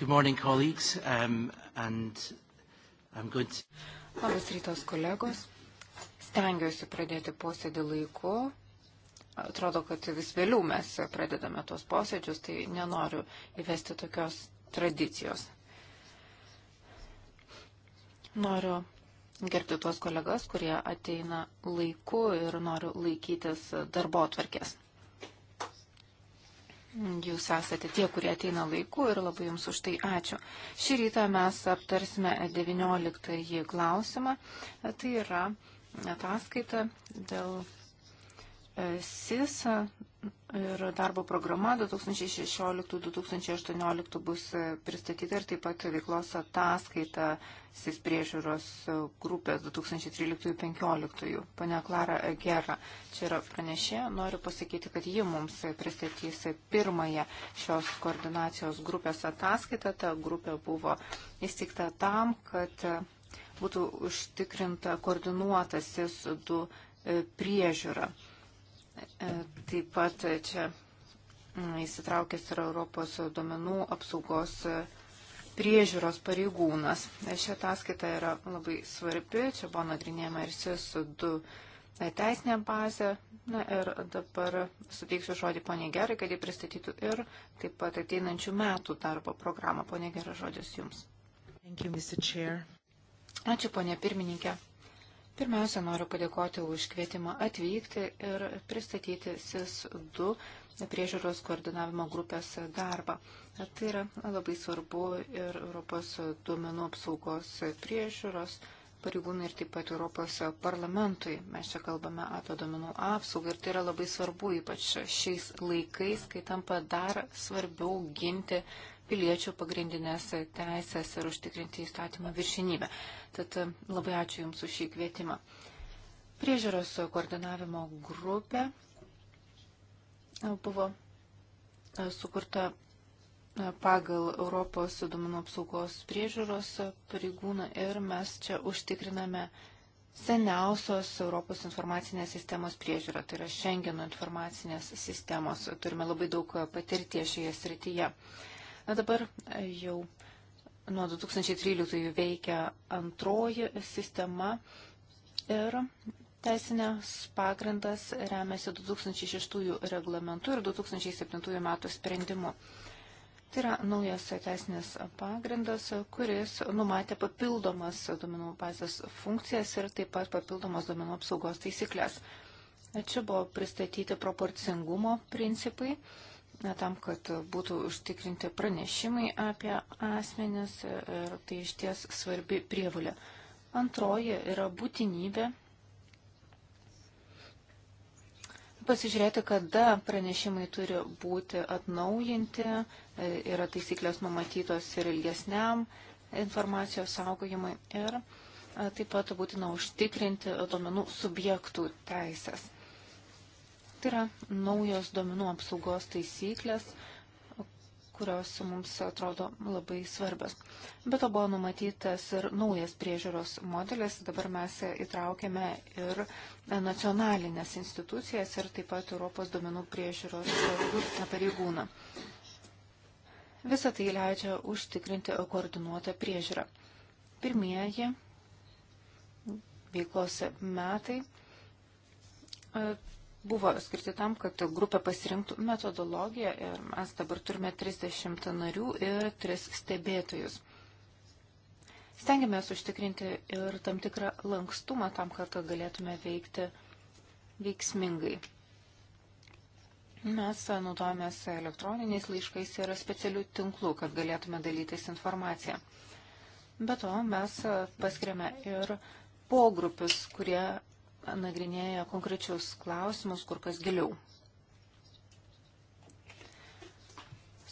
Good morning, colleagues, um, and I'm going to... Labas rytas, kolegos. Stengiuosi pradėti posėdį laiku. Atrodo, kad vis vėliau mes pradedame tuos posėdžius, tai nenoriu įvesti tokios tradicijos. Noriu gerbti tuos kolegas, kurie ateina laiku ir noriu laikytis darbo atvarkės. Jūs esate tie, kurie ateina laiku ir labai Jums už tai ačiū. Šį rytą mes aptarsime 19 klausimą. Tai yra ataskaita dėl E, SIS ir darbo programa 2016-2018 bus e, pristatyta ir taip pat veiklos ataskaita SIS priežiūros grupės 2013-2015. Pane Klara Gera, čia yra pranešė, noriu pasakyti, kad ji mums pristatys pirmąją šios koordinacijos grupės ataskaitą. Ta grupė buvo įsteigta tam, kad būtų užtikrinta koordinuotasis du e, priežiūra. E, taip pat čia įsitraukęs yra Europos duomenų apsaugos priežiūros pareigūnas. E, ši ataskaita yra labai svarbi, čia buvo nagrinėjama ir SIS 2 teisinė bazė. Na ir dabar suteiksiu žodį poniai gerai, kad jį pristatytų ir taip pat ateinančių metų darbo programą. Pone gerai, žodis jums. You, Ačiū, ponė pirmininkė. Pirmiausia, noriu padėkoti už kvietimą atvykti ir pristatyti SIS-2 priežiūros koordinavimo grupės darbą. Tai yra labai svarbu ir Europos duomenų apsaugos priežiūros pareigūnai ir taip pat Europos parlamentui. Mes čia kalbame apie duomenų apsaugą ir tai yra labai svarbu, ypač šiais laikais, kai tampa dar svarbiau ginti piliečių pagrindinės teisės ir užtikrinti įstatymą viršinybę. Tad e, labai ačiū Jums už šį kvietimą. Priežiūros koordinavimo grupė e, buvo e, sukurta pagal Europos duomenų apsaugos priežiūros pareigūną ir mes čia užtikriname seniausios Europos informacinės sistemos priežiūra, tai yra Schengeno informacinės sistemos. Turime labai daug patirties šioje srityje. Na dabar e, jau nuo 2013 veikia antroji sistema ir teisinės pagrindas remiasi 2006 reglamentu ir 2007 metų sprendimu. Tai yra naujas teisinis pagrindas, kuris numatė papildomas duomenų bazės funkcijas ir taip pat papildomas duomenų apsaugos taisyklės. Čia buvo pristatyti proporcingumo principai tam, kad būtų užtikrinti pranešimai apie asmenis ir tai iš ties svarbi prievalė. Antroji yra būtinybė pasižiūrėti, kada pranešimai turi būti atnaujinti, yra taisyklės numatytos ir ilgesniam informacijos saugojimai ir taip pat būtina užtikrinti domenų subjektų teisės. Tai yra naujos duomenų apsaugos taisyklės, kurios mums atrodo labai svarbios. Be to buvo numatytas ir naujas priežiūros modelis, dabar mes įtraukėme ir nacionalinės institucijas ir taip pat Europos duomenų priežiūros pareigūną. Visą tai leidžia užtikrinti koordinuotą priežiūrą. Pirmieji veiklos metai buvo skirti tam, kad grupė pasirinktų metodologiją ir mes dabar turime 30 narių ir 3 stebėtojus. Stengiamės užtikrinti ir tam tikrą lankstumą tam, kad galėtume veikti veiksmingai. Mes naudojamės elektroniniais laiškais ir specialių tinklų, kad galėtume dalytis informaciją. Be to, mes paskiriame ir pogrupius, kurie nagrinėja konkrečius klausimus kur kas giliau.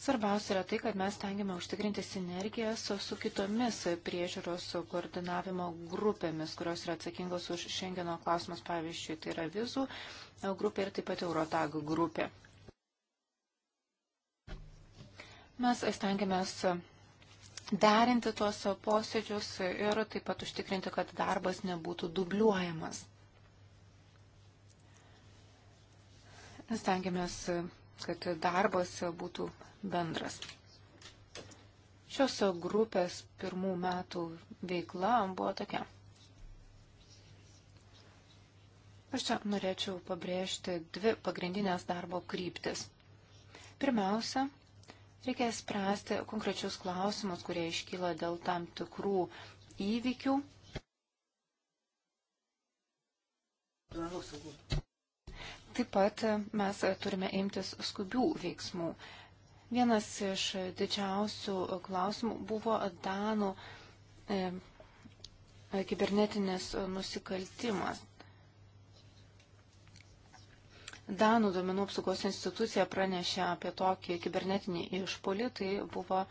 Svarbiausia yra tai, kad mes tengiame užtikrinti sinergijas su kitomis priežiūros koordinavimo grupėmis, kurios yra atsakingos už Šengeno klausimus, pavyzdžiui, tai yra vizų grupė ir taip pat Eurotag grupė. Mes stengiamės derinti tuos posėdžius ir taip pat užtikrinti, kad darbas nebūtų dubliuojamas. stengiamės, kad darbas būtų bendras. Šios grupės pirmų metų veikla buvo tokia. Aš čia norėčiau pabrėžti dvi pagrindinės darbo kryptis. Pirmiausia, reikia spręsti konkrečius klausimus, kurie iškyla dėl tam tikrų įvykių. Taip pat mes turime imtis skubių veiksmų. Vienas iš didžiausių klausimų buvo Danų e, kibernetinis nusikaltimas. Danų duomenų apsaugos institucija pranešė apie tokį kibernetinį išpolį, tai buvo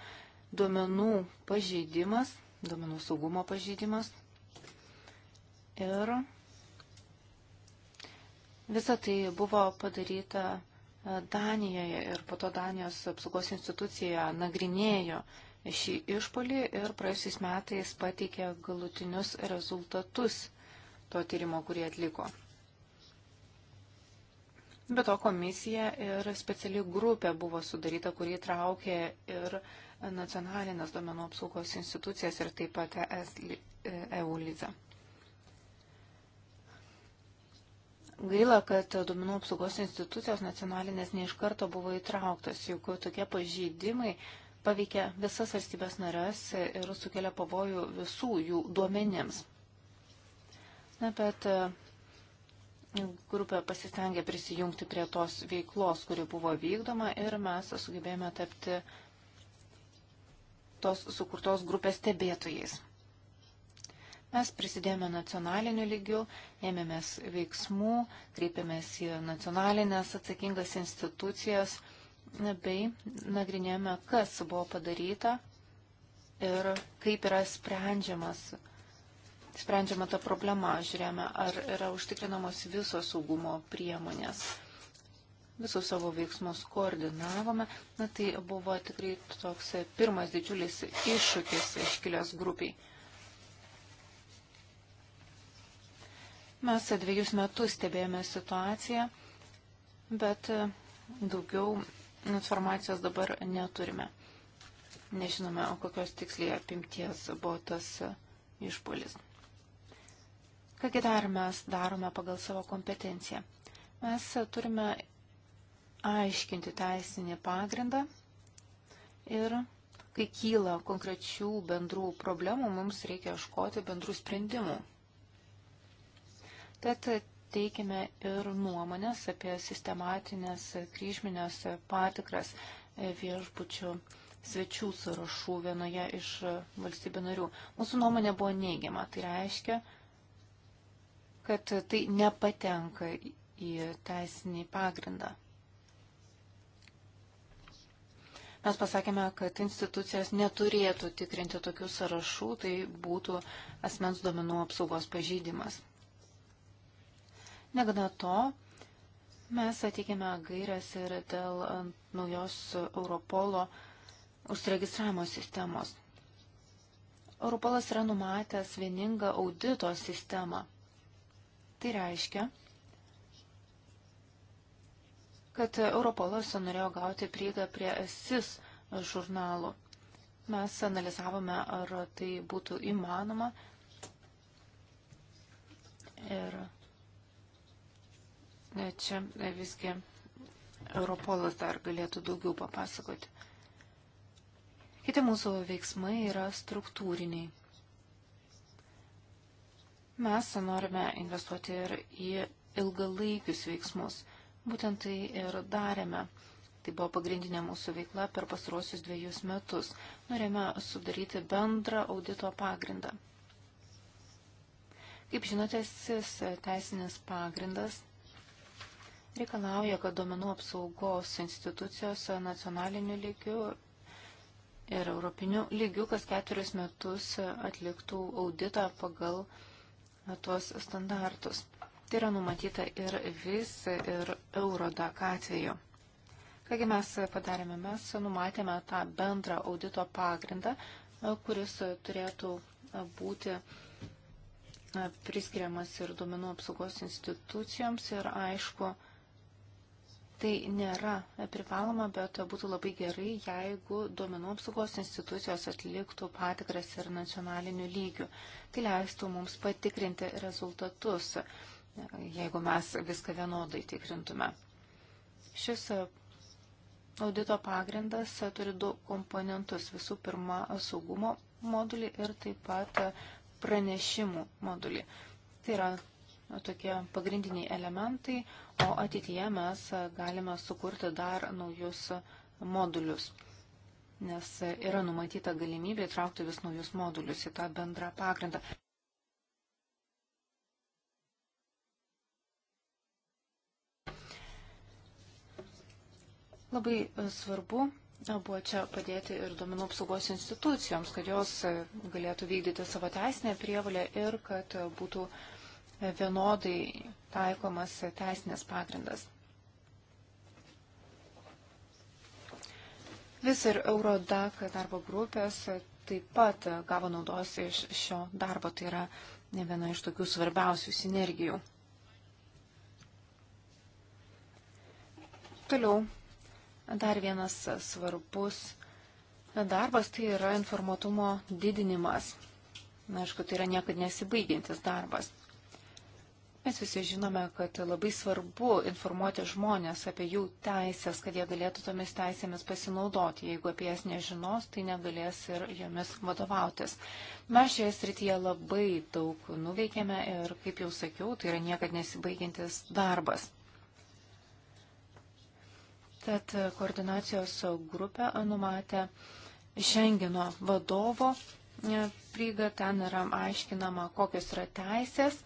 duomenų pažeidimas, duomenų saugumo pažeidimas. Ir Visa tai buvo padaryta e, Danijoje ir po to Danijos apsaugos institucija nagrinėjo šį išpolį ir praėjusiais metais pateikė galutinius rezultatus to tyrimo, kurį atliko. Be to komisija ir speciali grupė buvo sudaryta, kurį traukė ir nacionalinės domenų apsaugos institucijas ir taip pat ES EULIZA. E Gaila, kad duomenų apsaugos institucijos nacionalinės neiš karto buvo įtrauktos, juk tokie pažeidimai paveikia visas valstybės narės ir sukelia pavojų visų jų duomenims. Na, bet e, grupė pasistengė prisijungti prie tos veiklos, kuri buvo vykdoma ir mes sugebėjome tapti tos sukurtos grupės stebėtojais. Mes prisidėjome nacionaliniu lygiu, ėmėmės veiksmų, kreipėmės į nacionalinės atsakingas institucijas bei nagrinėjome, kas buvo padaryta ir kaip yra sprendžiamas. Sprendžiama ta problema, žiūrėjome, ar yra užtikrinamos visos saugumo priemonės. Visus savo veiksmus koordinavome, na tai buvo tikrai toks pirmas didžiulis iššūkis iškilęs grupiai. Mes dviejus metus stebėjome situaciją, bet e, daugiau informacijos dabar neturime. Nežinome, o kokios tiksliai apimties buvo tas e, išpolis. Kągi dar mes darome pagal savo kompetenciją? Mes e, turime aiškinti teisinį pagrindą ir kai kyla konkrečių bendrų problemų, mums reikia iškoti bendrų sprendimų. Tad teikime ir nuomonės apie sistematinės kryžminės patikras viešbučių svečių sąrašų vienoje iš valstybių narių. Mūsų nuomonė buvo neigiama. Tai reiškia, kad tai nepatenka į teisinį pagrindą. Mes pasakėme, kad institucijos neturėtų tikrinti tokių sąrašų, tai būtų asmens duomenų apsaugos pažydimas. Negana to, mes ateikėme gairias ir dėl e, naujos Europolo užsiregistravimo sistemos. Europolas yra numatęs vieningą audito sistemą. Tai reiškia, kad Europolas norėjo gauti prieigą prie SIS žurnalų. Mes analizavome, ar tai būtų įmanoma. Ir E, čia e, visgi Europolas dar galėtų daugiau papasakoti. Kiti mūsų veiksmai yra struktūriniai. Mes norime investuoti ir į ilgalaikius veiksmus. Būtent tai ir darėme. Tai buvo pagrindinė mūsų veikla per pastaruosius dviejus metus. Norėjome sudaryti bendrą audito pagrindą. Kaip žinote, šis teisinis pagrindas reikalauja, kad duomenų apsaugos institucijos nacionaliniu lygiu ir europiniu lygiu kas keturis metus atliktų auditą pagal tuos standartus. Tai yra numatyta ir vis, ir Eurodak atveju. Kągi mes padarėme, mes numatėme tą bendrą audito pagrindą, kuris turėtų būti priskiriamas ir duomenų apsaugos institucijoms ir aišku, Tai nėra privaloma, bet būtų labai gerai, jeigu duomenų apsaugos institucijos atliktų patikras ir nacionaliniu lygiu. Tai leistų mums patikrinti rezultatus, jeigu mes viską vienodai tikrintume. Šis audito pagrindas turi du komponentus. Visų pirma, saugumo modulį ir taip pat pranešimų modulį. Tai yra tokie pagrindiniai elementai, o ateityje mes galime sukurti dar naujus modulius, nes yra numatyta galimybė įtraukti vis naujus modulius į tą bendrą pagrindą. Labai svarbu buvo čia padėti ir duomenų apsaugos institucijoms, kad jos galėtų vykdyti savo teisinę prievalę ir kad būtų uh, vienodai taikomas teisinės pagrindas. Vis ir Eurodak darbo grupės taip pat gavo naudos iš šio darbo, tai yra ne viena iš tokių svarbiausių sinergijų. Toliau, dar vienas svarbus darbas tai yra informatumo didinimas. Na, aišku, tai yra niekad nesibaigiantis darbas. Mes visi žinome, kad labai svarbu informuoti žmonės apie jų teisės, kad jie galėtų tomis teisėmis pasinaudoti. Jeigu apie jas nežinos, tai negalės ir jomis vadovautis. Mes šioje srityje labai daug nuveikėme ir, kaip jau sakiau, tai yra niekad nesibaigintis darbas. Tad koordinacijos grupė numatė Šengino vadovo prieigą, ten yra aiškinama, kokios yra teisės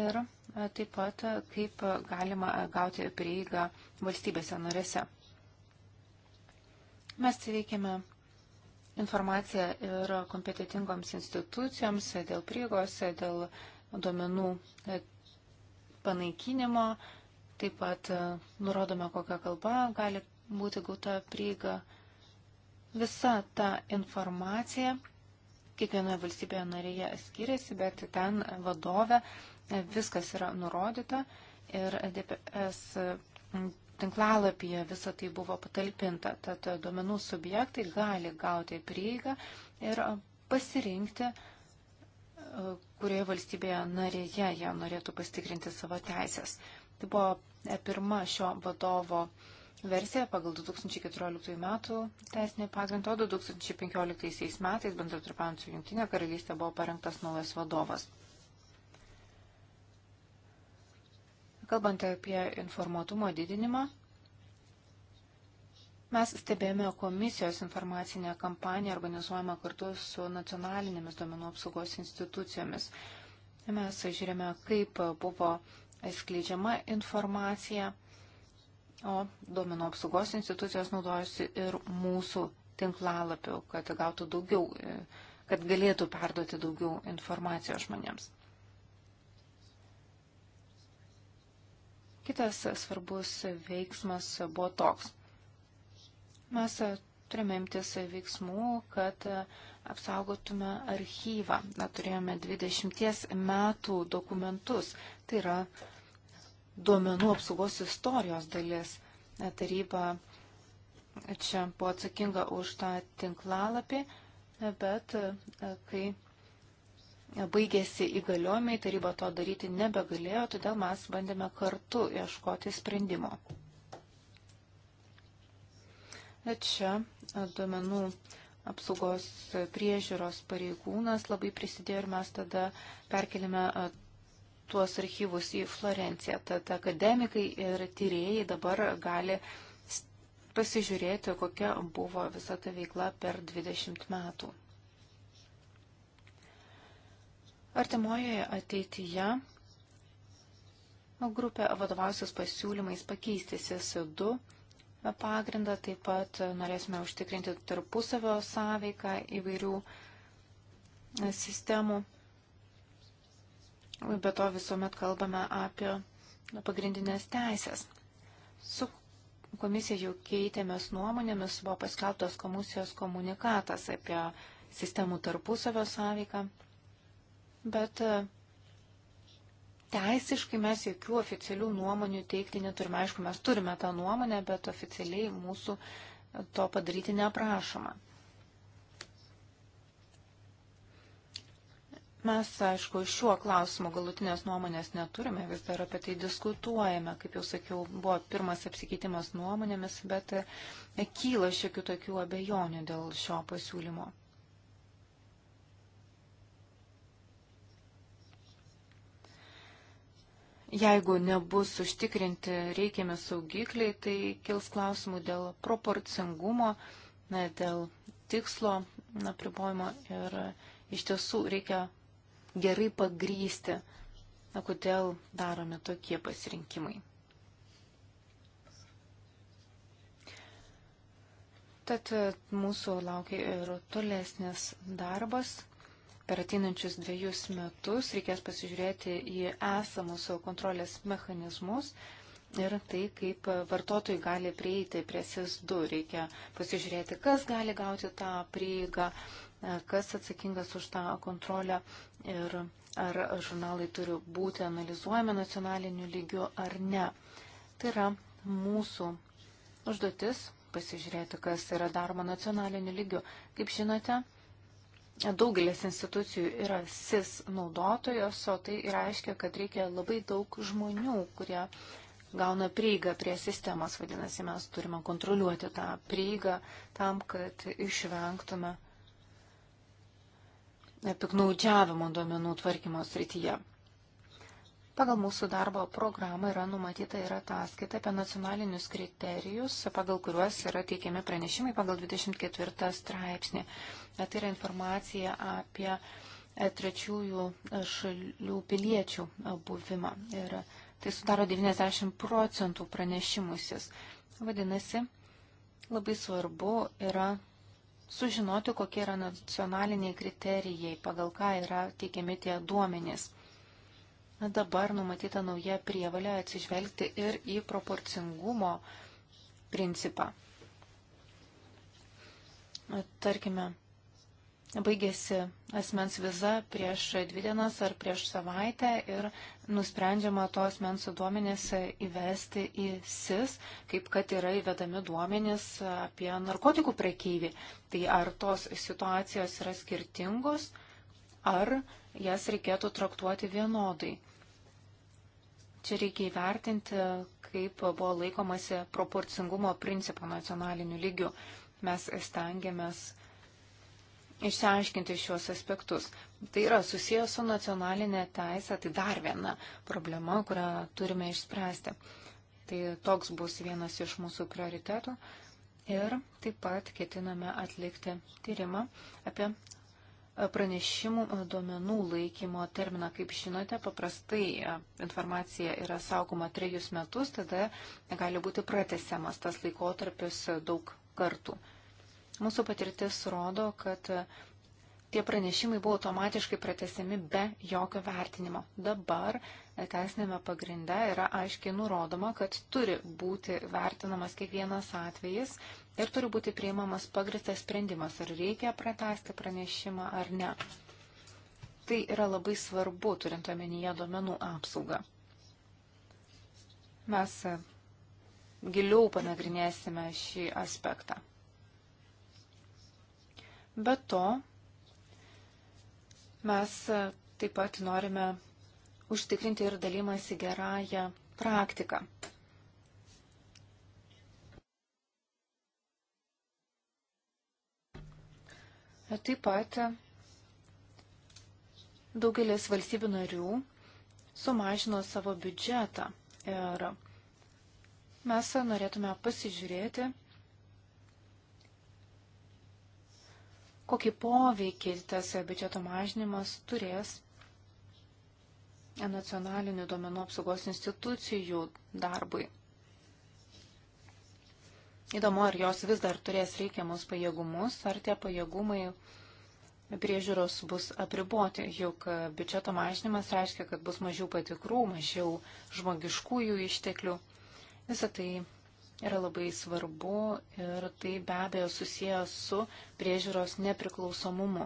ir taip pat kaip galima gauti prieigą valstybėse norėse. Mes teikiame informaciją ir kompetitingoms institucijoms dėl prieigos, dėl duomenų e, panaikinimo, taip pat nurodome, kokią kalbą gali būti gauta prieiga. Visa ta informacija kiekvienoje valstybėje narėje skiriasi, bet ten vadovė viskas yra nurodyta ir DPS tinklalapyje visą tai buvo patalpinta, tad duomenų subjektai gali gauti prieigą ir pasirinkti, kurioje valstybėje narėje jie norėtų pastikrinti savo teisės. Tai buvo pirma šio vadovo versija pagal 2014 metų teisinį pagrindą, o 2015 metais bendratarpiant su Junktinė karalystė buvo parengtas naujas vadovas. Kalbant apie informuotumo didinimą, mes stebėjome komisijos informacinę kampaniją organizuojamą kartu su nacionalinėmis duomenų apsaugos institucijomis. Mes žiūrėjome, kaip buvo skleidžiama informacija, o duomenų apsaugos institucijos naudojasi ir mūsų tinklalapiu, kad gautų daugiau, kad galėtų perduoti daugiau informacijos žmonėms. Kitas svarbus veiksmas buvo toks. Mes turime imtis veiksmų, kad apsaugotume archyvą. Na, turėjome 20 metų dokumentus. Tai yra duomenų apsaugos istorijos dalis. Taryba čia buvo atsakinga už tą tinklalapį, bet e, kai baigėsi įgaliojimai, taryba to daryti nebegalėjo, todėl mes bandėme kartu ieškoti sprendimo. Bet čia duomenų apsaugos priežiūros pareigūnas labai prisidėjo ir mes tada perkelime tuos archyvus į Florenciją. Tad akademikai ir tyrėjai dabar gali pasižiūrėti, kokia buvo visa ta veikla per 20 metų. Artimojoje ateityje grupė vadovausios pasiūlymais pakeisti SES2 pagrindą, taip pat norėsime užtikrinti tarpusavio sąveiką įvairių sistemų. Be to visuomet kalbame apie pagrindinės teisės. Su komisija jau keitėmės nuomonėmis, buvo paskelbtas komisijos komunikatas apie sistemų tarpusavio sąveiką bet e, teisiškai mes jokių oficialių nuomonių teikti neturime. Aišku, mes turime tą nuomonę, bet oficialiai mūsų e, to padaryti neprašoma. Mes, aišku, šiuo klausimu galutinės nuomonės neturime, vis dar apie tai diskutuojame. Kaip jau sakiau, buvo pirmas apsikeitimas nuomonėmis, bet e, kyla šiokių tokių abejonių dėl šio pasiūlymo. Jeigu nebus užtikrinti reikiami saugikliai, tai kils klausimų dėl proporcingumo, dėl tikslo apribojimo ir iš tiesų reikia gerai pagrysti, na, kodėl daromi tokie pasirinkimai. Tad mūsų laukia ir tolesnis darbas per ateinančius dviejus metus reikės pasižiūrėti į esamus kontrolės mechanizmus ir tai, kaip vartotojai gali prieiti prie SIS2. Reikia pasižiūrėti, kas gali gauti tą prieigą, kas atsakingas už tą kontrolę ir ar žurnalai turi būti analizuojami nacionaliniu lygiu ar ne. Tai yra mūsų užduotis pasižiūrėti, kas yra daroma nacionaliniu lygiu. Kaip žinote, daugelis institucijų yra SIS naudotojos, o tai reiškia, kad reikia labai daug žmonių, kurie gauna prieigą prie sistemos. Vadinasi, mes turime kontroliuoti tą prieigą tam, kad išvengtume piknaudžiavimo duomenų tvarkymo srityje. Pagal mūsų darbo programą yra numatyta ir ataskaita apie nacionalinius kriterijus, pagal kuriuos yra teikiami pranešimai pagal 24 straipsnį. Tai yra informacija apie e, trečiųjų e, šalių piliečių e, buvimą. Ir tai sudaro 90 procentų pranešimusis. Vadinasi, labai svarbu yra sužinoti, kokie yra nacionaliniai kriterijai, pagal ką yra teikiami tie duomenys. Dabar numatyta nauja prievalė atsižvelgti ir į proporcingumo principą. Tarkime, baigėsi asmens viza prieš dvi dienas ar prieš savaitę ir nusprendžiama to asmens duomenys įvesti į SIS, kaip kad yra įvedami duomenys apie narkotikų prekeivį. Tai ar tos situacijos yra skirtingos, ar jas reikėtų traktuoti vienodai. Čia reikia įvertinti, kaip buvo laikomasi proporcingumo principo nacionaliniu lygiu. Mes stengiamės išsiaiškinti šiuos aspektus. Tai yra susijęs su nacionalinė teisė, tai dar viena problema, kurią turime išspręsti. Tai toks bus vienas iš mūsų prioritetų. Ir taip pat ketiname atlikti tyrimą apie pranešimų e, duomenų laikymo terminą. Kaip žinote, paprastai e, informacija yra saugoma trejus metus, tada gali būti pratesiamas tas laikotarpis e, daug kartų. Mūsų patirtis rodo, kad tie pranešimai buvo automatiškai pratesiami be jokio vertinimo. Dabar teisinėme pagrinde yra aiškiai nurodoma, kad turi būti vertinamas kiekvienas atvejis ir turi būti prieimamas pagristas sprendimas, ar reikia pratesti pranešimą ar ne. Tai yra labai svarbu, turint omenyje duomenų apsaugą. Mes e, giliau panagrinėsime šį aspektą. Be to, mes e, taip pat norime užtikrinti ir dalymasi gerąją praktiką. Taip pat daugelis valstybių narių sumažino savo biudžetą ir mes norėtume pasižiūrėti, kokį poveikį tas biudžeto mažinimas turės nacionalinių duomenų apsaugos institucijų darbui. Įdomu, ar jos vis dar turės reikiamus pajėgumus, ar tie pajėgumai priežiūros bus apriboti, juk biudžeto mažinimas reiškia, kad bus mažiau patikrų, mažiau žmogiškųjų išteklių. Visą tai yra labai svarbu ir tai be abejo susiję su priežiūros nepriklausomumu.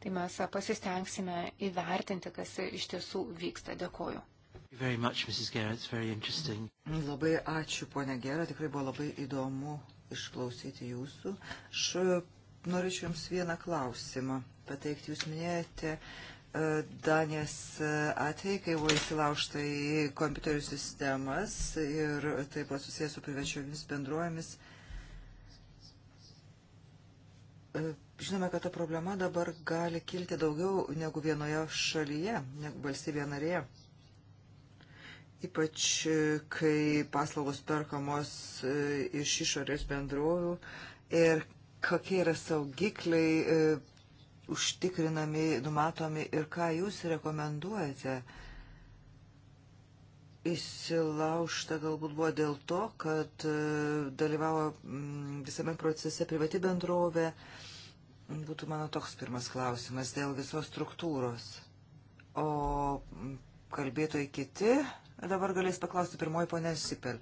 Tai mes pasistengsime įvertinti, kas iš tiesų vyksta. Dėkoju. Much, labai ačiū, ponia Gera, tikrai buvo labai įdomu išklausyti jūsų. Aš e, norėčiau Jums vieną klausimą pateikti. Jūs minėjote e, Danės e, atvejai, kai buvo įsilaužta į kompiuterių sistemas ir taip pat susijęs su privačiomis bendruomis. Žinome, kad ta problema dabar gali kilti daugiau negu vienoje šalyje, negu valstybėje narėje ypač e, kai paslaugos perkamos e, iš išorės bendrovių ir kokie yra saugikliai e, užtikrinami, numatomi ir ką jūs rekomenduojate. Įsilaužta galbūt buvo dėl to, kad dalyvavo mm, visame procese privati bendrovė. Būtų mano toks pirmas klausimas dėl visos struktūros. O mm, kalbėtojai kiti Dabar galės paklausti pirmoji ponė Sipel.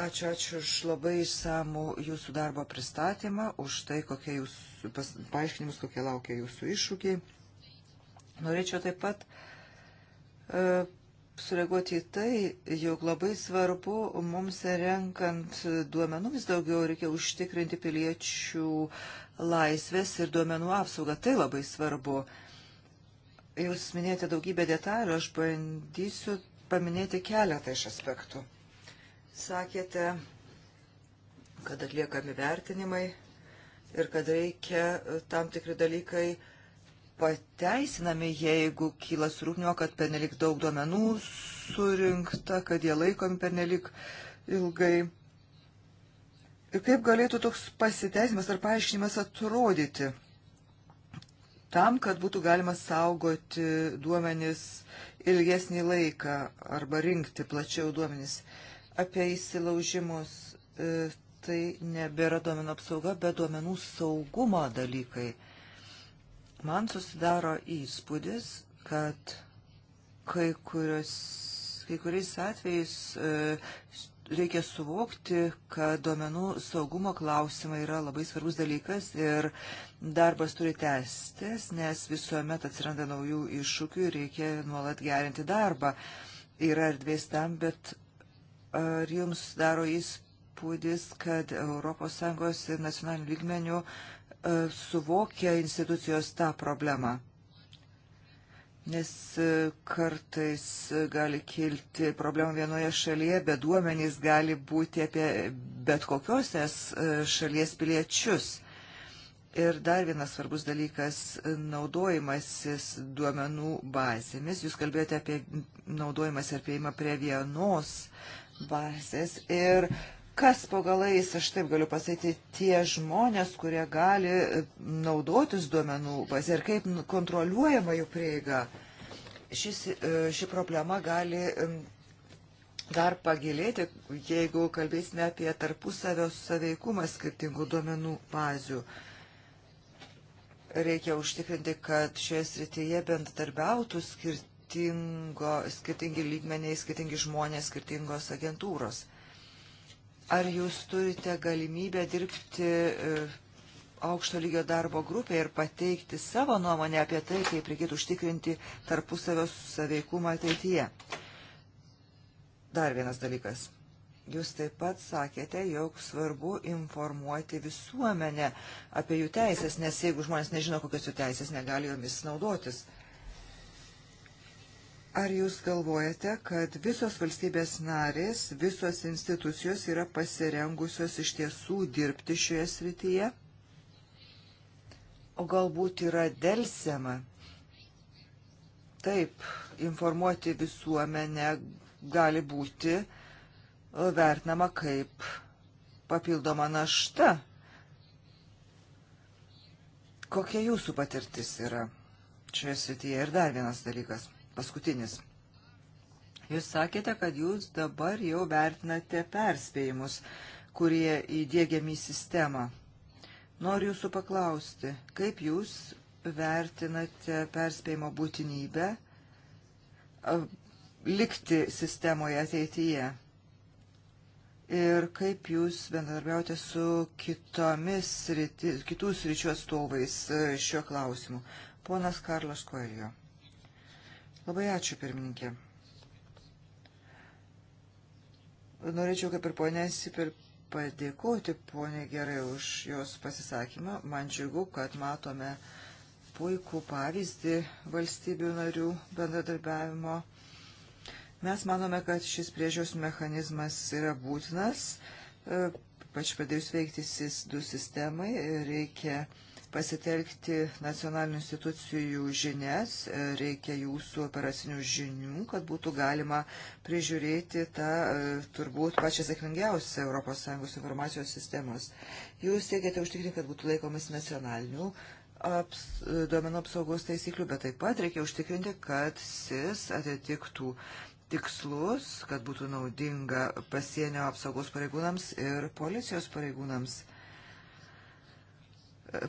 Ačiū, ačiū už labai samų jūsų darbo pristatymą, už tai, kokie jūsų, pas, paaiškinimus, kokie laukia jūsų iššūkiai. Norėčiau taip pat e, sureaguoti į tai, jog labai svarbu mums renkant duomenų vis daugiau reikia užtikrinti piliečių laisvės ir duomenų apsaugą. Tai labai svarbu. Jūs minėjote daugybę detalių, aš bandysiu paminėti keletą iš aspektų. Sakėte, kad atliekami vertinimai ir kad reikia e, tam tikri dalykai pateisinami, jeigu kyla surūpnio, kad pernelik daug duomenų surinkta, kad jie laikomi pernelik ilgai. Ir kaip galėtų toks pasiteisimas ar paaiškinimas atrodyti tam, kad būtų galima saugoti duomenis uh, ilgesnį laiką arba rinkti plačiau duomenys. Apie įsilaužimus e, tai nebėra duomenų apsauga, bet duomenų saugumo dalykai. Man susidaro įspūdis, kad kai, kurios, kai kuriais atvejais e, reikia suvokti, kad duomenų saugumo klausimai yra labai svarbus dalykas ir darbas turi tęstis, nes visuomet atsiranda naujų iššūkių ir reikia nuolat gerinti darbą. Yra erdvės tam, bet ar jums daro įspūdis, kad ES ir nacionalinių lygmenių e, suvokia institucijos tą problemą? nes e, kartais gali kilti problemų vienoje šalyje, bet duomenys gali būti apie bet kokios es šalies piliečius. Ir dar vienas svarbus dalykas - naudojimasis duomenų bazėmis. Jūs kalbėjote apie naudojimąsi ar prieimą prie vienos bazės ir e, kas po galais, aš taip galiu pasakyti, tie žmonės, kurie gali e, naudotis duomenų bazė ir kaip kontroliuojama jų prieiga. Šis, e, ši problema gali dar pagilėti, jeigu kalbėsime apie tarpusavio saveikumą skirtingų duomenų bazių. Reikia užtikrinti, kad šioje srityje bendradarbiautų skirtingo, skirtingi lygmeniai, skirtingi žmonės, skirtingos agentūros. Ar jūs turite galimybę dirbti e, aukšto lygio darbo grupėje ir pateikti savo nuomonę apie tai, kaip reikėtų užtikrinti tarpusavio saveikumą ateityje? Dar vienas dalykas. Jūs taip pat sakėte, jog svarbu informuoti visuomenę apie jų teisės, nes jeigu žmonės nežino, kokios jų teisės, negali jomis naudotis. Ar jūs galvojate, kad visos valstybės narės, visos institucijos yra pasirengusios iš tiesų dirbti šioje srityje? O galbūt yra dėlsiama? Taip, informuoti visuomenę gali būti e, vertinama kaip papildoma našta. Kokia jūsų patirtis yra šioje srityje? Ir dar vienas dalykas paskutinis. Jūs sakėte, kad jūs dabar jau vertinate perspėjimus, kurie įdėgiami į sistemą. Noriu jūsų paklausti, kaip jūs vertinate perspėjimo būtinybę likti sistemoje ateityje? Ir kaip jūs bendarbiaujate su kitomis, ryti, kitų sričių atstovais e, šiuo klausimu? Ponas Karlas Koelio. Labai ačiū, pirmininkė. Norėčiau, kaip ir ponė Sipir, padėkoti ponė gerai už jos pasisakymą. Man džiugu, kad matome puikų pavyzdį valstybių narių bendradarbiavimo. Mes manome, kad šis priežiūros mechanizmas yra būtinas. E, pač pradėjus veikti SIS-2 sistemai reikia pasitelkti nacionalinių institucijų žinias, e, reikia jūsų operacinių žinių, kad būtų galima prižiūrėti tą e, turbūt pačią sėkmingiausią ES informacijos sistemos. Jūs siekiate užtikrinti, kad būtų laikomas nacionalinių aps, e, duomenų apsaugos taisyklių, bet taip pat reikia užtikrinti, kad SIS atitiktų tikslus, kad būtų naudinga pasienio apsaugos pareigūnams ir policijos pareigūnams.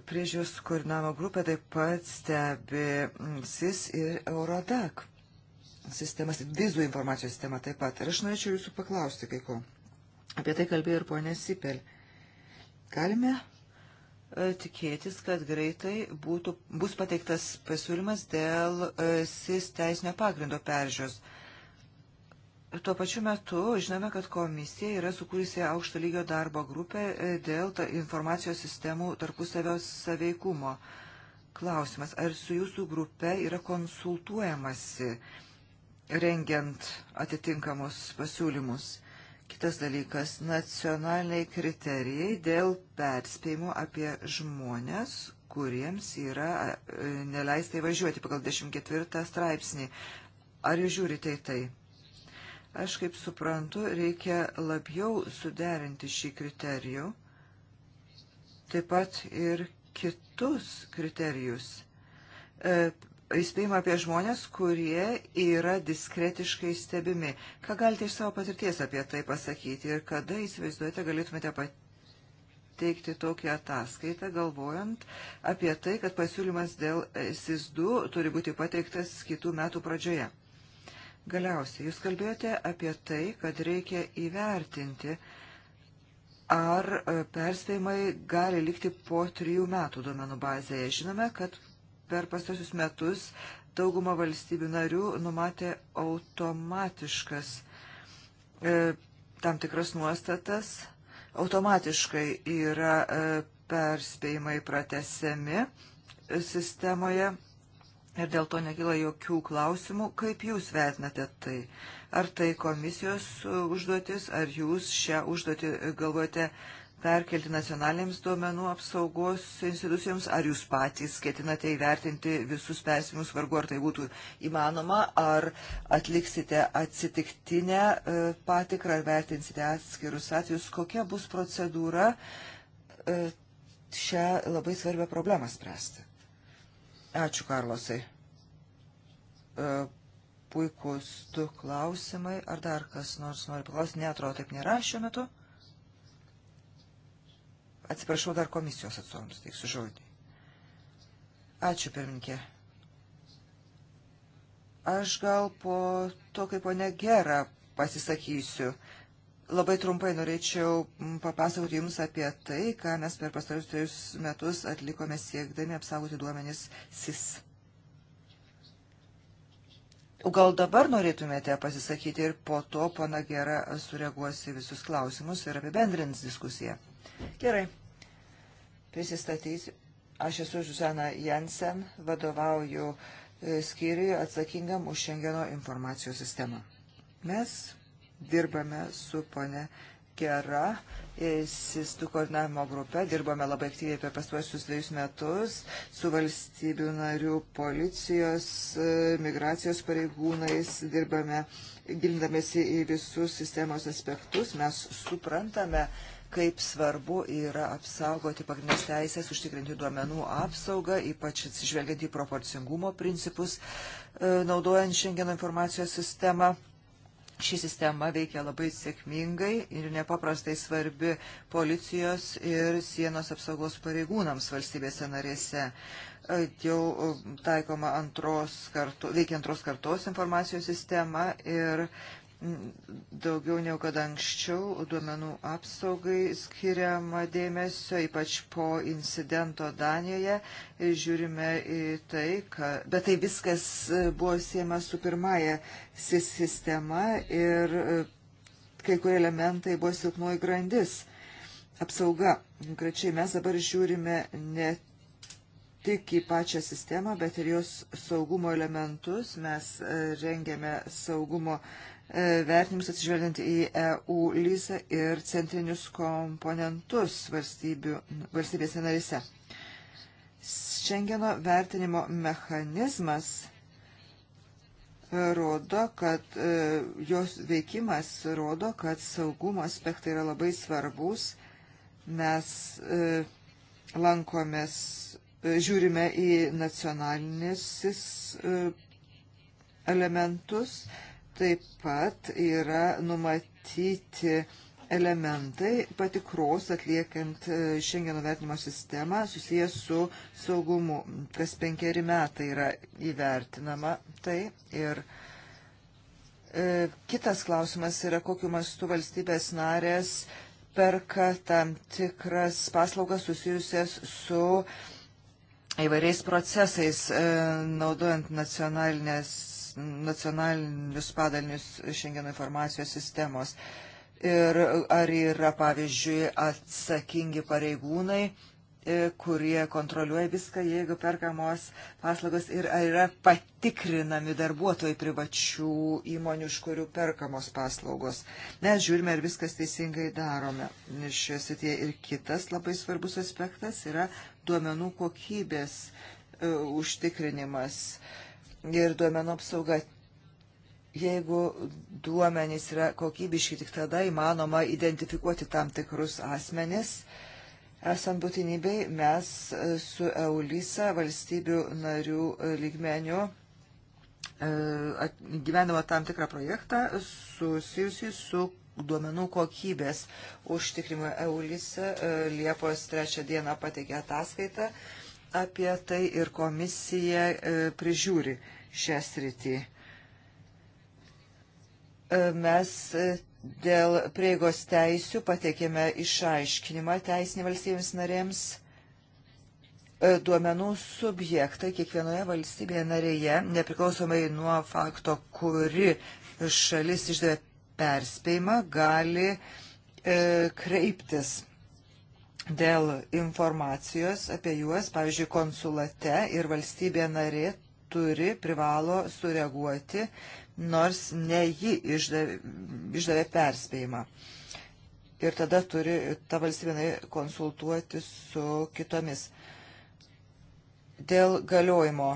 Priežiūros koordinavimo grupė taip pat stebi SIS ir Eurodac sistemas, vizų informacijos sistema taip pat. Ir aš norėčiau jūsų paklausti kai ko. Apie tai kalbėjo ir ponė Sipel. Galime e, tikėtis, kad greitai būtų, bus pateiktas pasiūlymas dėl e, SIS teisinio pagrindo peržiūros. Tuo pačiu metu žinome, kad komisija yra sukūrusi aukšto lygio darbo grupę e, dėl informacijos sistemų tarpusavio saveikumo. Klausimas, ar su jūsų grupe yra konsultuojamasi, rengiant atitinkamus pasiūlymus? Kitas dalykas - nacionaliniai kriterijai dėl perspėjimų apie žmonės, kuriems yra e, neleista įvažiuoti pagal 14 straipsnį. Ar jūs žiūrite į tai? Aš kaip suprantu, reikia labiau suderinti šį kriterijų, taip pat ir kitus kriterijus. E, įspėjimą apie žmonės, kurie yra diskretiškai stebimi. Ką galite iš savo patirties apie tai pasakyti ir kada įsivaizduojate, galėtumėte pateikti tokią ataskaitą, galvojant apie tai, kad pasiūlymas dėl SIS-2 turi būti pateiktas kitų metų pradžioje. Galiausiai, jūs kalbėjote apie tai, kad reikia įvertinti, ar e, perspėjimai gali likti po trijų metų duomenų bazėje. Žinome, kad per pastosius metus dauguma valstybių narių numatė automatiškas e, tam tikras nuostatas, automatiškai yra e, perspėjimai pratesiami sistemoje ir dėl to nekyla jokių klausimų, kaip jūs vertinate tai. Ar tai komisijos užduotis, ar jūs šią užduotį galvojate perkelti nacionalinėms duomenų apsaugos institucijoms, ar jūs patys ketinate įvertinti visus persimus vargu, ar tai būtų įmanoma, ar atliksite atsitiktinę e, patikrą, ar vertinsite atskirus atvejus, kokia bus procedūra e, šią labai svarbią problemą spręsti. Ačiū, Karlosai. E, Puikus du klausimai. Ar dar kas nors nori paklausyti? Neatrodo, taip nėra šiuo metu. Atsiprašau dar komisijos atstovams, tai su žodį. Ačiū, pirminkė. Aš gal po to, kaip ponia Gera, pasisakysiu. Labai trumpai norėčiau papasakoti Jums apie tai, ką mes per pastarius trejus metus atlikome siekdami apsaugoti duomenis SIS. Gal dabar norėtumėte pasisakyti ir po to pana Gera sureaguosi visus klausimus ir apibendrins diskusiją. Gerai, prisistatysiu. Aš esu Žuzana Jensen, vadovauju e, skyriui atsakingam už Šengeno informacijos sistemą. Mes dirbame su pone Gera, e, SISTU koordinavimo grupė, dirbame labai aktyviai per pastuosius dviejus metus su valstybių narių policijos, e, migracijos pareigūnais, dirbame gilindamėsi į visus sistemos aspektus, mes suprantame, kaip svarbu yra apsaugoti pagrindinės teisės, užtikrinti duomenų apsaugą, ypač atsižvelgiant į proporcingumo principus, e, naudojant šiandien informacijos sistemą. Ši sistema veikia labai sėkmingai ir nepaprastai svarbi policijos ir sienos apsaugos pareigūnams valstybėse narėse. E, jau e, taikoma antros karto, veikia antros kartos informacijos sistema ir daugiau negu kad anksčiau duomenų apsaugai skiriama dėmesio, ypač po incidento Danijoje. Žiūrime į tai, kad... bet tai viskas e, buvo siema su pirmąją sistema ir e, kai kurie elementai buvo silpnoji grandis. Apsauga. Konkrečiai mes dabar žiūrime ne tik į pačią sistemą, bet ir jos saugumo elementus. Mes e, rengėme saugumo elementus E, vertinimus atsižvelgiant į EU lysą ir centrinius komponentus valstybėse narise. Šengeno vertinimo mechanizmas rodo, kad e, jos veikimas rodo, kad saugumo aspektai yra labai svarbus. Mes e, lankomės, žiūrime į nacionalinis elementus, taip pat yra numatyti elementai patikros atliekant e, šiandieno vertinimo sistemą susijęs su saugumu. Kas penkeri metai yra įvertinama tai ir e, kitas klausimas yra, kokiu mastu valstybės narės perka tam tikras paslaugas susijusias su įvairiais procesais, e, naudojant nacionalinės nacionalinius padalinius šiandien informacijos sistemos. Ir ar yra, pavyzdžiui, atsakingi pareigūnai, e, kurie kontroliuoja viską, jeigu perkamos paslaugos ir ar yra patikrinami darbuotojai privačių įmonių, iš kurių perkamos paslaugos. Mes žiūrime, ar viskas teisingai darome. Šioje srityje ir kitas labai svarbus aspektas yra duomenų kokybės e, užtikrinimas. E, ir duomenų apsauga. Jeigu duomenys yra kokybiški, tik tada įmanoma identifikuoti tam tikrus asmenis. Esant būtinybei, mes su EULISA valstybių narių lygmenių e, gyvenimo tam tikrą projektą susijusi su duomenų kokybės užtikrimui. EULISA e, Liepos trečią dieną pateikė ataskaitą apie tai ir komisija e, prižiūri šią sritį. E, mes e, dėl prieigos teisių patekėme išaiškinimą teisinį valstybėms narėms. E, duomenų subjektai kiekvienoje valstybėje narėje, nepriklausomai nuo fakto, kuri šalis išdavė perspėjimą, gali e, kreiptis dėl informacijos apie juos, pavyzdžiui, konsulate ir valstybė narė turi, privalo sureaguoti, nors ne ji išdavė, išdavė perspėjimą. Ir tada turi tą valstybinai konsultuoti su kitomis. Dėl galiojimo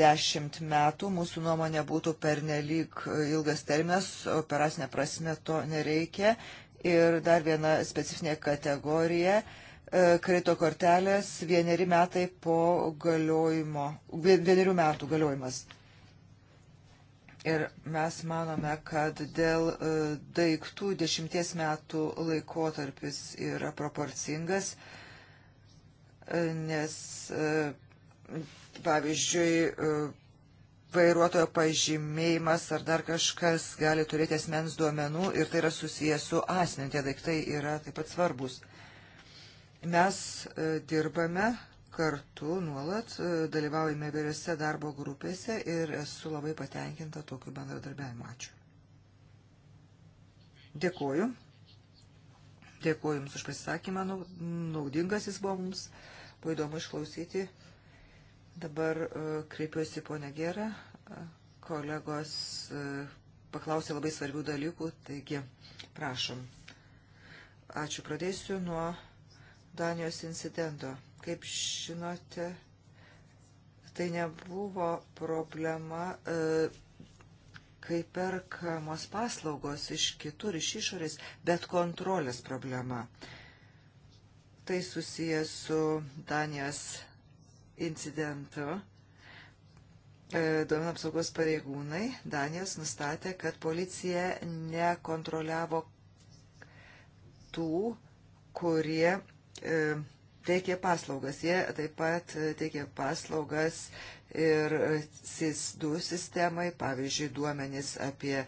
dešimt metų mūsų nuomonė būtų pernelyg ilgas terminas, operacinė prasme to nereikia. Ir dar viena specifinė kategorija E, krito kortelės vieneri metai po galiojimo, vienerių metų galiojimas. Ir mes manome, kad dėl e, daiktų dešimties metų laikotarpis yra proporcingas, e, nes, pavyzdžiui, vairuotojo pažymėjimas ar dar kažkas gali turėti asmens duomenų ir tai yra susijęs su asmenė, tie daiktai yra taip pat svarbus. Mes e, dirbame kartu nuolat, e, dalyvaujame įvairiose darbo grupėse ir esu labai patenkinta tokiu bendradarbiavimu. Ačiū. Dėkuoju. Dėkuoju Jums už pasisakymą, naudingas jis buvo mums, buvo įdomu išklausyti. Dabar e, kreipiuosi ponę Gerą, kolegos paklausė labai svarbių dalykų, taigi prašom. Ačiū, pradėsiu nuo Danijos incidento. Kaip žinote, tai nebuvo problema, e, kai perkamos paslaugos iš kitur, iš išorės, bet kontrolės problema. Tai susijęs su Danijos incidentu. E, duomenų apsaugos pareigūnai Danijos nustatė, kad policija nekontroliavo tų, kurie E, teikė paslaugas. Jie taip pat e, teikė paslaugas ir e, SIS-2 sistemai, pavyzdžiui, duomenys apie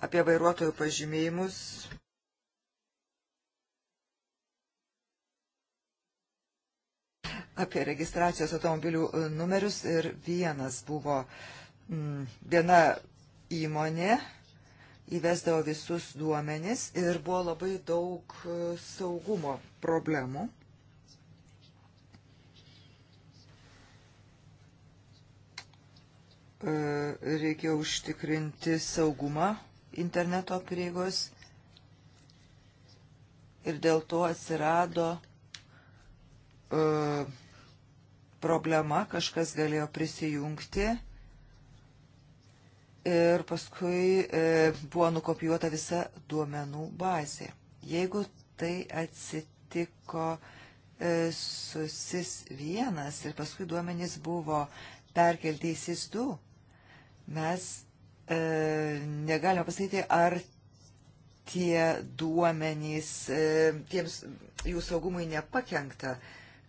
apie vairuotojų pažymėjimus. apie registracijos automobilių numerius ir vienas buvo mm, viena įmonė įvesdavo visus duomenis ir buvo labai daug e, saugumo problemų. E, Reikia užtikrinti saugumą interneto prieigos ir dėl to atsirado e, problema, kažkas galėjo prisijungti ir paskui e, buvo nukopijuota visa duomenų bazė. Jeigu tai atsitiko e, su SIS-1 ir paskui duomenys buvo perkelti į SIS-2, mes e, negalime pasakyti, ar tie duomenys, e, tiems jų saugumui nepakenkta.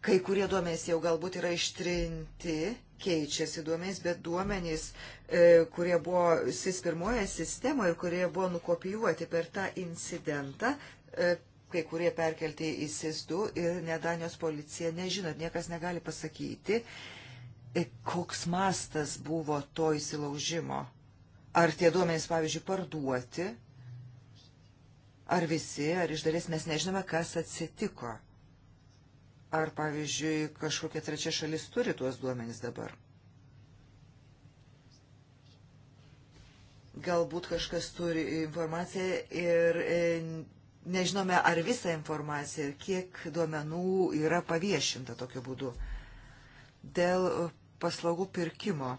Kai kurie duomenys jau galbūt yra ištrinti keičiasi duomenys, bet duomenys, e, kurie buvo SIS pirmoje sistemoje, kurie buvo nukopijuoti per tą incidentą, e, kai kurie perkelti į SIS 2 ir nedanijos policija nežino, niekas negali pasakyti, e, koks mastas buvo to įsilaužimo. Ar tie duomenys, pavyzdžiui, parduoti, ar visi, ar iš dalies mes nežinome, kas atsitiko. Ar, pavyzdžiui, kažkokia trečia šalis turi tuos duomenys dabar? Galbūt kažkas turi informaciją ir e, nežinome, ar visą informaciją ir kiek duomenų yra paviešinta tokiu būdu. Dėl paslaugų pirkimo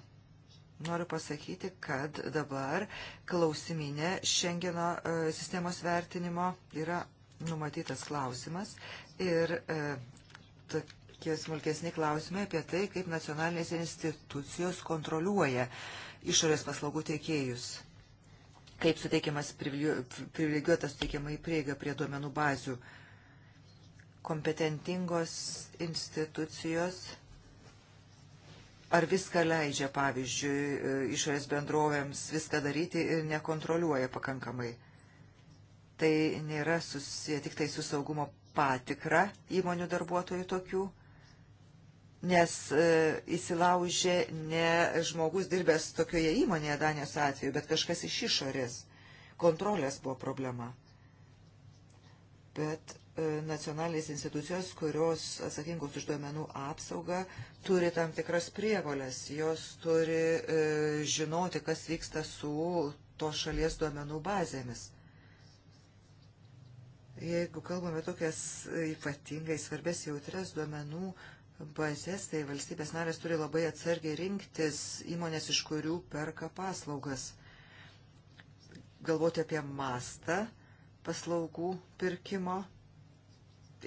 noriu pasakyti, kad dabar klausiminė Šengeno e, sistemos vertinimo yra numatytas klausimas ir e, tokie smulkesni klausimai apie tai, kaip nacionalinės institucijos kontroliuoja išorės paslaugų teikėjus kaip suteikiamas privilegiuotas suteikiamai prieiga prie duomenų bazių. Kompetentingos institucijos ar viską leidžia, pavyzdžiui, išorės bendrovėms viską daryti ir nekontroliuoja pakankamai. Tai nėra susiję tik tai su saugumo patikrą įmonių darbuotojų tokių, nes e, įsilaužė ne žmogus dirbęs tokioje įmonėje Danijos atveju, bet kažkas iš išorės. Kontrolės buvo problema. Bet e, nacionalinės institucijos, kurios atsakingos už duomenų apsaugą, turi tam tikras prievolės. Jos turi e, žinoti, kas vyksta su to šalies duomenų bazėmis. Jeigu kalbame tokias ypatingai svarbės jautrias duomenų bazės, tai valstybės narės turi labai atsargiai rinktis įmonės, iš kurių perka paslaugas. Galvoti apie mastą paslaugų pirkimo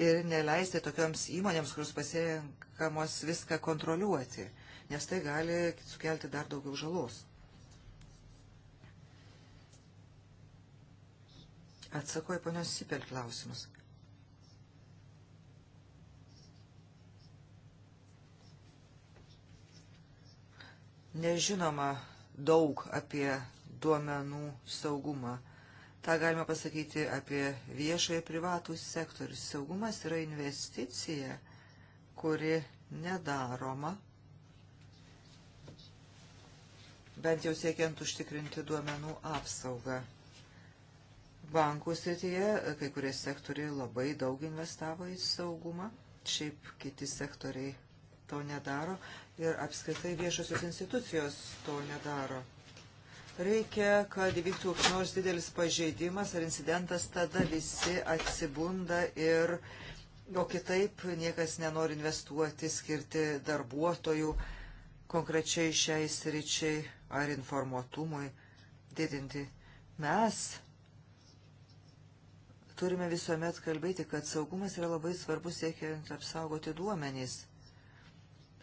ir neleisti tokioms įmonėms, kurios pasirinkamos viską kontroliuoti, nes tai gali sukelti dar daugiau žalos. Atsakoju ponios Sipel klausimus. Nežinoma daug apie duomenų saugumą. Ta galima pasakyti apie viešą ir privatų sektorių. Saugumas yra investicija, kuri nedaroma, bent jau siekiant užtikrinti duomenų apsaugą. Bankų srityje kai kurie sektoriai labai daug investavo į saugumą, šiaip kiti sektoriai to nedaro ir apskritai viešosios institucijos to nedaro. Reikia, kad įvyktų koks nors didelis pažeidimas ar incidentas, tada visi atsibunda ir, o kitaip niekas nenori investuoti, skirti darbuotojų konkrečiai šiai sričiai ar informuotumui didinti. Mes turime visuomet kalbėti, kad saugumas yra labai svarbus siekiant apsaugoti duomenys.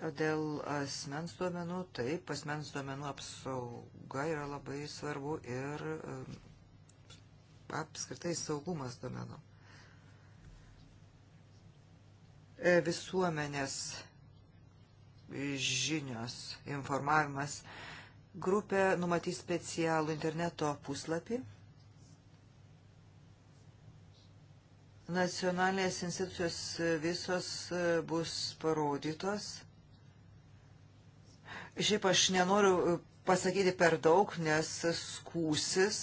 O dėl asmens duomenų, taip, asmens duomenų apsauga yra labai svarbu ir e, apskritai saugumas duomenų. E, visuomenės žinios, informavimas. Grupė numatys specialų interneto puslapį nacionalinės institucijos visos e, bus parodytos. Šiaip aš nenoriu e, pasakyti per daug, nes skūsis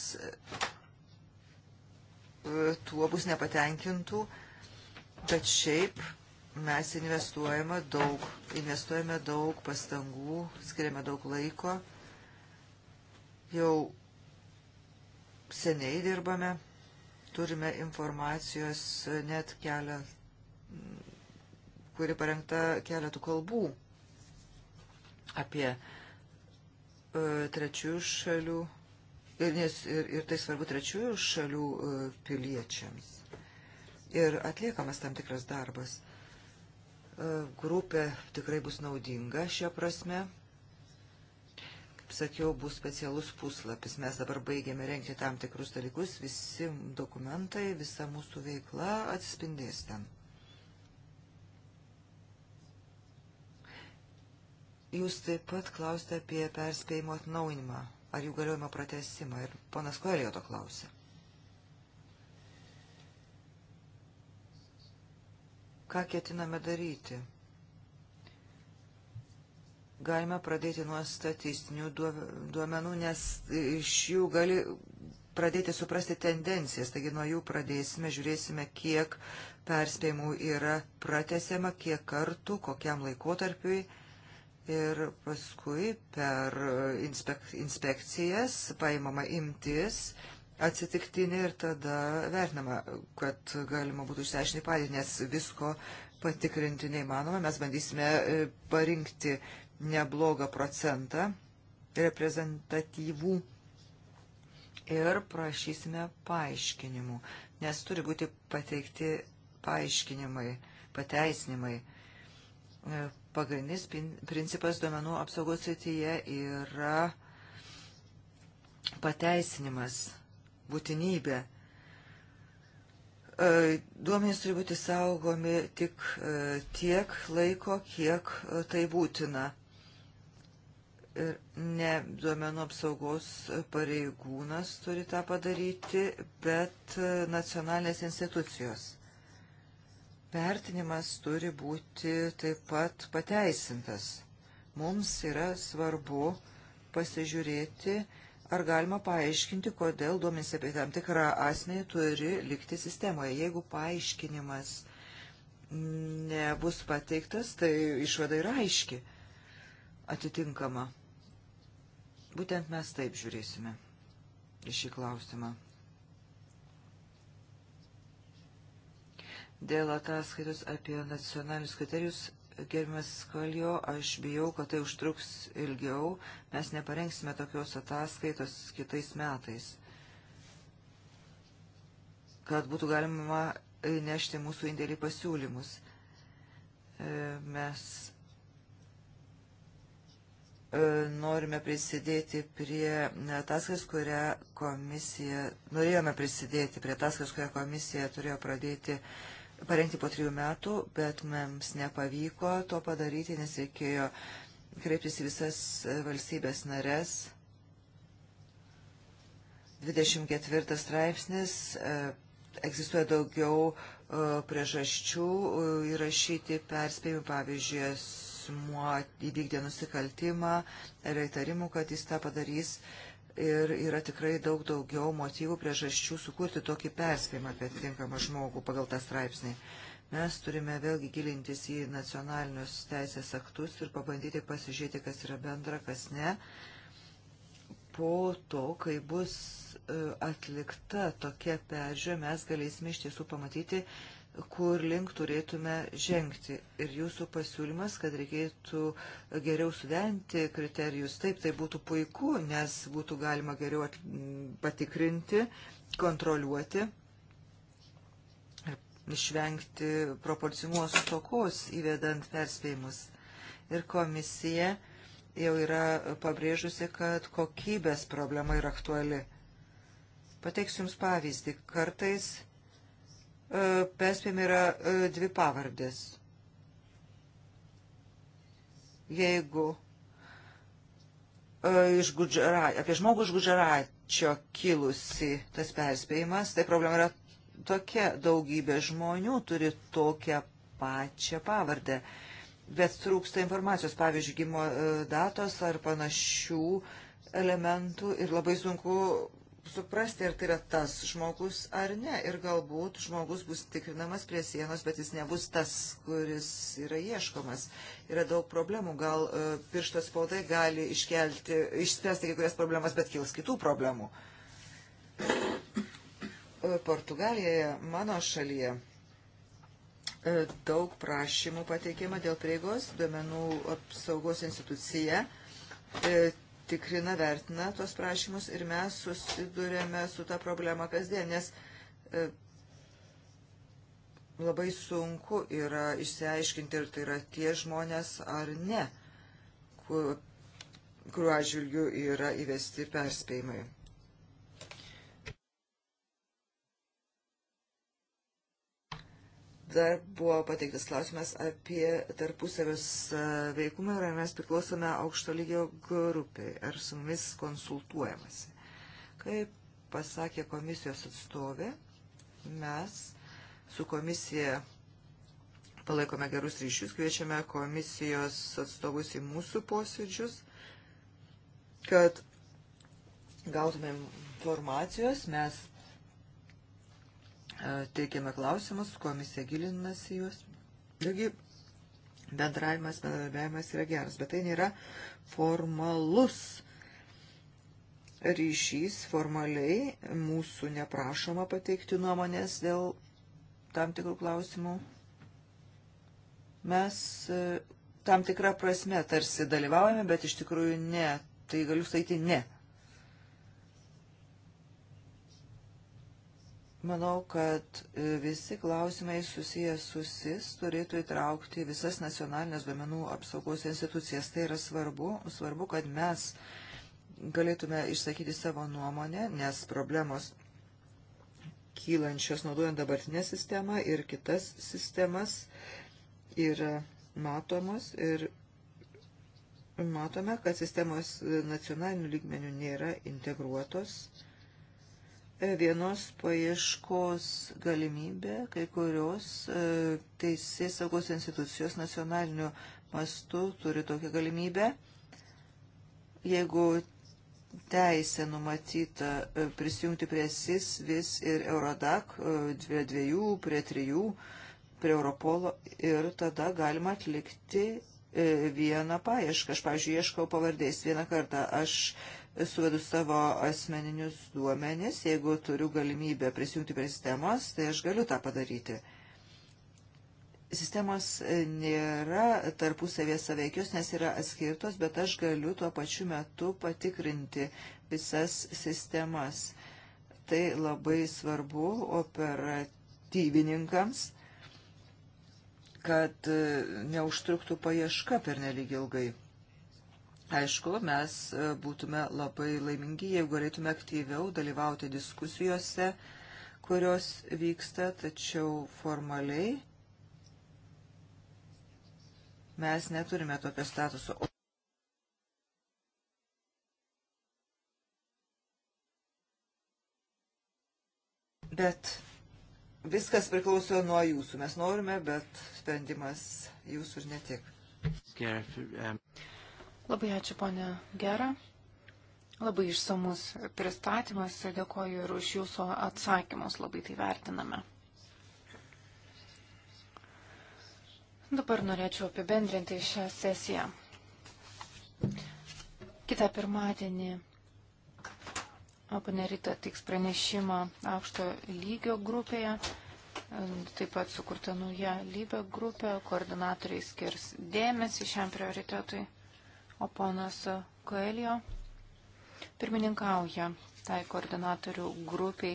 e, tuo bus nepatenkintų, bet šiaip mes investuojame daug, investuojame daug pastangų, skiriame daug laiko, jau seniai dirbame turime informacijos net kelią, kuri parengta keletų kalbų apie e, trečiųjų šalių ir, nes, ir, ir tai svarbu trečiųjų šalių e, piliečiams. Ir atliekamas tam tikras darbas. E, grupė tikrai bus naudinga šią prasme sakiau, bus specialus puslapis. Mes dabar baigėme renkti tam tikrus dalykus, visi dokumentai, visa mūsų veikla atsispindės ten. Jūs taip pat klausite apie perspėjimo atnaujinimą ar jų galiojimo pratesimą ir ponas Koelio to klausė. Ką ketiname daryti? Galime pradėti nuo statistinių duomenų, nes iš jų gali pradėti suprasti tendencijas. Taigi nuo jų pradėsime, žiūrėsime, kiek perspėjimų yra pratesiama, kiek kartų, kokiam laikotarpiui. Ir paskui per inspek inspekcijas paimama imtis atsitiktinė ir tada vertinama, kad galima būtų išsiaiškinti padėtį, nes visko patikrinti neįmanoma. Mes bandysime e, parinkti neblogą procentą reprezentatyvų ir prašysime paaiškinimų, nes turi būti pateikti paaiškinimai, pateisinimai. E, pagrindinis principas duomenų apsaugos srityje yra pateisinimas, būtinybė. E, duomenys turi būti saugomi tik e, tiek laiko, kiek tai būtina Ir ne duomenų apsaugos pareigūnas turi tą padaryti, bet nacionalinės institucijos. Vertinimas turi būti taip pat pateisintas. Mums yra svarbu pasižiūrėti, ar galima paaiškinti, kodėl duomenys apie tam tikrą asmenį turi likti sistemoje. Jeigu paaiškinimas nebus pateiktas, tai išvada yra aiški atitinkama. Būtent mes taip žiūrėsime į šį klausimą. Dėl ataskaitos apie nacionalinius kriterijus, gerbimas Kalio, aš bijau, kad tai užtruks ilgiau. Mes neparengsime tokios ataskaitos kitais metais, kad būtų galima nešti mūsų indėlį pasiūlymus. E, mes E, norime prisidėti prie ataskaitos, kurią komisija, norėjome prisidėti prie ataskaitos, kurią komisija turėjo pradėti parengti po trijų metų, bet mums nepavyko to padaryti, nes reikėjo kreiptis į visas valstybės nares. 24 straipsnis, e, egzistuoja daugiau e, priežasčių įrašyti perspėjimų, pavyzdžiui, asmuo įvykdė nusikaltimą ar įtarimų, kad jis tą padarys. Ir yra tikrai daug daugiau motyvų priežasčių sukurti tokį perspėjimą apie atitinkamą žmogų pagal tą straipsnį. Mes turime vėlgi gilintis į nacionalinius teisės aktus ir pabandyti pasižiūrėti, kas yra bendra, kas ne po to, kai bus e, atlikta tokia peržiūra, mes galėsime iš tiesų pamatyti, kur link turėtume žengti. Ir jūsų pasiūlymas, kad reikėtų geriau sudenti kriterijus, taip tai būtų puiku, nes būtų galima geriau patikrinti, kontroliuoti ir išvengti proporcingos stokos įvedant perspėjimus. Ir komisija jau yra pabrėžusi, kad kokybės problema yra aktuali. Pateiksiu Jums pavyzdį. Kartais E, perspėjami yra e, dvi pavardės. Jeigu e, iš Gudžara, apie žmogų iš Gudžaračio kilusi tas perspėjimas, tai problema yra tokia daugybė žmonių turi tokią pačią pavardę, bet trūksta informacijos, pavyzdžiui, gimo datos ar panašių elementų ir labai sunku suprasti, ar tai yra tas žmogus ar ne. Ir galbūt žmogus bus tikrinamas prie sienos, bet jis nebus tas, kuris yra ieškomas. Yra daug problemų. Gal e, pirštas spaudai gali iškelti, išspręsti kai kurias problemas, bet kils kitų problemų. E, Portugalijoje, mano šalyje, e, daug prašymų pateikėma dėl prieigos duomenų apsaugos institucija tikrina, vertina tuos prašymus ir mes susidurėme su tą problemą kasdien, nes e, labai sunku yra išsiaiškinti, ar tai yra tie žmonės ar ne, kuriuo atžvilgiu yra įvesti perspėjimai. dar buvo pateiktas klausimas apie tarpusavio veikumą ir ar mes priklausome aukšto lygio grupiai, ar su mumis konsultuojamasi. Kaip pasakė komisijos atstovė, mes su komisija palaikome gerus ryšius, kviečiame komisijos atstovus į mūsų posėdžius, kad gautume informacijos, mes teikiame klausimus, komisija gilinasi juos. Taigi, bendravimas, bendravimas yra geras, bet tai nėra formalus ryšys, formaliai mūsų neprašoma pateikti nuomonės dėl tam tikrų klausimų. Mes e, tam tikrą prasme tarsi dalyvaujame, bet iš tikrųjų ne. Tai galiu sakyti ne. Manau, kad e, visi klausimai susijęs su SIS turėtų įtraukti visas nacionalinės duomenų apsaugos institucijas. Tai yra svarbu, svarbu, kad mes galėtume išsakyti savo nuomonę, nes problemos kylančios naudojant dabartinę sistemą ir kitas sistemas yra matomos ir matome, kad sistemos e, nacionalinių lygmenių nėra integruotos vienos paieškos galimybė, kai kurios e, teisės saugos institucijos nacionaliniu mastu turi tokią galimybę. Jeigu teisė numatyta e, prisijungti prie SIS, VIS ir Eurodac, prie dviejų, prie trijų, prie Europolo ir tada galima atlikti e, vieną paiešką. Aš, pavyzdžiui, ieškau pavardės vieną kartą. Aš suvedu savo asmeninius duomenis, jeigu turiu galimybę prisijungti prie sistemos, tai aš galiu tą padaryti. Sistemos nėra tarpusavės saveikios, nes yra atskirtos, bet aš galiu tuo pačiu metu patikrinti visas sistemas. Tai labai svarbu operatyvininkams, kad neužtruktų paieška per nelig ilgai. Aišku, mes e, būtume labai laimingi, jeigu galėtume aktyviau dalyvauti diskusijose, kurios vyksta, tačiau formaliai mes neturime tokio statuso. Bet viskas priklauso nuo jūsų. Mes norime, bet sprendimas jūsų ir ne tik. Scarf, um... Labai ačiū, ponė Gera. Labai išsamus pristatymas ir dėkoju ir už jūsų atsakymus, labai tai vertiname. Dabar norėčiau apibendrinti šią sesiją. Kita pirmadienį panerita tiks pranešimą aukšto lygio grupėje. Taip pat sukurta nauja lygio grupė, koordinatoriai skirs dėmesį šiam prioritetui o ponas Koelio pirmininkauja tai koordinatorių grupiai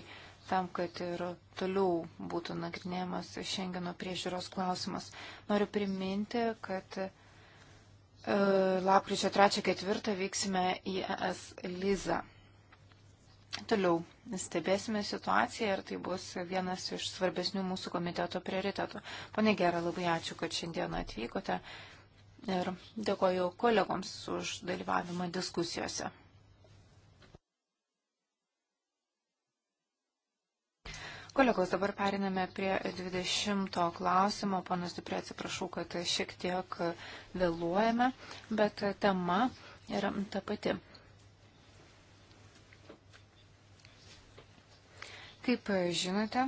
tam, kad ir toliau būtų nagrinėjamas Šengeno priežiūros klausimas. Noriu priminti, kad e, lapkričio 3-4 vyksime į ES Lizą. Toliau stebėsime situaciją ir tai bus vienas iš svarbesnių mūsų komiteto prioritetų. Pane Gera, labai ačiū, kad šiandien atvykote ir dėkoju kolegoms už dalyvavimą diskusijose. Kolegos, dabar periname prie 20 klausimo. Panas Duprė, atsiprašau, kad šiek tiek vėluojame, bet tema yra ta pati. Kaip žinote,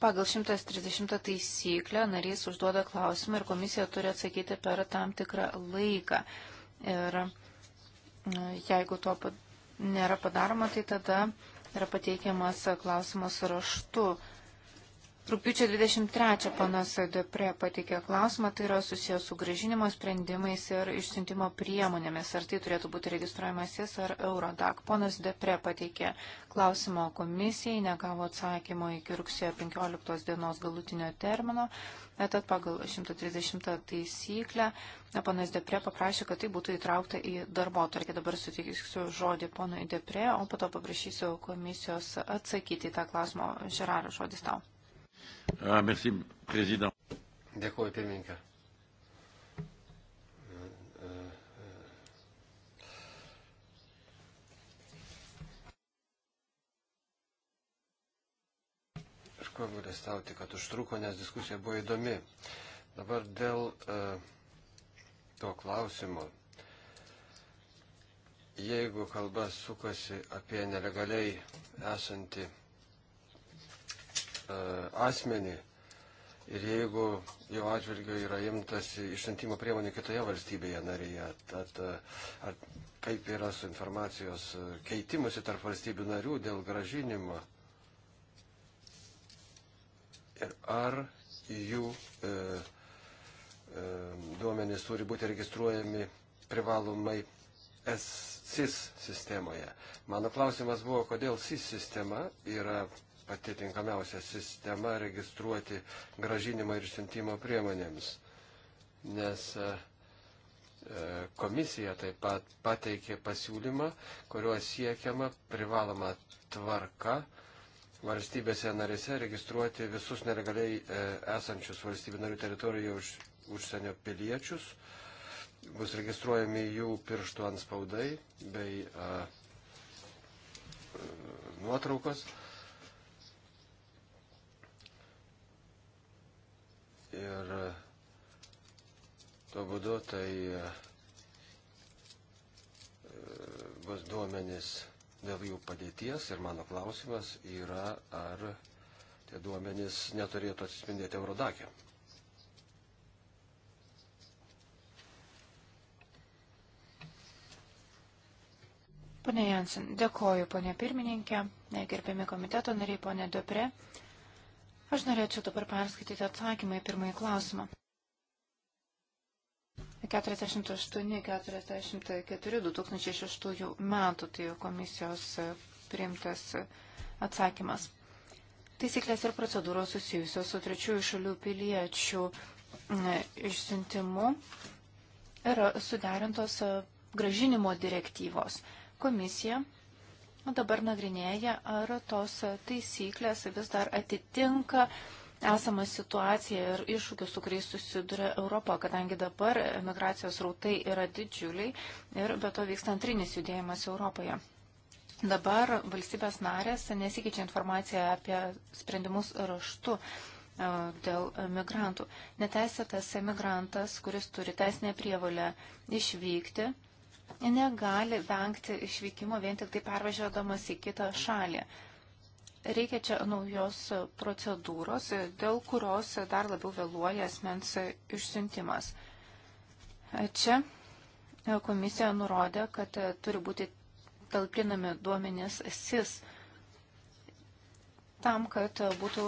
Pagal 130 taisyklę narys užduoda klausimą ir komisija turi atsakyti per tam tikrą laiką. Ir e, jeigu to nėra padaroma, tai tada yra pateikiamas e, klausimas raštu Rūpiučio 23 panas Depre pateikė klausimą, tai yra susijęs su gražinimo sprendimais ir išsiuntimo priemonėmis. Ar tai turėtų būti registruojamas jis ar Eurodac? Ponas Depre pateikė klausimą komisijai, negavo atsakymo iki rugsėjo 15 dienos galutinio termino. Tad pagal 130 taisyklę panas Depre paprašė, kad tai būtų įtraukta į darbo tarkį. Dabar suteiksiu žodį ponui Depre, o po to paprašysiu komisijos atsakyti į tą klausimą. Žeraras, žodis tau. Ah, merci, prezident. Dėkuoju, pirmininkė. Aš kuo galėstauti, kad užtruko, nes diskusija buvo įdomi. Dabar dėl e, to klausimo. Jeigu kalba sukasi apie nelegaliai esantį E, asmenį ir jeigu jo atžvilgiu yra imtas išsiuntimo priemonių kitoje valstybėje narėje, tad e, ar, kaip yra su informacijos e, keitimusi tarp valstybių narių dėl gražinimo ir ar jų e, e, duomenys turi būti registruojami privalomai SIS sistemoje. Mano klausimas buvo, kodėl SIS sistema yra pati tinkamiausia sistema registruoti gražinimo ir siuntimo priemonėms. Nes e, e, komisija taip pat pateikė pasiūlymą, kuriuo siekiama privaloma tvarka valstybėse narėse registruoti visus nelegaliai e, esančius valstybių narių teritorijoje už, užsienio piliečius. Bus registruojami jų pirštų ant spaudai bei a, nuotraukos. A, ir e, tuo būdu tai e, bus duomenys dėl jų padėties ir mano klausimas yra, ar tie duomenys neturėtų atsispindėti Eurodakė. Pane Jansen, dėkoju, ponė pirmininkė, gerbiami komiteto nariai, ponė Dupre. Aš norėčiau dabar perskaityti atsakymą į pirmąjį klausimą. 48-44 2006 metų tai komisijos priimtas atsakymas. Taisyklės ir procedūros susijusios su trečiųjų šalių piliečių e, išsiuntimu yra suderintos e, gražinimo direktyvos. Komisija Nu, dabar nagrinėja, ar tos taisyklės vis dar atitinka esamą situaciją ir iššūkius, su kuriais susiduria Europa, kadangi dabar migracijos rautai yra didžiuliai ir be to vyksta antrinis judėjimas Europoje. Dabar valstybės narės nesikeičia informaciją apie sprendimus raštu e, dėl migrantų. Neteisėtas emigrantas, kuris turi teisinę prievalę išvykti, negali vengti išvykimo vien tik tai pervažiuodamas į kitą šalį. Reikia čia naujos procedūros, dėl kurios dar labiau vėluoja asmens išsiuntimas. Čia komisija nurodė, kad turi būti talpinami duomenės SIS tam, kad būtų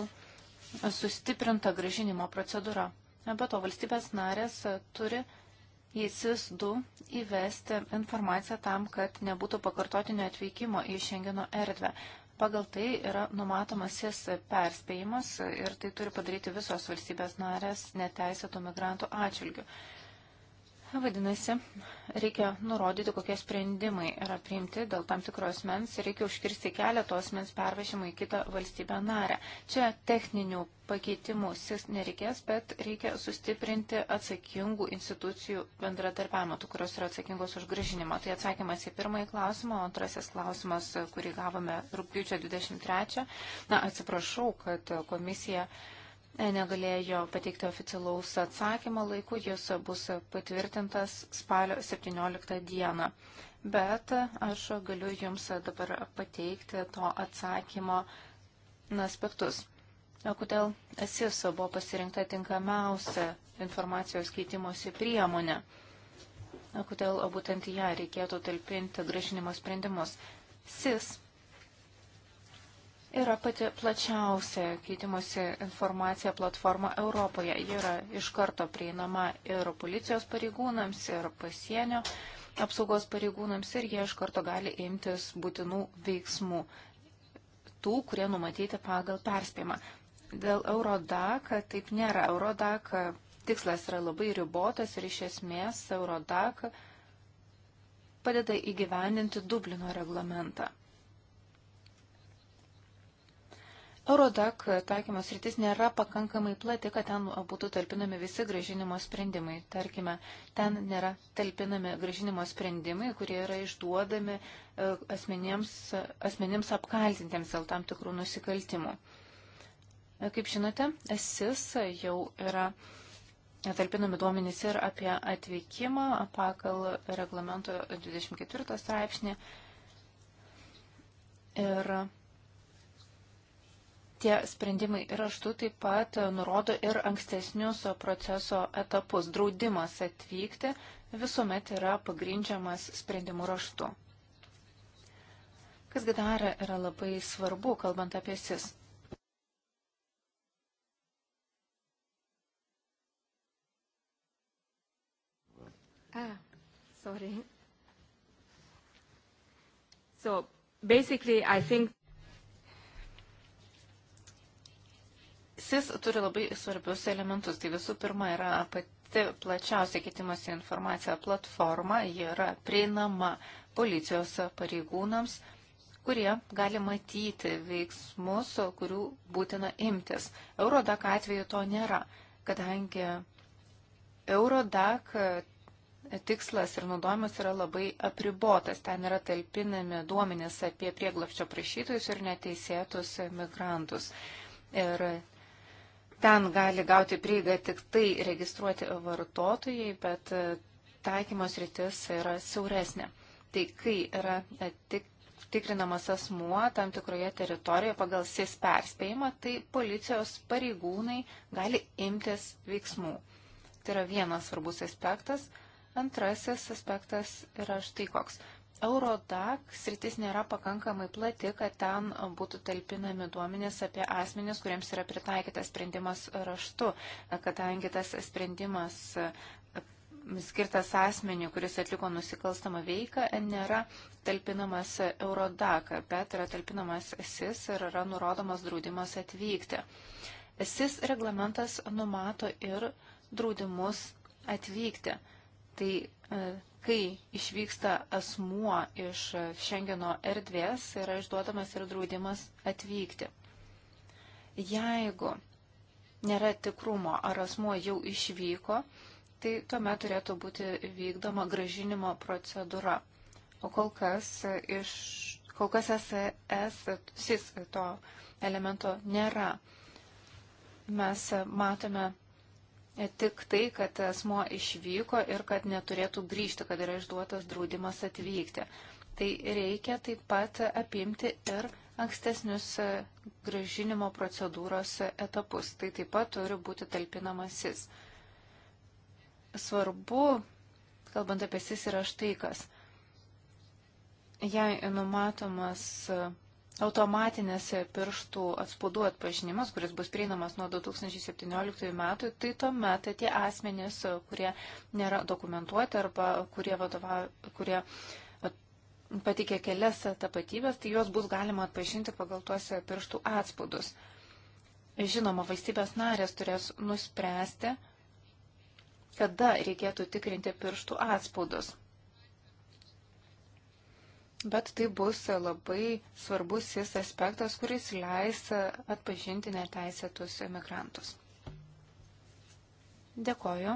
sustiprinta gražinimo procedūra. Be to, valstybės narės turi į SIS-2 įvesti informaciją tam, kad nebūtų pakartotinio atvykimo į Šengeno erdvę. Pagal tai yra numatomas jis perspėjimas ir tai turi padaryti visos valstybės narės neteisėtų migrantų atžvilgių. Vadinasi, reikia nurodyti, kokie sprendimai yra priimti dėl tam tikros mens ir reikia užkirsti kelią tos mens pervežimui į kitą valstybę narę. Čia techninių pakeitimų sis nereikės, bet reikia sustiprinti atsakingų institucijų bendradarbiavimą, tų, kurios yra atsakingos už gražinimą. Tai atsakymas į pirmąjį klausimą, o antrasis klausimas, kurį gavome rūpiučio 23. Na, atsiprašau, kad komisija negalėjo pateikti oficialaus atsakymo laiku, jis bus patvirtintas spalio 17 dieną. Bet aš galiu jums dabar pateikti to atsakymo aspektus. Kodėl SIS buvo pasirinkta tinkamiausia informacijos keitimosi priemonė? Kodėl būtent ją reikėtų talpinti gražinimo sprendimus? SIS yra pati plačiausia keitimosi informacija platforma Europoje. Ji yra iš karto prieinama ir policijos pareigūnams, ir pasienio apsaugos pareigūnams, ir jie iš karto gali imtis būtinų veiksmų, tų, kurie numatyti pagal perspėjimą. Dėl Eurodac taip nėra. Eurodac tikslas yra labai ribotas ir iš esmės Eurodac padeda įgyvendinti Dublino reglamentą. Eurodak taikymas rytis nėra pakankamai plati, kad ten būtų talpinami visi gražinimo sprendimai. Tarkime, ten nėra talpinami gražinimo sprendimai, kurie yra išduodami e, asmenims, asmenims apkaltintiems dėl tam tikrų nusikaltimų. E, kaip žinote, SIS jau yra talpinami duomenys ir apie atvykimą pagal reglamento 24 straipsnį. Ir Tie sprendimai raštu taip pat nurodo ir ankstesnius proceso etapus. Draudimas atvykti visuomet yra pagrindžiamas sprendimu raštu. Kasgi dar yra labai svarbu, kalbant apie SIS. Ah, sorry. So basically, I think SIS turi labai svarbius elementus. Tai visų pirma yra pati plačiausia kitimosi informacija platforma, ji yra prieinama policijos pareigūnams, kurie gali matyti veiksmus, kurių būtina imtis. Eurodak atveju to nėra, kadangi Eurodak tikslas ir naudojimas yra labai apribotas. Ten yra talpinami duomenys apie prieglapščio prašytojus ir neteisėtus migrantus. Ir ten gali gauti prieigą tik tai registruoti vartotojai, bet e, taikymos rytis yra siauresnė. Tai kai yra e, tik, tikrinamas asmuo tam tikroje teritorijoje pagal SIS perspėjimą, tai policijos pareigūnai gali imtis veiksmų. Tai yra vienas svarbus aspektas. Antrasis aspektas yra štai koks. Eurodac sritis nėra pakankamai plati, kad ten būtų talpinami duomenys apie asmenis, kuriems yra pritaikytas sprendimas raštu, kadangi tas sprendimas e, skirtas asmeniui, kuris atliko nusikalstamą veiką, nėra talpinamas Eurodac, bet yra talpinamas SIS ir yra nurodomas draudimas atvykti. SIS reglamentas numato ir draudimus atvykti. Tai e, kai išvyksta asmuo iš Šengeno erdvės, yra išduodamas ir draudimas atvykti. Jeigu nėra tikrumo, ar asmuo jau išvyko, tai tuomet turėtų būti vykdoma gražinimo procedūra. O kol kas, iš, kol kas SES, SIS to elemento nėra. Mes matome tik tai, kad asmo išvyko ir kad neturėtų grįžti, kad yra išduotas draudimas atvykti. Tai reikia taip pat apimti ir ankstesnius gražinimo procedūros etapus. Tai taip pat turi būti talpinamasis. Svarbu, kalbant apie sis, yra štai kas. Jei numatomas automatinis pirštų atspaudų atpažinimas, kuris bus prieinamas nuo 2017 metų, tai tuomet tie asmenys, kurie nėra dokumentuoti arba kurie, vadova, kurie patikė kelias tapatybės, tai juos bus galima atpažinti pagal tuos pirštų atspaudus. Žinoma, valstybės narės turės nuspręsti, kada reikėtų tikrinti pirštų atspaudus. Bet tai bus labai svarbus jis aspektas, kuris leis atpažinti neteisėtus emigrantus. Dėkoju.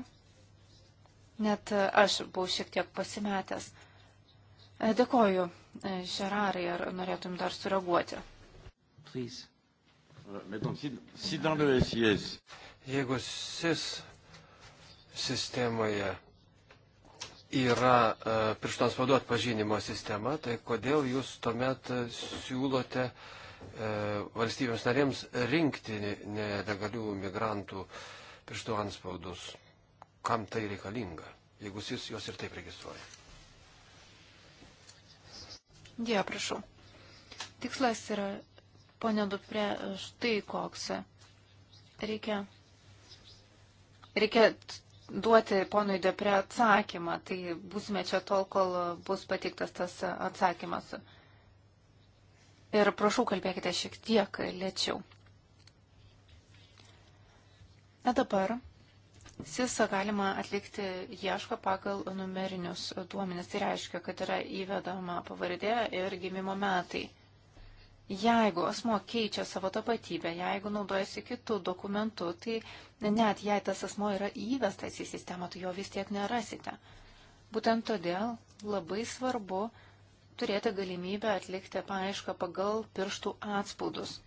Net aš buvau šiek tiek pasimetęs. Dėkoju. Žerarai, ar norėtum dar sureaguoti? Please. Jeigu SIS sistemoje yra e, piršto spaudų atpažinimo sistema, tai kodėl jūs tuomet e, siūlote e, valstybėms narėms rinkti nelegalių migrantų pirštų anspaudus? Kam tai reikalinga, jeigu jis juos ir taip registruoja? Dėja, prašau. Tikslas yra, ponė Dupre, štai koks. Reikia, reikia duoti ponui Depre atsakymą, tai būsime čia tol, kol bus patiktas tas atsakymas. Ir prašau, kalbėkite šiek tiek lėčiau. Na dabar SISA galima atlikti iešką pagal numerinius duomenis. Tai reiškia, kad yra įvedama pavardė ir gimimo metai. Jeigu asmo keičia savo tapatybę, jeigu naudojasi kitų dokumentų, tai net jei tas asmo yra įvestas į sistemą, tu tai jo vis tiek nerasite. Būtent todėl labai svarbu turėti galimybę atlikti paaišką pagal pirštų atspaudus.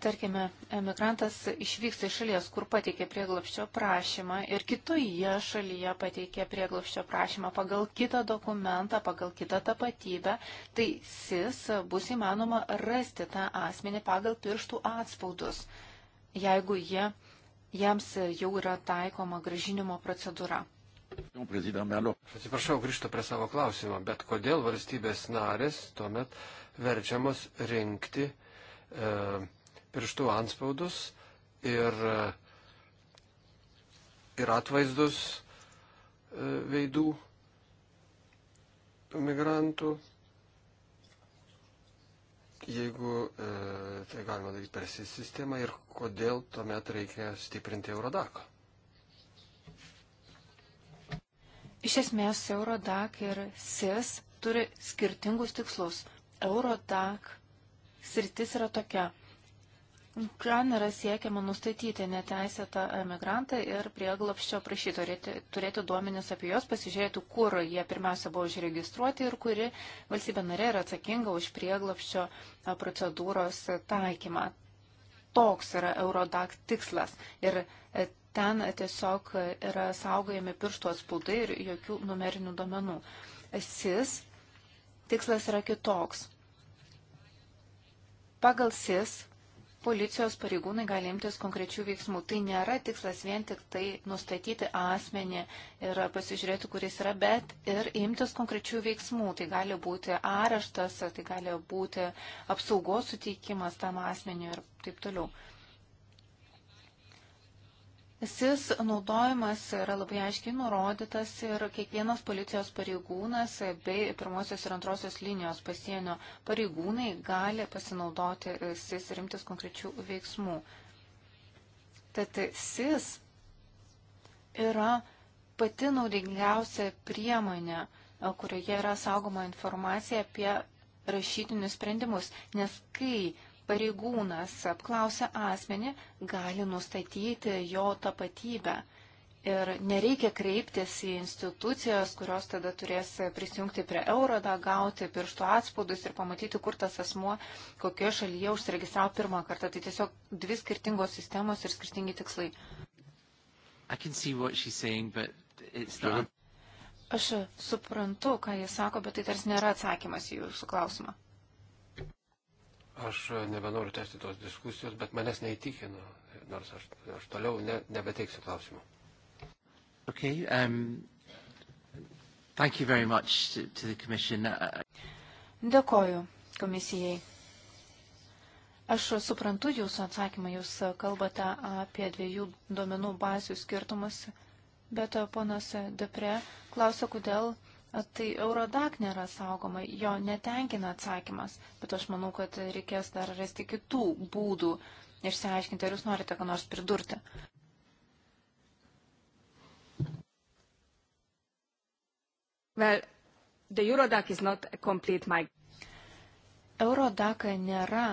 Tarkime, emigrantas išvyksta iš šalies, kur pateikė prieglopščio prašymą ir kitoje šalyje pateikė prieglopščio prašymą pagal kitą dokumentą, pagal kitą tapatybę, tai SIS bus įmanoma rasti tą asmenį pagal pirštų atspaudus, jeigu jie, jiems jau yra taikoma gražinimo procedūra. Aš atsiprašau, grįžtu prie savo klausimo, bet kodėl valstybės narės tuomet verčiamos rinkti e, pirštų anspaudus ir, ir atvaizdus e, veidų migrantų. Jeigu e, tai galima daryti per sistemą ir kodėl tuomet reikia stiprinti Eurodaką. Iš esmės Eurodac ir SIS turi skirtingus tikslus. Eurodac sritis yra tokia. Ten yra siekiama nustatyti neteisėtą emigrantą ir prieglapščio prašytoją, turėti duomenis apie juos, pasižiūrėti, kur jie pirmiausia buvo užregistruoti ir kuri valstybė narė yra atsakinga už prieglapščio procedūros taikymą. Toks yra Eurodac tikslas. Ir ten tiesiog yra saugojami pirštų atspaudai ir jokių numerinių duomenų. SIS tikslas yra kitoks. Pagal SIS policijos pareigūnai gali imtis konkrečių veiksmų. Tai nėra tikslas vien tik tai nustatyti asmenį ir pasižiūrėti, kuris yra, bet ir imtis konkrečių veiksmų. Tai gali būti areštas, tai gali būti apsaugos suteikimas tam asmeniu ir taip toliau. SIS naudojimas yra labai aiškiai nurodytas ir kiekvienas policijos pareigūnas bei pirmosios ir antrosios linijos pasienio pareigūnai gali pasinaudoti e, SIS ir imtis konkrečių veiksmų. Tad SIS yra pati naudingiausia priemonė, e, kurioje yra saugoma informacija apie rašytinius sprendimus, nes kai pareigūnas apklausia asmenį, gali nustatyti jo tapatybę. Ir nereikia kreiptis į institucijas, kurios tada turės prisijungti prie Eurodą, gauti pirštų atspaudus ir pamatyti, kur tas asmuo, kokioje šalyje užsiregistravo pirmą kartą. Tai tiesiog dvi skirtingos sistemos ir skirtingi tikslai. Saying, Aš suprantu, ką jis sako, bet tai tarsi nėra atsakymas į jūsų klausimą. Aš nebenoriu tęsti tos diskusijos, bet manęs neįtikino, nors aš, aš toliau ne, nebeteiksiu klausimų. Okay, um, thank you very much to, to the commission. Uh, Dėkoju komisijai. Aš suprantu jūsų atsakymą, jūs kalbate apie dviejų duomenų bazių skirtumus, bet ponas Depre klausia, kodėl Tai Eurodak nėra saugoma, jo netenkina atsakymas, bet aš manau, kad reikės dar rasti kitų būdų išsiaiškinti, ar jūs norite ką nors pridurti. Well, the Eurodac is not a complete migrant. Eurodac nėra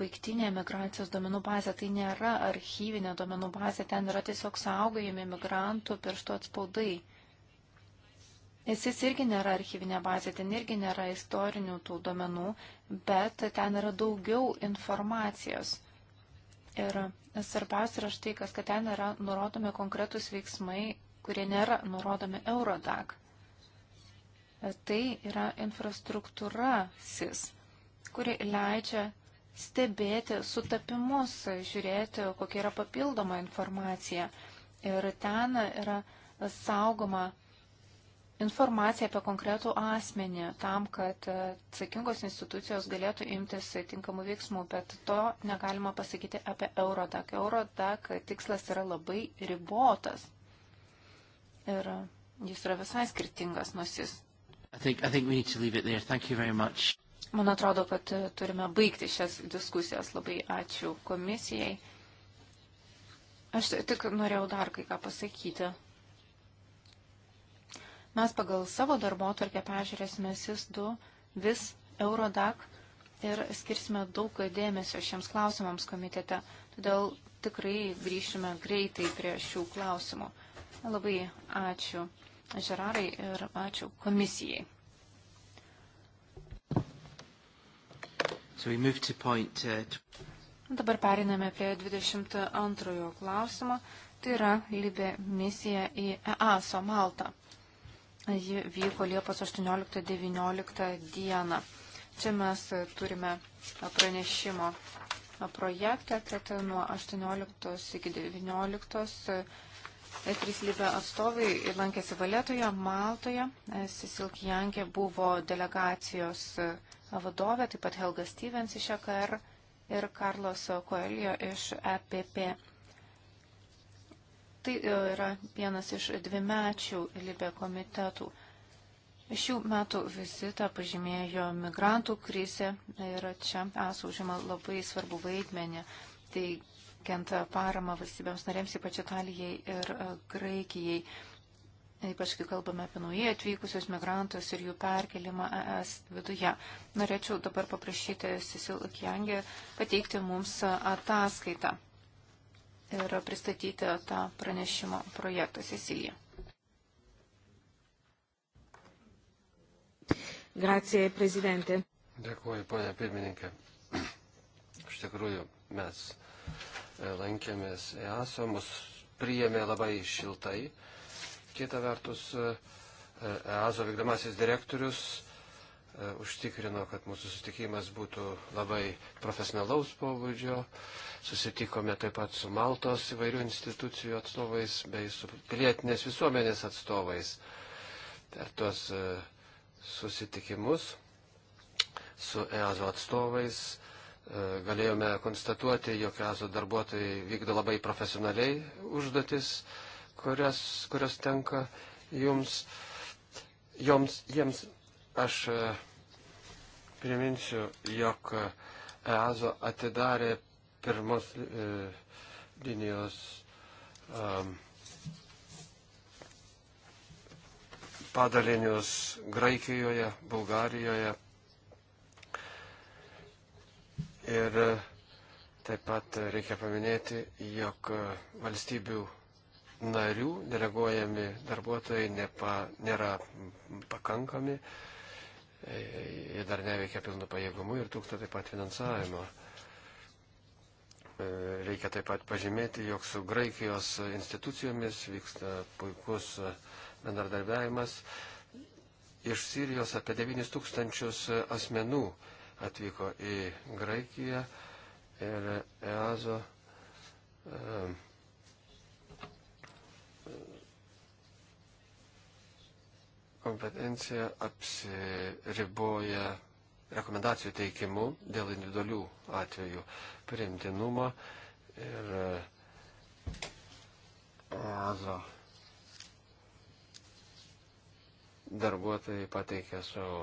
baigtinė migracijos domenų bazė, tai nėra archyvinė domenų bazė, ten yra tiesiog saugojami migrantų pirštų atspaudai. SIS irgi nėra archyvinė bazė, ten irgi nėra istorinių tų duomenų, bet ten yra daugiau informacijos. Ir svarbiausia yra štai, kas, kad ten yra nurodomi konkretus veiksmai, kurie nėra nurodomi Eurodag. Tai yra infrastruktūra SIS, kuri leidžia stebėti sutapimus, žiūrėti, kokia yra papildoma informacija. Ir ten yra saugoma informaciją apie konkretų asmenį tam, kad e, atsakingos institucijos galėtų imtis tinkamų veiksmų, bet to negalima pasakyti apie Eurodac. Eurodac tikslas yra labai ribotas ir jis yra visai skirtingas nusis. I think, I think we need to leave it there. Thank you very much. Man atrodo, kad e, turime baigti šias diskusijas. Labai ačiū komisijai. Aš tik norėjau dar kai ką pasakyti. Mes pagal savo darbo tvarkę peržiūrėsime SIS 2, vis Eurodac ir skirsime daug dėmesio šiems klausimams komitete. Todėl tikrai grįšime greitai prie šių klausimų. Labai ačiū Žerarai ir ačiū komisijai. So we move to point, uh, Dabar periname prie 22 klausimo, tai yra Libė misija į EASO Maltą. Ji vyko Liepos 18-19 dieną. Čia mes turime pranešimo projektą, kad nuo 18 iki 19 trys lybė atstovai lankėsi Valetoje, Maltoje. Sisil Kjankė buvo delegacijos vadovė, taip pat Helga Stevens iš EKR ir Karlos Koelio iš EPP. Tai e, yra vienas iš dvimečių Libė komitetų. Šių metų vizitą pažymėjo migrantų krizė ir čia ES užima labai svarbu vaidmenį, teikiant paramą valstybėms narėms, ypač Italijai ir e, Graikijai, ypač kai kalbame apie naujai atvykusius migrantus ir jų perkelimą ES viduje. Norėčiau dabar paprašyti Sisil Kjangį pateikti mums ataskaitą ir pristatyti tą pranešimo projektą Cecilija. Gracija, prezidentė. Dėkuoju, ponia pirmininkė. Iš tikrųjų, mes e, lankėmės EASO, mus priėmė labai šiltai. Kita vertus, e, e, EASO vykdomasis direktorius E, užtikrino, kad mūsų susitikimas būtų labai profesionalaus pobūdžio. Susitikome taip pat su Maltos įvairių institucijų atstovais bei su pilietinės visuomenės atstovais. Per tuos e, susitikimus su EASO atstovais e, galėjome konstatuoti, jog EASO darbuotojai vykdo labai profesionaliai užduotis, kurios, kurios tenka jums. Joms, jiems aš Priminsiu, jog EASO atidarė pirmos e, linijos um, padalinius Graikijoje, Bulgarijoje ir e, taip pat reikia paminėti, jog valstybių narių deleguojami darbuotojai nepa, nėra pakankami. E, jie dar neveikia pilnu pajėgumu ir trūksta taip pat finansavimo. E, reikia taip pat pažymėti, jog su Graikijos institucijomis vyksta puikus bendradarbiavimas. Iš Sirijos apie 9 tūkstančius asmenų atvyko į Graikiją ir EASO. Um, kompetencija apsiriboja rekomendacijų teikimu dėl individualių atvejų priimtinumą ir e, EASO darbuotojai pateikė savo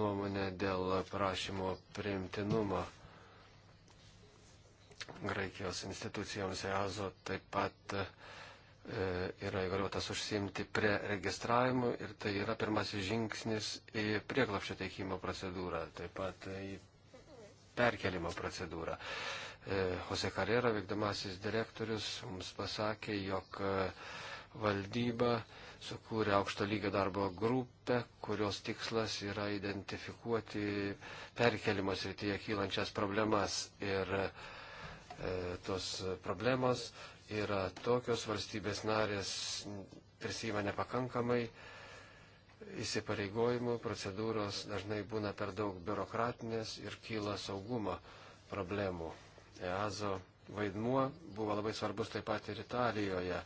nuomonę dėl prašymo priimtinumo Graikijos institucijoms EASO taip pat uh, E, yra įgaliotas užsiimti preregistravimu ir tai yra pirmasis žingsnis į prieglapščio teikimo procedūrą, taip pat į perkelimo procedūrą. E, Jose Carrera, vykdomasis direktorius, mums pasakė, jog e, valdyba sukūrė aukšto lygio darbo grupę, kurios tikslas yra identifikuoti perkelimo srityje kylančias problemas ir e, tos problemos yra tokios valstybės narės prisima nepakankamai įsipareigojimų, procedūros dažnai būna per daug biurokratinės ir kyla saugumo problemų. EASO vaidmuo buvo labai svarbus taip pat ir Italijoje.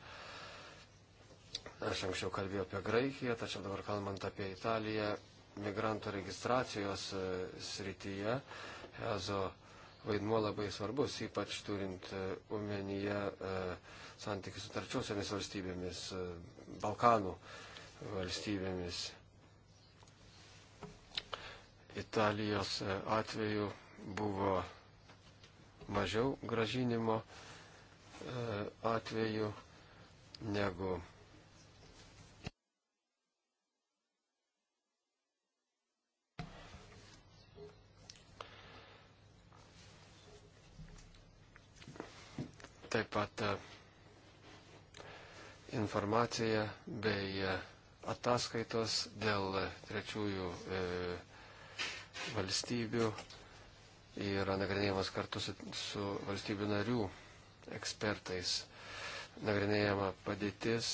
Aš anksčiau kalbėjau apie Graikiją, tačiau dabar kalbant apie Italiją, migrantų registracijos e, srityje EASO vaidmuo labai svarbus, ypač turint e, omenyje e, santykius su tarčiosiomis valstybėmis, e, Balkanų valstybėmis. Italijos atveju buvo mažiau gražinimo atveju negu taip pat e, informacija bei e, ataskaitos dėl e, trečiųjų valstybių yra nagrinėjamas kartu su, su valstybių narių ekspertais. Nagrinėjama padėtis,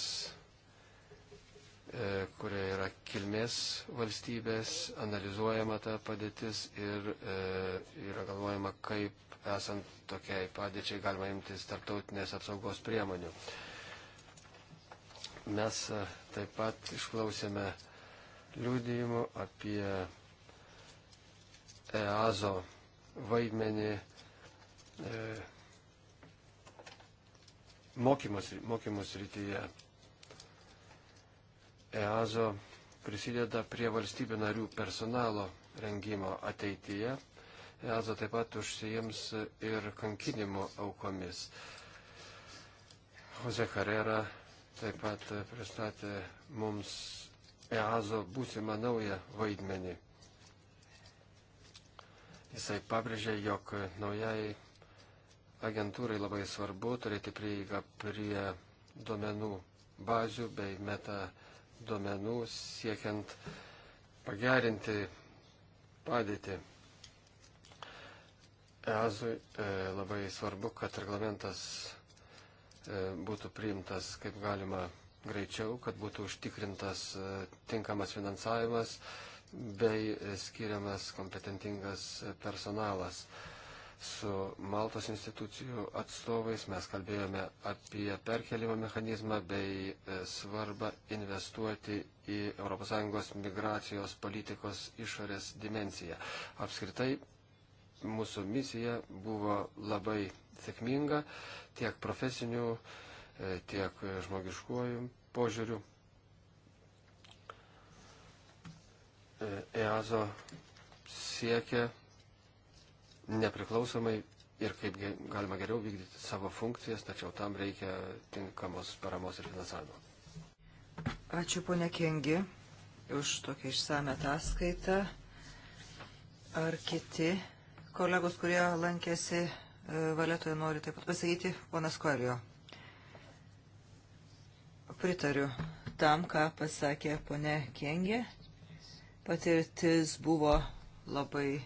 e, kurioje yra kilmės valstybės, analizuojama ta padėtis ir e, yra galvojama, kaip esant tokiai padėčiai galima imtis tarptautinės apsaugos priemonių. Mes e, taip pat išklausėme liūdėjimų apie EASO vaidmenį e, mokymus, mokymus rytyje. EASO prisideda prie valstybių narių personalo rengimo ateityje EASO taip pat užsijims ir kankinimo aukomis. Jose Carrera taip pat pristatė mums EASO būsimą naują vaidmenį. Jisai pabrėžė, jog naujai agentūrai labai svarbu turėti prieigą prie duomenų bazių bei meta duomenų siekiant pagerinti padėtį. EASui tai labai svarbu, kad reglamentas e, būtų priimtas kaip galima greičiau, kad būtų užtikrintas e, tinkamas finansavimas bei e, skiriamas kompetentingas personalas. Su Maltos institucijų atstovais mes kalbėjome apie perkelimo mechanizmą bei svarbą investuoti į ES migracijos politikos išorės dimenciją. Apskritai mūsų misija buvo labai sėkminga tiek profesinių, e, tiek žmogiškuoju požiūriu. E, EASO siekia nepriklausomai ir kaip galima geriau vykdyti savo funkcijas, tačiau tam reikia tinkamos paramos ir finansavimo. Ačiū ponia Kengi už tokią išsame ataskaitą. Ar kiti kolegos, kurie lankėsi e, valetoje, nori taip pat pasakyti, ponas Koelio. Pritariu tam, ką pasakė ponė Kengė. Patirtis buvo labai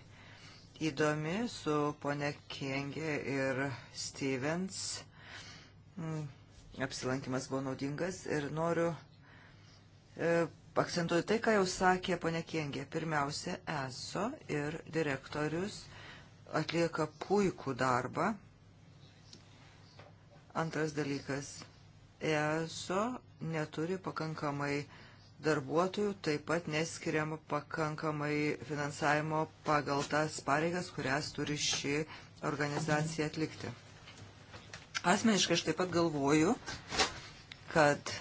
įdomi su ponė Kengė ir Stevens. Mm, apsilankimas buvo naudingas ir noriu e, akcentuoti tai, ką jau sakė ponė Kengė. Pirmiausia, ESO ir direktorius atlieka puikų darbą. Antras dalykas. ESO neturi pakankamai darbuotojų, taip pat neskiriama pakankamai finansavimo pagal tas pareigas, kurias turi ši organizacija atlikti. Asmeniškai aš taip pat galvoju, kad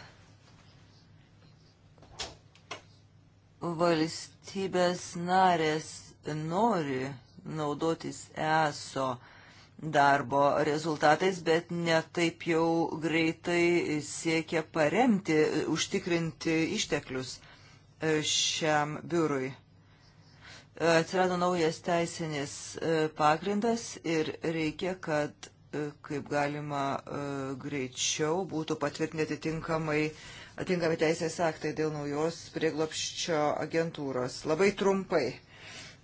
valstybės narės nori naudotis ESO darbo rezultatais, bet netaip jau greitai siekia paremti, užtikrinti išteklius e, šiam biurui. Atsirado naujas teisinis e, pagrindas ir reikia, kad e, kaip galima greičiau būtų patvirtinti tinkamai atinkami teisės aktai dėl naujos prieglopščio agentūros. Labai trumpai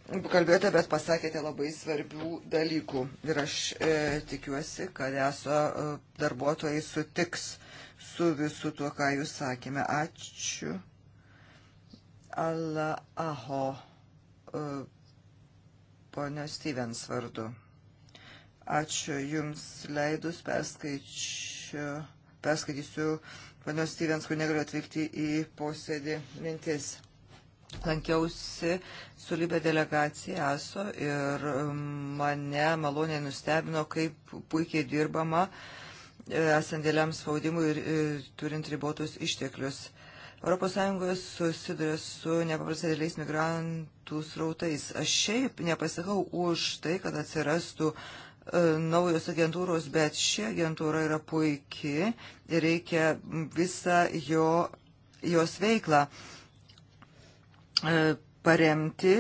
kalbėjote, bet pasakėte labai svarbių dalykų. Ir aš e, tikiuosi, kad eso e, darbuotojai sutiks su visu tuo, ką jūs sakėme. Ačiū. Alla Aho, e, ponio Stevens vardu. Ačiū Jums leidus, perskaičiu, perskaitysiu ponios Stevens, kur negaliu atvykti į posėdį mintis lankiausi su Libė delegacija ASO ir um, mane maloniai nustebino, kaip puikiai dirbama e, esant dėliam spaudimui ir, ir e, turint ribotus išteklius. ES susiduria su nepaprastai dėliais migrantų srautais. Aš šiaip nepasakau už tai, kad atsirastų e, naujos agentūros, bet ši agentūra yra puiki ir reikia visą jo, jos veiklą uh, E, paremti.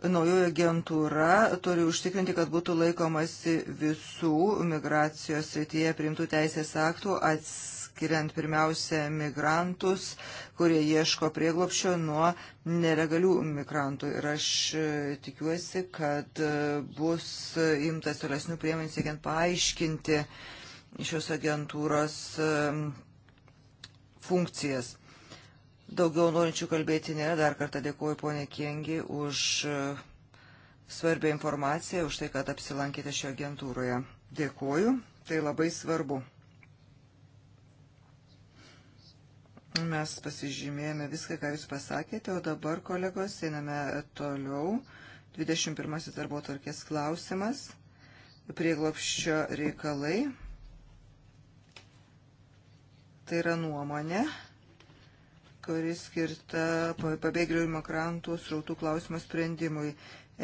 Naujoji agentūra turi užtikrinti, kad būtų laikomasi visų migracijos srityje primtų teisės aktų, atskiriant pirmiausia migrantus, kurie ieško prieglopščio nuo nelegalių migrantų. Ir aš e, tikiuosi, kad e, bus imtas tolesnių priemonių siekiant paaiškinti šios agentūros funkcijas. Daugiau norinčių kalbėti nėra. Dar kartą dėkuoju ponė Kengi už e, svarbią informaciją, už tai, kad apsilankėte šio agentūroje. Dėkuoju, tai labai svarbu. Mes pasižymėjome viską, ką Jūs pasakėte, o dabar, kolegos, einame toliau. 21 darbo tvarkės klausimas. Prieglopščio reikalai. Tai yra nuomonė kuris skirta pabėgėlių ir migrantų srautų klausimo sprendimui.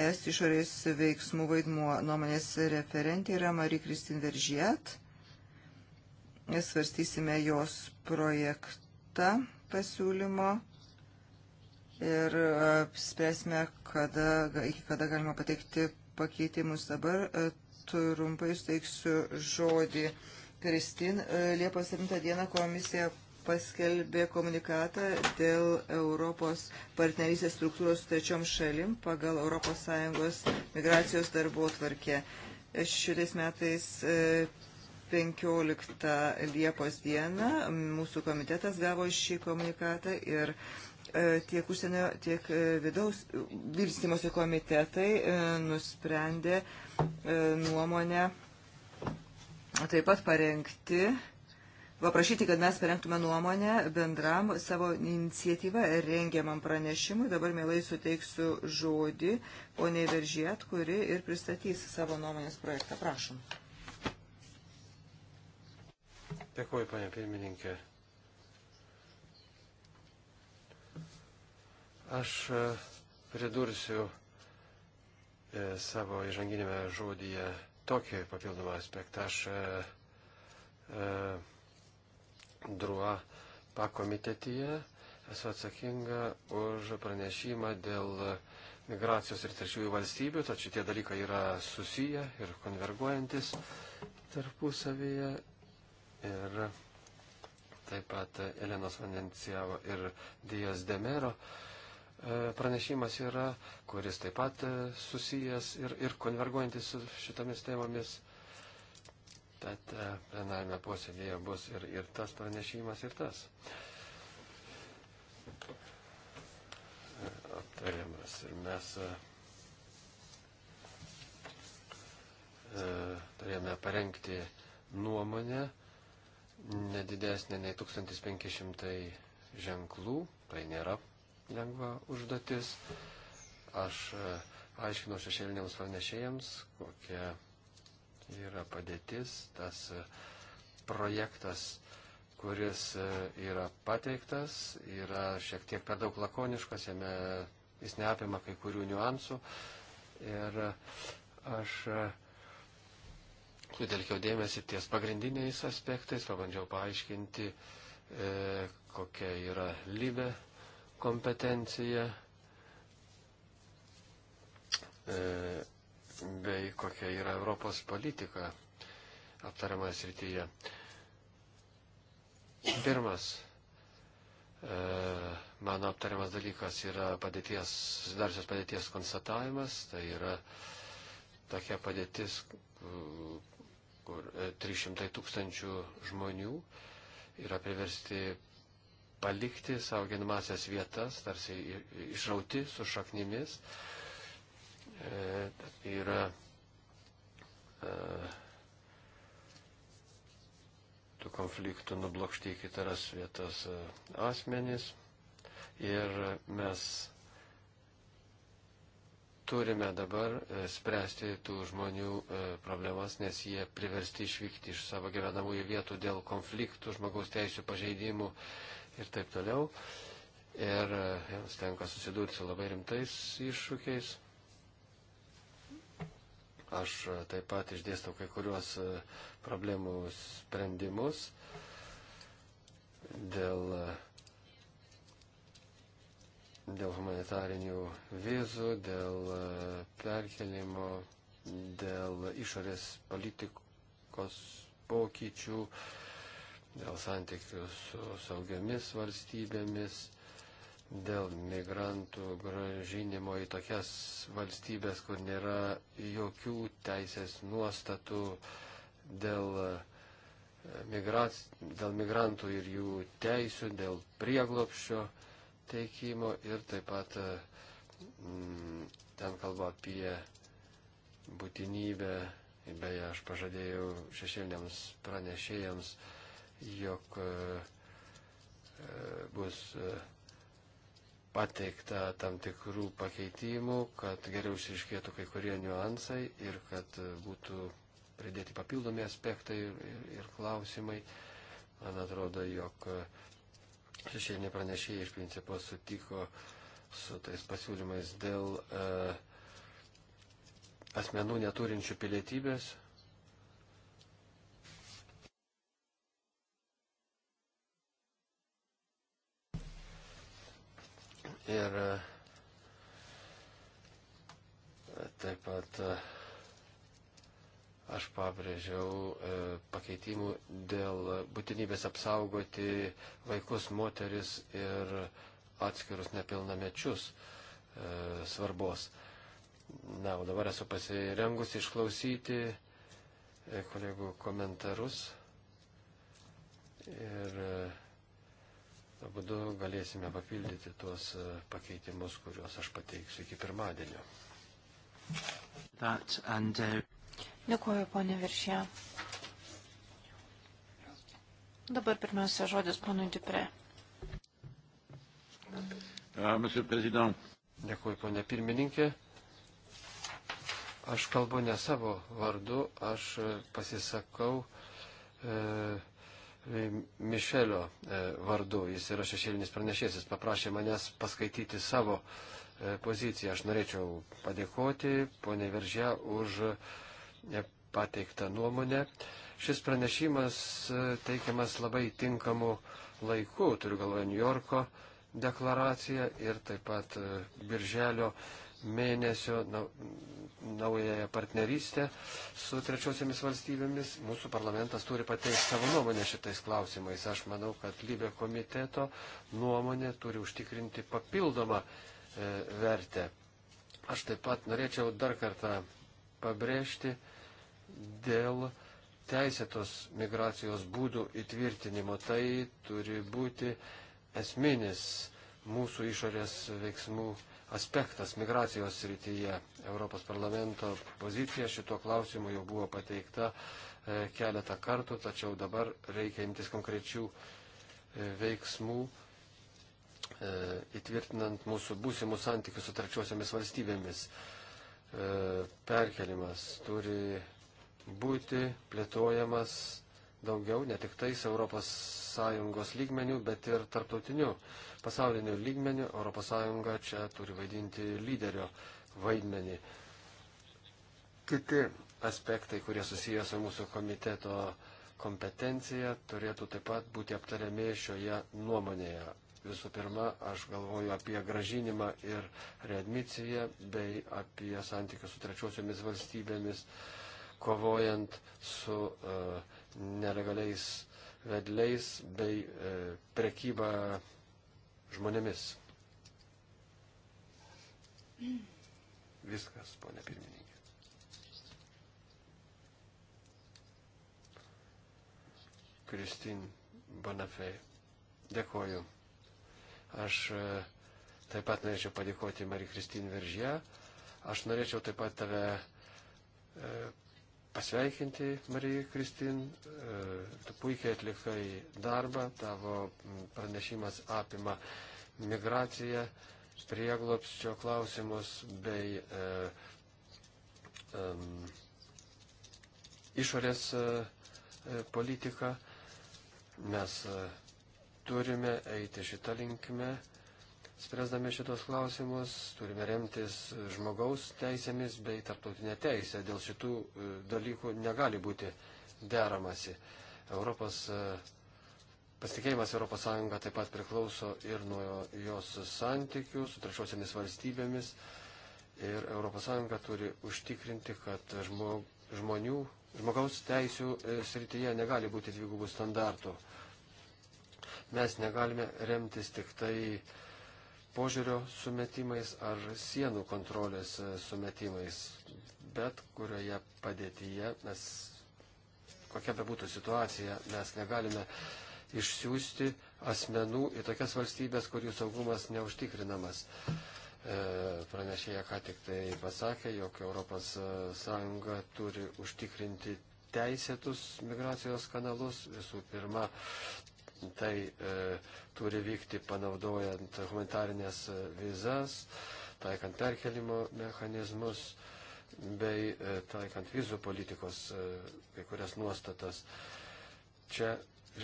Es išorės veiksmų vaidmuo nuomonės referentė yra Marie Kristin Veržiet. Svarstysime jos projektą pasiūlymo ir spręsime, kada, iki kada galima pateikti pakeitimus. Dabar trumpai steiksiu žodį. Kristin, Liepos 7 dieną komisija paskelbė komunikatą dėl Europos partnerysės struktūros su trečiom šalim pagal ES migracijos darbo tvarkė. Šiais metais 15 e, Liepos dieną mūsų komitetas gavo šį komunikatą ir e, tiek užsienio, tiek e, vidaus vilstymosi komitetai nusprendė nuomonę taip pat parengti paprašyti, kad mes parengtume nuomonę bendram savo iniciatyvą rengiamam pranešimui. Dabar mielai suteiksiu žodį poniai Veržiet, kuri ir pristatys savo nuomonės projektą. Prašom. Dėkuoju, panė pirmininkė. Aš e, pridursiu e, savo įžanginėme žodyje tokį papildomą aspektą. Aš e, Drua pakomitetyje. Esu atsakinga už pranešimą dėl migracijos ir trečiųjų valstybių, tačiau tie dalykai yra susiję ir konverguojantis tarpusavyje. Ir taip pat Elenos Vandenciavo ir Dijas Demero e, pranešimas yra, kuris taip pat e, susijęs ir, ir konverguojantis su šitomis temomis. Tad e, plenarime posėdėje bus ir, ir tas pranešimas, ir tas e, aptariamas. Ir mes e, turėjome parengti nuomonę nedidesnė nei 1500 ženklų, tai nėra lengva užduotis. Aš aiškinau šešėliniams pranešėjams, kokia yra padėtis, tas e, projektas, kuris e, yra pateiktas, yra šiek tiek per daug lakoniškas, jame jis neapima kai kurių niuansų. Ir e, aš sutelkiau dėmesį ties pagrindiniais aspektais, pabandžiau paaiškinti, e, kokia yra lybė kompetencija. E, bei kokia yra Europos politika aptariamoje srityje. Pirmas e, mano aptariamas dalykas yra padėties, susidarsios padėties konstatavimas, tai yra tokia padėtis, kur 300 e, tūkstančių žmonių yra priversti palikti savo genimasias vietas, tarsi išrauti su šaknimis tai yra e, tų konfliktų nublokšti į kitas vietas e, asmenys. Ir mes turime dabar spręsti tų žmonių problemas, nes jie priversti išvykti iš savo gyvenamųjų vietų dėl konfliktų, žmogaus teisų pažeidimų ir taip toliau. Ir jiems tenka susidurti su labai rimtais iššūkiais. Aš e, taip pat išdėstau kai kuriuos e, problemų sprendimus dėl, e, dėl humanitarinių vizų, dėl perkelimo, dėl išorės politikos pokyčių, dėl santykių su saugiamis valstybėmis dėl migrantų gražinimo į tokias valstybės, kur nėra jokių teisės nuostatų dėl, e, migrac, dėl migrantų ir jų teisų, dėl prieglopščio teikimo ir taip pat e, m, ten kalba apie būtinybę, beje, aš pažadėjau šešėliniams pranešėjams, jog e, e bus e, pateikta tam tikrų pakeitimų, kad geriau išriškėtų kai kurie niuansai ir kad būtų pridėti papildomi aspektai ir, ir, ir klausimai. Man atrodo, jog šešėlinė pranešėja iš principo sutiko su tais pasiūlymais dėl e, asmenų neturinčių pilietybės ir e, taip pat e, aš pabrėžiau e, pakeitimų dėl būtinybės apsaugoti vaikus, moteris ir atskirus nepilnamečius svarbos. Na, o dabar esu pasirengusi išklausyti kolegų komentarus ir Tuo būdu galėsime papildyti tuos e, pakeitimus, kuriuos aš pateiksiu iki pirmadienio. That and, uh... Dėkuoju, ponė Viršė. Dabar pirmiausia žodis ponui Dipre. Uh, Dėkuoju, ponė pirmininkė. Aš kalbu ne savo vardu, aš pasisakau. Uh, e E, Mišelio e, vardu, jis yra šešėlinis pranešės, jis paprašė manęs paskaityti savo e, poziciją. Aš norėčiau padėkoti poniai Veržė už pateiktą nuomonę. Šis pranešimas teikiamas labai tinkamu laiku, turiu galvoje New Yorko deklaraciją ir taip pat Birželio mėnesio naująją partnerystę su trečiosiamis valstybėmis. Mūsų parlamentas turi pateikti savo nuomonę šitais klausimais. Aš manau, kad lybė komiteto nuomonė turi užtikrinti papildomą e, vertę. Aš taip pat norėčiau dar kartą pabrėžti dėl teisėtos migracijos būdų įtvirtinimo. Tai turi būti esminis mūsų išorės veiksmų aspektas migracijos srityje. Europos parlamento pozicija šituo klausimu jau buvo pateikta e, keletą kartų, tačiau dabar reikia imtis konkrečių e, veiksmų e, įtvirtinant mūsų būsimus santykius su trečiosiamis valstybėmis. Perkelimas turi būti plėtojamas daugiau, ne tik tais ES lygmenių, bet ir tarptautiniu, pasauliniu lygmeniu. ES čia turi vaidinti lyderio vaidmenį. Kiti aspektai, kurie susijęs su mūsų komiteto kompetencija, turėtų taip pat būti aptariami šioje nuomonėje. Visų pirma, aš galvoju apie gražinimą ir readmiciją bei apie santykius su trečiosiomis valstybėmis, kovojant su uh, nelegaliais vedliais bei e, prekyba žmonėmis. Viskas, ponė pirmininkė. Kristin Bonafė. Dėkoju. Aš e, taip pat norėčiau padėkoti Marie Kristin Veržė. Aš norėčiau taip pat tave e, pasveikinti Mariją Kristin. E, tu puikiai atlikai darbą, tavo pranešimas apima migraciją, prieglopščio klausimus bei e, um, išorės e, e, politiką. Mes e, turime eiti šitą linkmę. E, Spręsdami šitos klausimus turime remtis žmogaus teisėmis bei tarptautinė teisė. Dėl šitų e, dalykų negali būti deramasi. Europos e, Pasitikėjimas ES taip pat priklauso ir nuo jos santykių su trečiosiamis valstybėmis. Ir ES turi užtikrinti, kad žmog, žmonių, žmogaus teisų e, srityje negali būti dvigubų standartų. Mes negalime remtis tik tai uh, požiūrio sumetimais ar sienų kontrolės e, sumetimais, bet kurioje padėtyje mes, kokia bebūtų situacija, mes negalime išsiųsti asmenų į tokias valstybės, kurių saugumas neužtikrinamas. E, pranešėja ką tik tai pasakė, jog ES e, turi užtikrinti teisėtus migracijos kanalus. Visų pirma, Tai e, turi vykti panaudojant humanitarinės vizas, taikant perkelimo mechanizmus bei e, taikant vizų politikos e, kai kurias nuostatas. Čia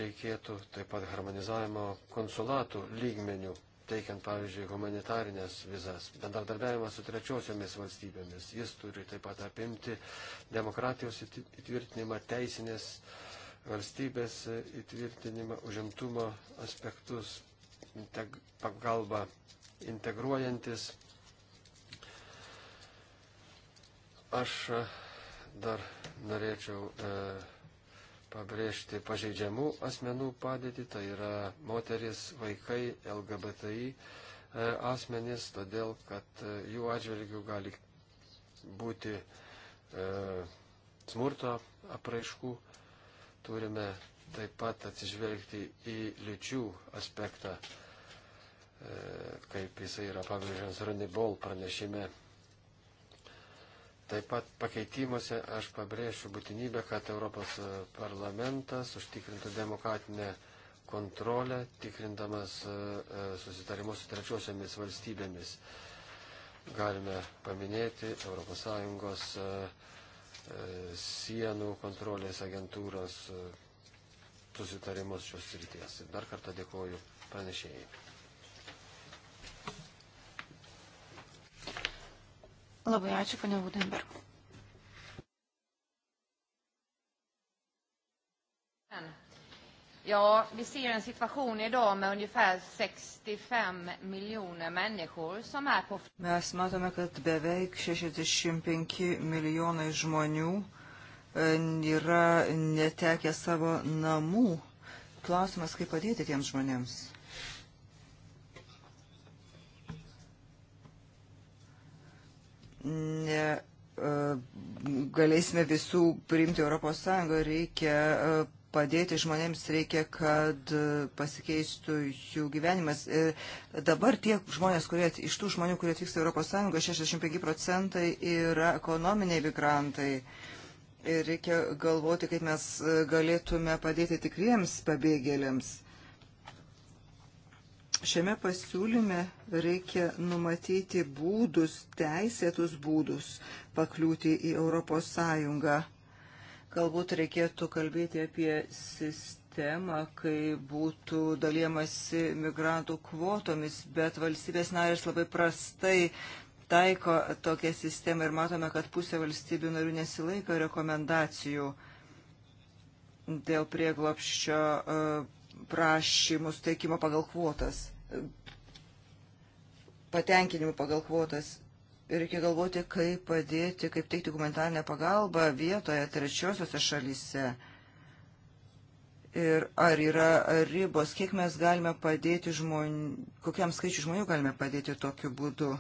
reikėtų taip pat harmonizavimo konsulatų lygmenių teikiant, pavyzdžiui, humanitarinės vizas, bendradarbiavimas su trečiosiomis valstybėmis. Jis turi taip pat apimti demokratijos įtvirtinimą, teisinės valstybės įtvirtinimą, užimtumo aspektus, integ pagalba integruojantis. Aš e, dar norėčiau e, pabrėžti pažeidžiamų asmenų padėtį, tai yra moteris, vaikai, LGBTI e, asmenys, todėl kad e, jų atžvilgių gali būti e, smurto apraiškų. E, turime taip pat atsižvelgti į lyčių aspektą, e, kaip jisai yra pabrėžiamas Ranibol pranešime. Taip pat pakeitimuose aš pabrėšiu būtinybę, kad Europos parlamentas užtikrintų demokratinę kontrolę, tikrindamas e, e, susitarimus su trečiosiamis valstybėmis. Galime paminėti ES sienų kontrolės agentūros e, susitarimus šios ryties. Dar kartą dėkoju pranešėjai. Labai ačiū, ponia Vudenberg. Ja, vi ser en situation idag med ungefär 65 miljoner människor som är på Mes matome, kad beveik 65 milijonai žmonių e, yra netekę savo namų. Klausimas, kaip padėti tiems žmonėms? Ne, e, galėsime visų priimti Europos Sąjungą, reikia e, padėti žmonėms, reikia, kad pasikeistų jų gyvenimas. Ir e, dabar tie žmonės, kurie iš tų žmonių, kurie atvyksta Europos Sąjungą, 65 procentai yra ekonominiai migrantai. Ir reikia galvoti, kaip mes galėtume padėti tikriems pabėgėliams. Šiame pasiūlyme reikia numatyti būdus, teisėtus būdus pakliūti į Europos Sąjungą Galbūt reikėtų kalbėti apie sistemą, kai būtų dalyjamasi migrantų kvotomis, bet valstybės narės labai prastai taiko tokią sistemą ir matome, kad pusė valstybių narių nesilaiko rekomendacijų dėl prieglopščio e, prašymų steikimo pagal kvotas, patenkinimų pagal kvotas reikia galvoti, kaip padėti, kaip teikti humanitarinę pagalbą vietoje trečiosiuose šalyse. Ir ar yra ribos, kiek mes galime padėti žmonių, kokiam skaičiu žmonių galime padėti tokiu būdu.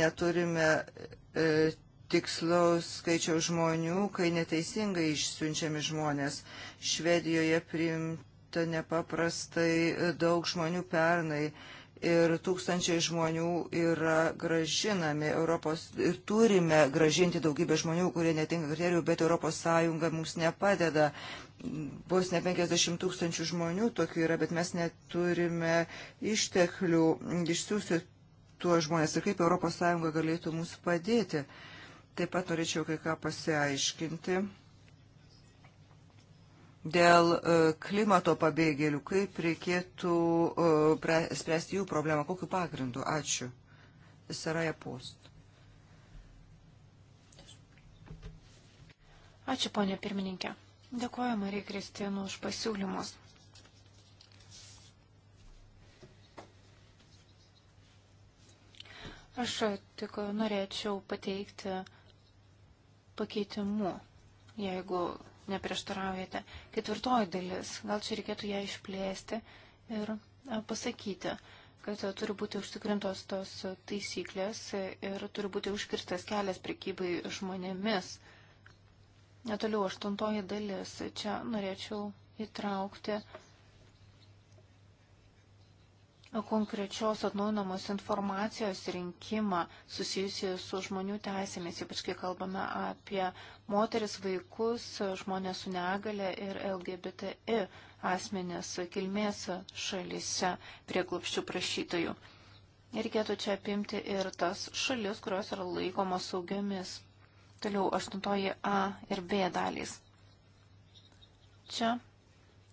Neturime e, tikslaus skaičiaus žmonių, kai neteisingai išsiunčiami žmonės. Švedijoje priimta nepaprastai daug žmonių pernai. E, ir tūkstančiai žmonių yra gražinami Europos, ir turime gražinti daugybę žmonių, kurie netinka kriterijų, bet ES mums nepadeda. Bus ne 50 tūkstančių žmonių tokių yra, bet mes neturime išteklių išsiųsti tuos žmonės ir kaip ES galėtų mums padėti. Taip pat norėčiau kai ką pasiaiškinti Dėl e, klimato pabėgėlių, kaip reikėtų e, spręsti jų problemą, kokiu pagrindu? Ačiū. Saraja Post. Ačiū, ponė pirmininkė. Dėkuoju Marijai Kristinų už pasiūlymus. Aš tik norėčiau pateikti pakeitimu, jeigu neprieštaraujate. Ketvirtoji dalis, gal čia reikėtų ją išplėsti ir e, pasakyti, kad e, turi būti užtikrintos tos taisyklės ir turi būti užkirstas kelias prekybai žmonėmis. Netoliau aštuntoji dalis, čia norėčiau įtraukti konkrečios atnaujinamos informacijos rinkimą susijusi su žmonių teisėmis, ypač kai kalbame apie moteris, vaikus, žmonės su negale ir LGBTI asmenės kilmės šalise prieglupščių prašytojų. Reikėtų čia apimti ir tas šalis, kurios yra laikomos saugiamis. Toliau 8a ir b dalys. Čia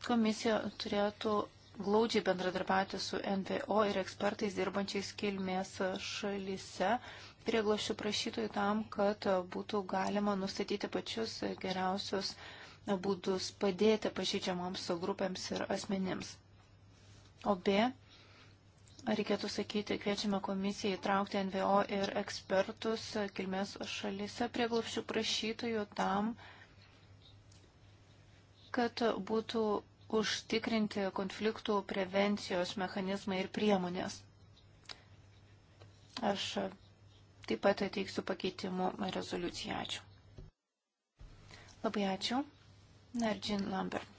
komisija turėtų glaudžiai bendradarbiauti su NVO ir ekspertais dirbančiais kilmės šalyse prieglošių prašytojų tam, kad būtų galima nustatyti pačius geriausius būdus padėti pažydžiamoms grupėms ir asmenims. O B, reikėtų sakyti, kviečiame komisiją įtraukti NVO ir ekspertus kilmės šalyse prieglopščių prašytojų tam, kad būtų užtikrinti konfliktų prevencijos mechanizmai ir priemonės. Aš taip pat ateiksiu pakeitimų rezoliuciją. Ačiū. Labai ačiū. Nardžin Lambert.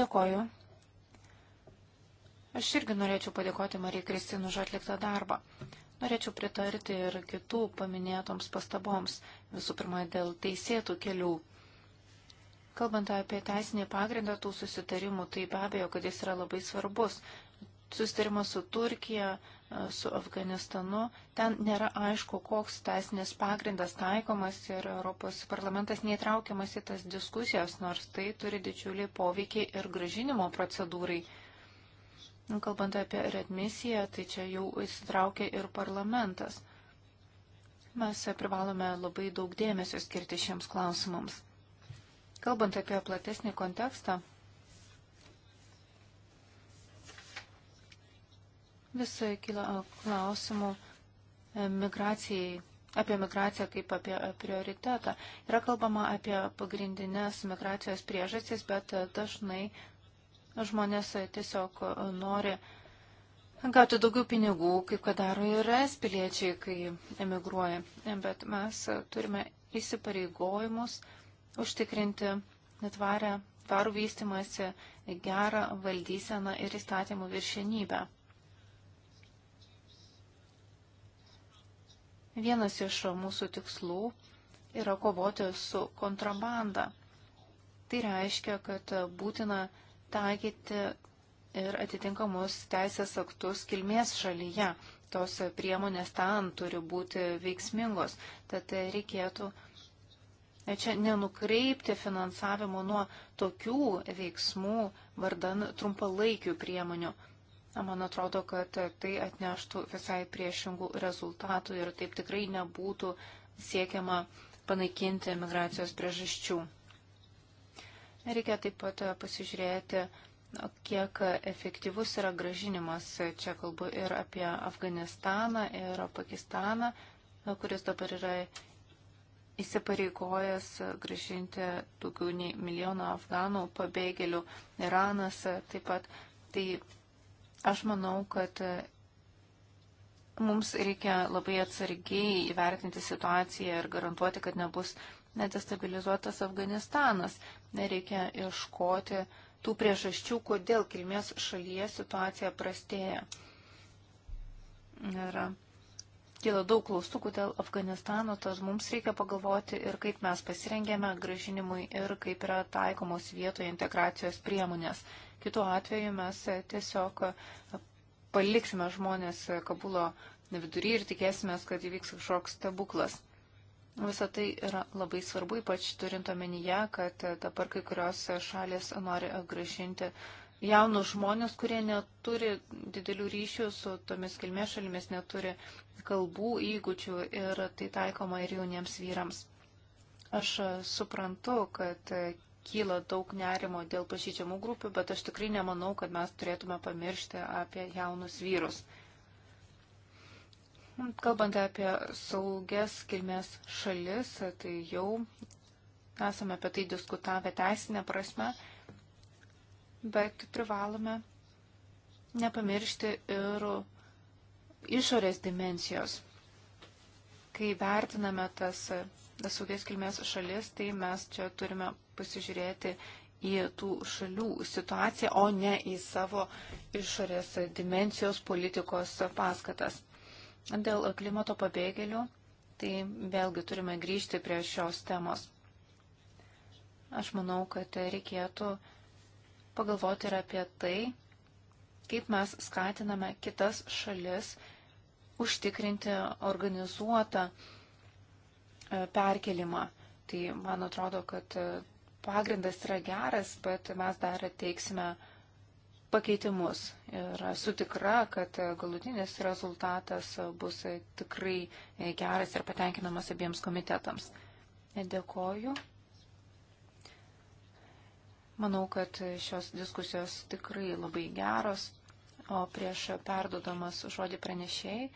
Dėkoju. Aš irgi norėčiau padėkoti Marijai Kristinų už atliktą darbą. Norėčiau pritarti ir kitų paminėtoms pastaboms, visų pirma, dėl teisėtų kelių Kalbant apie teisinį pagrindą tų susitarimų, tai be abejo, kad jis yra labai svarbus. Susitarimas su Turkija, e, su Afganistanu, ten nėra aišku, koks teisinis pagrindas taikomas ir Europos parlamentas neįtraukiamas į tas diskusijas, nors tai turi didžiulį poveikį ir gražinimo procedūrai. Nu, kalbant apie readmisiją, tai čia jau įsitraukia ir parlamentas. Mes privalome labai daug dėmesio skirti šiems klausimams. Kalbant apie platesnį kontekstą, visai kyla klausimų e, migracijai, apie migraciją kaip apie prioritetą. Yra kalbama apie pagrindinės migracijos priežastis, bet e, dažnai žmonės e, tiesiog nori gauti daugiau pinigų, kaip kad daro ir es piliečiai, kai emigruoja. Bet mes turime įsipareigojimus užtikrinti netvarę, tvarų vystimąsi, gerą valdyseną ir įstatymų viršenybę. Vienas iš mūsų tikslų yra kovoti su kontrabanda. Tai reiškia, kad būtina taikyti ir atitinkamus teisės aktus kilmės šalyje. Tos priemonės ten turi būti veiksmingos, tad reikėtų čia nenukreipti finansavimo nuo tokių veiksmų vardan trumpalaikių priemonių. Man atrodo, kad tai atneštų visai priešingų rezultatų ir taip tikrai nebūtų siekiama panaikinti migracijos priežasčių. Reikia taip pat pasižiūrėti, kiek efektyvus yra gražinimas. Čia kalbu ir apie Afganistaną, ir Pakistaną, kuris dabar yra įsipareigojęs gražinti daugiau nei milijoną afganų pabėgėlių, Iranas e, taip pat. Tai aš manau, kad e, mums reikia labai atsargiai įvertinti situaciją ir garantuoti, kad nebus nedestabilizuotas Afganistanas. Nereikia ieškoti tų priežasčių, kodėl kilmės šalyje situacija prastėja. Ir Kilo daug klaustukų dėl Afganistano, tad mums reikia pagalvoti ir kaip mes pasirengėme gražinimui ir kaip yra taikomos vietoje integracijos priemonės. Kitu atveju mes tiesiog paliksime žmonės Kabulo vidury ir tikėsime, kad įvyks kažkoks stebuklas. Visą tai yra labai svarbu, ypač turint omenyje, kad dabar kai kurios šalės nori gražinti jaunus žmonės, kurie neturi didelių ryšių su tomis kilmės šalimis, neturi kalbų įgūdžių ir tai taikoma ir jauniems vyrams. Aš suprantu, kad kyla daug nerimo dėl pažydžiamų grupių, bet aš tikrai nemanau, kad mes turėtume pamiršti apie jaunus vyrus. Kalbant apie saugias kilmės šalis, tai jau esame apie tai diskutavę teisinę prasme bet privalome nepamiršti ir išorės dimensijos. Kai vertiname tas, tas saugės kilmės šalis, tai mes čia turime pasižiūrėti į tų šalių situaciją, o ne į savo išorės dimensijos politikos paskatas. Dėl klimato pabėgėlių, tai vėlgi turime grįžti prie šios temos. Aš manau, kad reikėtų pagalvoti ir apie tai, kaip mes skatiname kitas šalis užtikrinti organizuotą e, perkelimą. Tai man atrodo, kad e, pagrindas yra geras, bet mes dar teiksime pakeitimus. Ir esu tikra, kad galutinis rezultatas bus tikrai geras ir patenkinamas abiems komitetams. Dėkoju. Manau, kad šios diskusijos tikrai labai geros, o prieš perdodamas žodį pranešėjai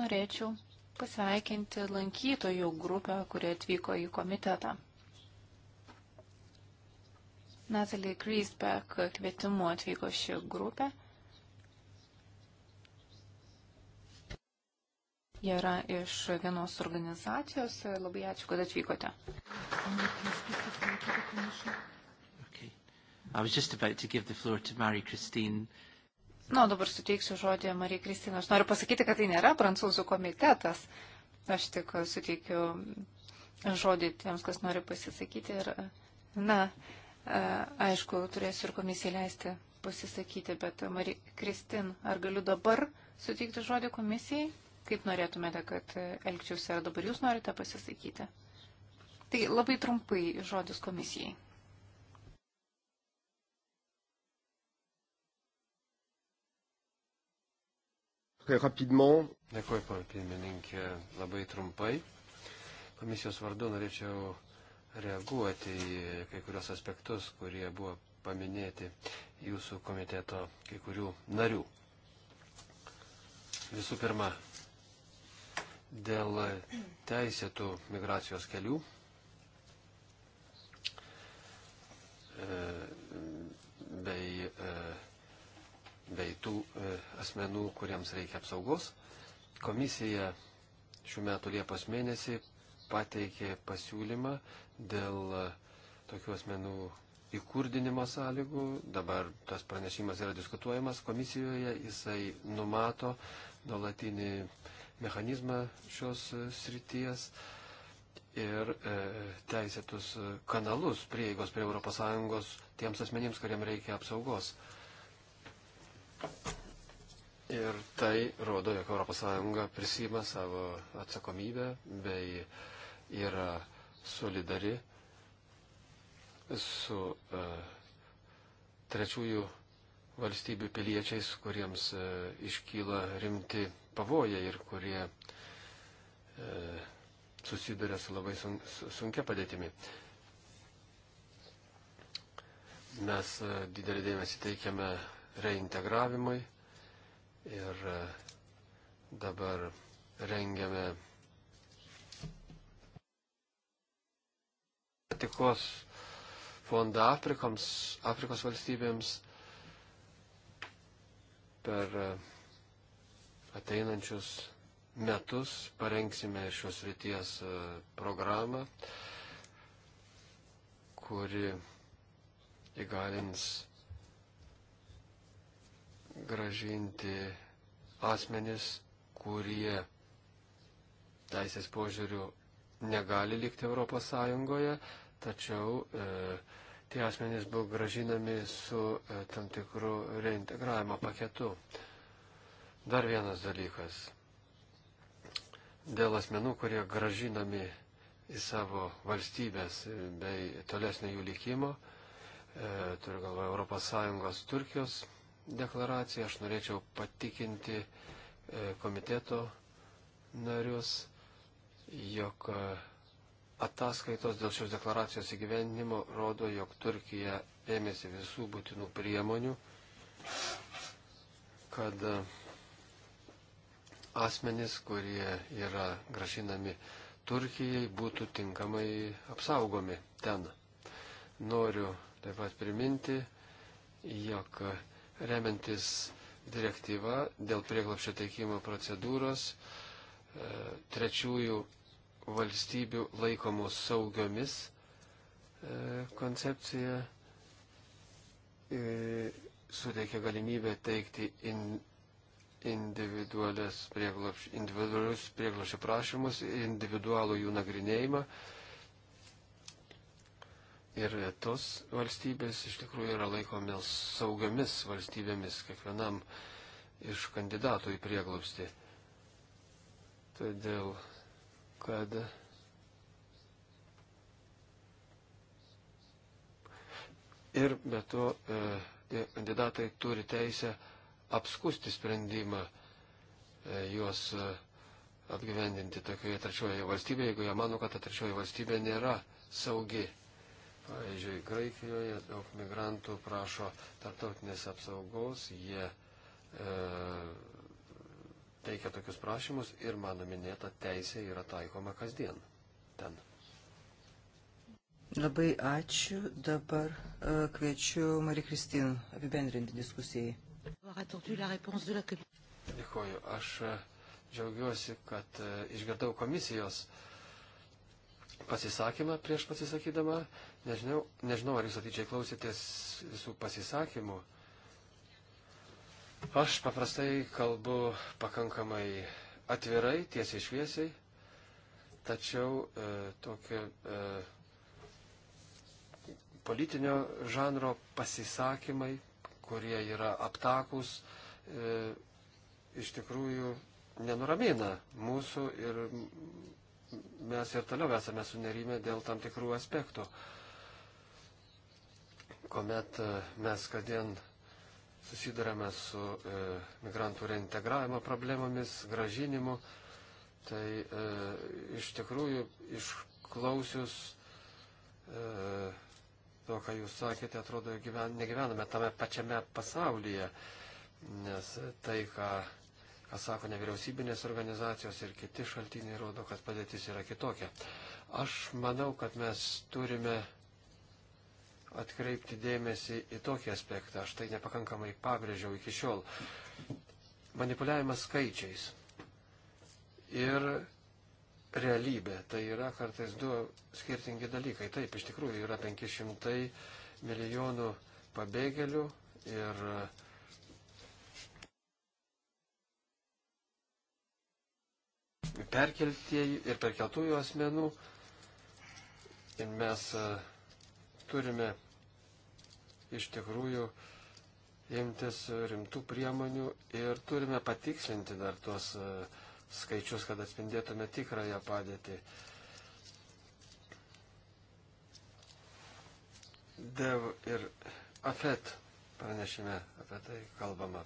norėčiau pasveikinti lankytojų grupę, kurie atvyko į komitetą. Natalie Griesbeck kvietimu atvyko ši grupė. Jie yra iš vienos organizacijos. Labai ačiū, kad atvykote. Thank you. Na, dabar suteiksiu žodį Marijai Kristinai. Aš noriu pasakyti, kad tai nėra prancūzų komitetas. Aš tik suteikiu žodį tiems, kas nori pasisakyti. Ir, na, aišku, turėsiu ir komisijai leisti pasisakyti, bet Mari Kristin, ar galiu dabar suteikti žodį komisijai? Kaip norėtumėte, kad elgčiausi, ar dabar jūs norite pasisakyti? Tai labai trumpai žodis komisijai. Dėkuoju, pana pirmininkė, labai trumpai. Komisijos vardu norėčiau reaguoti į kai kurios aspektus, kurie buvo paminėti jūsų komiteto kai kurių narių. Visų pirma, dėl teisėtų migracijos kelių. E, bei e, bei tų e, asmenų, kuriems reikia apsaugos. Komisija šių metų Liepos mėnesį pateikė pasiūlymą dėl e, tokių asmenų įkurdinimo sąlygų. Dabar tas pranešimas yra diskutuojamas komisijoje. Jisai numato nuolatinį mechanizmą šios e, srities ir e, teisėtus kanalus prieigos prie ES tiems asmenims, kuriem reikia apsaugos. E, Ir tai rodo, jog ES prisima savo atsakomybę bei yra solidari su uh, trečiųjų valstybių piliečiais, kuriems uh, iškyla rimti pavojai ir kurie uh, susiduria su labai sun, su, sunkia padėtimi. Mes uh, didelį dėmesį teikiame reintegravimui ir e, dabar rengiame patikos fondą Afrikoms, Afrikos valstybėms per e, ateinančius metus parengsime šios ryties e, programą, kuri įgalins gražinti asmenis, kurie teisės požiūrių negali likti Europos Sąjungoje, tačiau e, tie asmenys buvo gražinami su e, tam tikru reintegravimo paketu. Dar vienas dalykas. Dėl asmenų, kurie gražinami į savo valstybės bei tolesnį jų likimo, e, turiu galvoje Europos Sąjungos Turkijos deklaraciją. Aš norėčiau patikinti e, komiteto narius, jog e, ataskaitos dėl šios deklaracijos įgyvendinimo rodo, jog Turkija ėmėsi visų būtinų priemonių, kad e, asmenys, kurie yra gražinami Turkijai, būtų tinkamai apsaugomi ten. Noriu taip pat priminti, jog remiantis direktyva dėl prieglapščio teikimo procedūros e, trečiųjų valstybių laikomų saugiomis e, koncepcija e, suteikia galimybę teikti in, individualius prieglapščio prašymus, individualų jų nagrinėjimą. E, Ir tos valstybės iš tikrųjų yra laikomis saugiamis valstybėmis kiekvienam iš kandidatų į prieglobstį. Todėl, kad ir be to e, kandidatai turi teisę apskusti sprendimą e, juos e, apgyvendinti tokioje trečioje valstybėje, jeigu jie mano, kad ta trečioji valstybė nėra saugi. Pavyzdžiui, Graikijoje daug migrantų prašo tarptautinės apsaugos, jie e, teikia tokius prašymus ir mano minėta teisė yra taikoma kasdien ten. Labai ačiū. Dabar e, kviečiu Mariją Kristin apibendrinti diskusijai. Dėkuoju. Aš e, džiaugiuosi, kad e, išgirdau komisijos pasisakymą prieš pasisakydama Nežinau, nežinau ar jūs atidžiai klausėtės visų pasisakymų. Aš paprastai kalbu pakankamai atvirai, tiesiai šviesiai, tačiau e, tokio e, politinio žanro pasisakymai, kurie yra aptakus, e, iš tikrųjų nenuramina mūsų ir mes ir toliau esame sunerimę dėl tam tikrų aspektų. E, kuomet e, mes kasdien susidurėme su e, migrantų reintegravimo problemomis, gražinimu, tai e, iš tikrųjų išklausius e, to, ką jūs sakėte, atrodo, gyven, negyvename tame pačiame pasaulyje, nes tai, ką, ką sako nevyriausybinės organizacijos ir kiti šaltiniai, rodo, kad padėtis yra kitokia. Aš manau, kad mes turime atkreipti dėmesį į tokį aspektą. Aš tai nepakankamai pabrėžiau iki šiol. Manipuliavimas skaičiais ir realybė. Tai yra kartais du skirtingi dalykai. Taip, iš tikrųjų yra 500 milijonų pabėgėlių ir perkeltieji ir perkeltųjų asmenų. Ir mes uh, turime iš tikrųjų imtis rimtų priemonių ir turime patikslinti dar tuos e, skaičius, kad atspindėtume tikrąją padėtį. Dev ir Afet pranešime apie tai kalbama.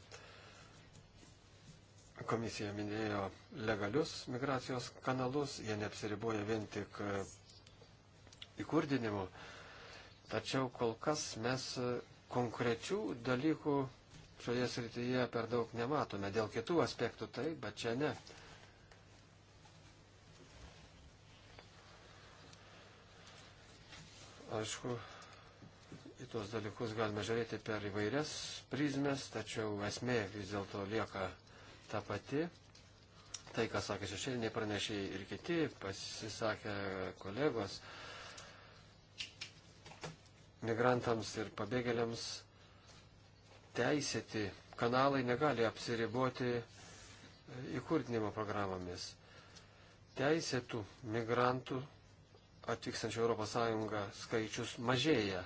Komisija minėjo legalius migracijos kanalus, jie neapsiriboja vien tik e, įkurdinimu. E, Tačiau kol kas mes konkrečių dalykų šioje srityje per daug nematome. Dėl kitų aspektų tai, bet čia ne. Aišku, į tuos dalykus galime žiūrėti per įvairias prizmes, tačiau esmė vis dėlto lieka ta pati. Tai, ką sakė šešėliniai pranešiai ir kiti, pasisakė kolegos. Uh, migrantams ir pabėgėliams teisėti kanalai negali apsiriboti įkurdinimo programomis. Teisėtų migrantų atvykstančių ES skaičius mažėja.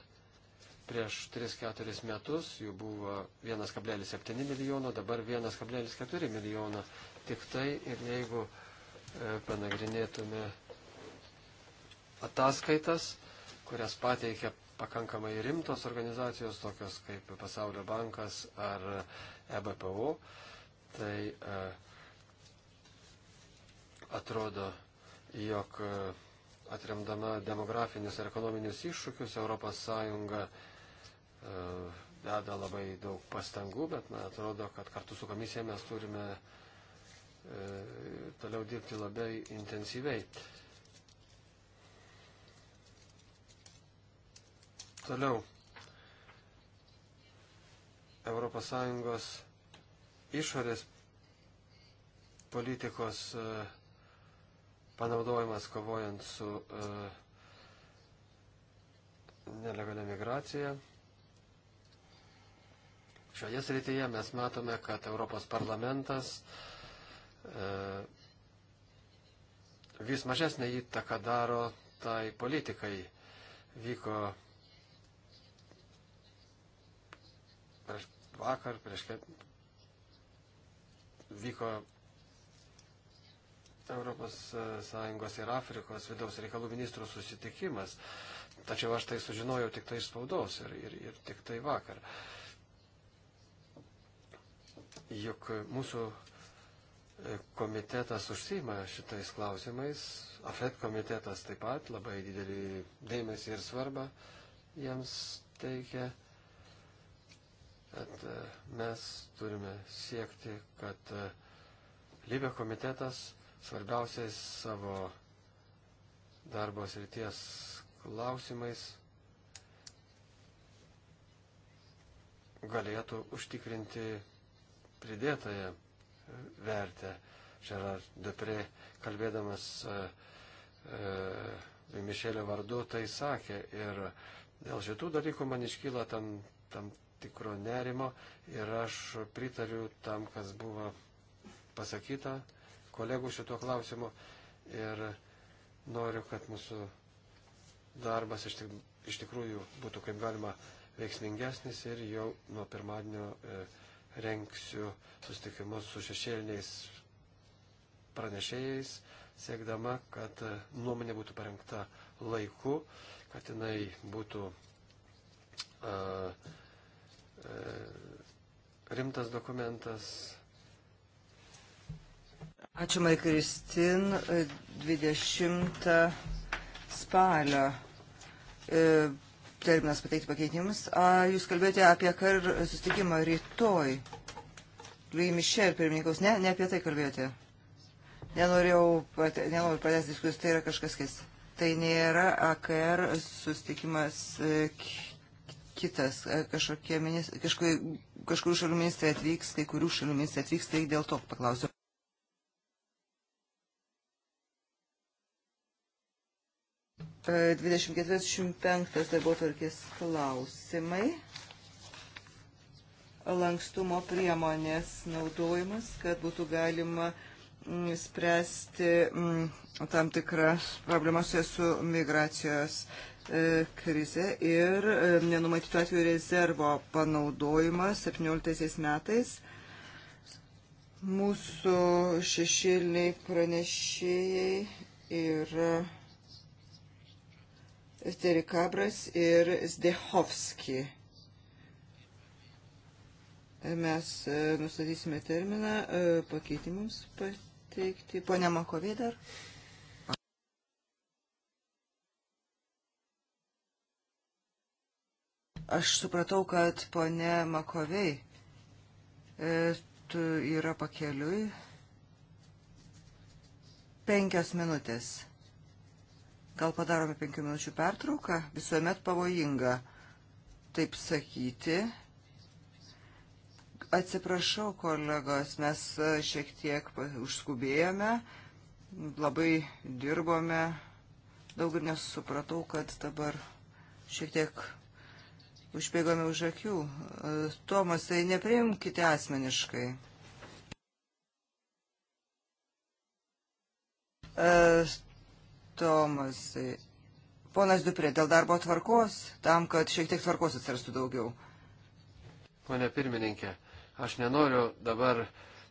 Prieš 3-4 metus jų buvo 1,7 milijono, dabar 1,4 milijono. Tik tai ir jeigu e, panagrinėtume ataskaitas, kurias pateikia pakankamai rimtos organizacijos, tokios kaip Pasaulio bankas ar EBPO, tai e, atrodo, jog e, atremdama demografinius ir ekonominius iššūkius ES e, deda labai daug pastangų, bet man atrodo, kad kartu su komisija mes turime toliau dirbti labai intensyviai. Toliau. ES išorės politikos e, panaudojimas kovojant su e, nelegalia migracija. Šioje srityje mes matome, kad Europos parlamentas e, vis mažesnė įtaka daro tai politikai. Vyko prieš vakar, prieš kaip vyko ES e, ir Afrikos vidaus reikalų ministrų susitikimas. Tačiau aš tai sužinojau tik tai spaudos ir, ir, ir tik tai vakar. Juk mūsų e, komitetas užsima šitais klausimais, AFET komitetas taip pat labai didelį dėmesį ir svarbą jiems teikia. Tad e, mes turime siekti, kad e, Lybė komitetas svarbiausiais savo darbos ryties klausimais galėtų užtikrinti pridėtąją vertę. Žerar Depre, kalbėdamas e, e, Mišelio vardu, tai sakė. Ir dėl šitų dalykų man iškyla tam, tam tikro nerimo ir aš pritariu tam, kas buvo pasakyta kolegų šituo klausimu ir noriu, kad mūsų darbas iš, tik, iš tikrųjų būtų kaip galima veiksmingesnis ir jau nuo pirmadienio e, renksiu susitikimus su šešėliniais pranešėjais, siekdama, kad e, nuomonė būtų parengta laiku, kad jinai būtų uh, E, rimtas dokumentas. Ačiū, Maikristin. 20 e, spalio e, terminas pateikti pakeitimus. A, jūs kalbėjote apie kar sustikimą rytoj. Louis Michel pirmininkaus. Ne, ne apie tai kalbėjote. Nenorėjau, pate, nenoriu pradės diskusijos, tai yra kažkas kas. Tai nėra AKR sustikimas kitas, e, kažkokie ministrai, kažkur, kažkur šalių ministrai atvyks, kai kurių šalių ministrai atvyks, tai dėl to paklausiu. E, 24-25 darbo tvarkės klausimai. Lankstumo priemonės naudojimas, kad būtų galima mm, spręsti mm, tam tikras problemas su migracijos E, krizė ir e, nenumatytų atveju rezervo panaudojimas 17 metais. Mūsų šešėliniai pranešėjai yra Terikabras ir Zdehovski. Mes e, nustatysime terminą pakeitimams pateikti. Pone Makovė dar. Aš supratau, kad ponė Makovei e, tu yra pakeliui. Penkios minutės. Gal padarome penkių minučių pertrauką? Visuomet pavojinga taip sakyti. Atsiprašau, kolegos, mes e, šiek tiek užskubėjome, labai dirbome, daug ir nesupratau, kad dabar šiek tiek užbėgome už akių. Tomasai, nepriimkite asmeniškai. E, Tomasai. Ponas Duprė, dėl darbo tvarkos, tam, kad šiek tiek tvarkos atsirastų daugiau. Pone pirmininkė, aš nenoriu dabar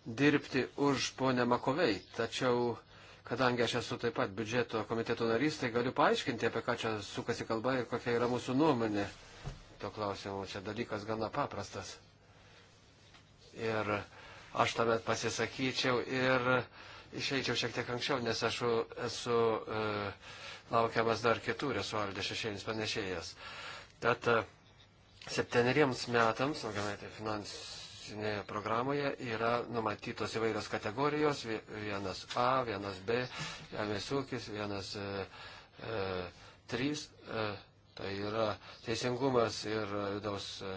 dirbti už ponę Makovei, tačiau kadangi aš esu taip pat biudžeto komiteto narys, tai galiu paaiškinti, apie ką čia sukasi kalba ir kokia yra mūsų nuomonė tuo klausimu. Čia dalykas gana paprastas. Ir aš tuomet pasisakyčiau ir išeičiau šiek tiek anksčiau, nes aš esu e, laukiamas dar kitų resualdė šešėlis panešėjas. Tad e, septyneriems metams, organizuojate finansinėje programoje, yra numatytos įvairios kategorijos, vienas A, vienas B, žemės ūkis, vienas e, e, 3. E, Tai yra teisingumas ir vidaus e,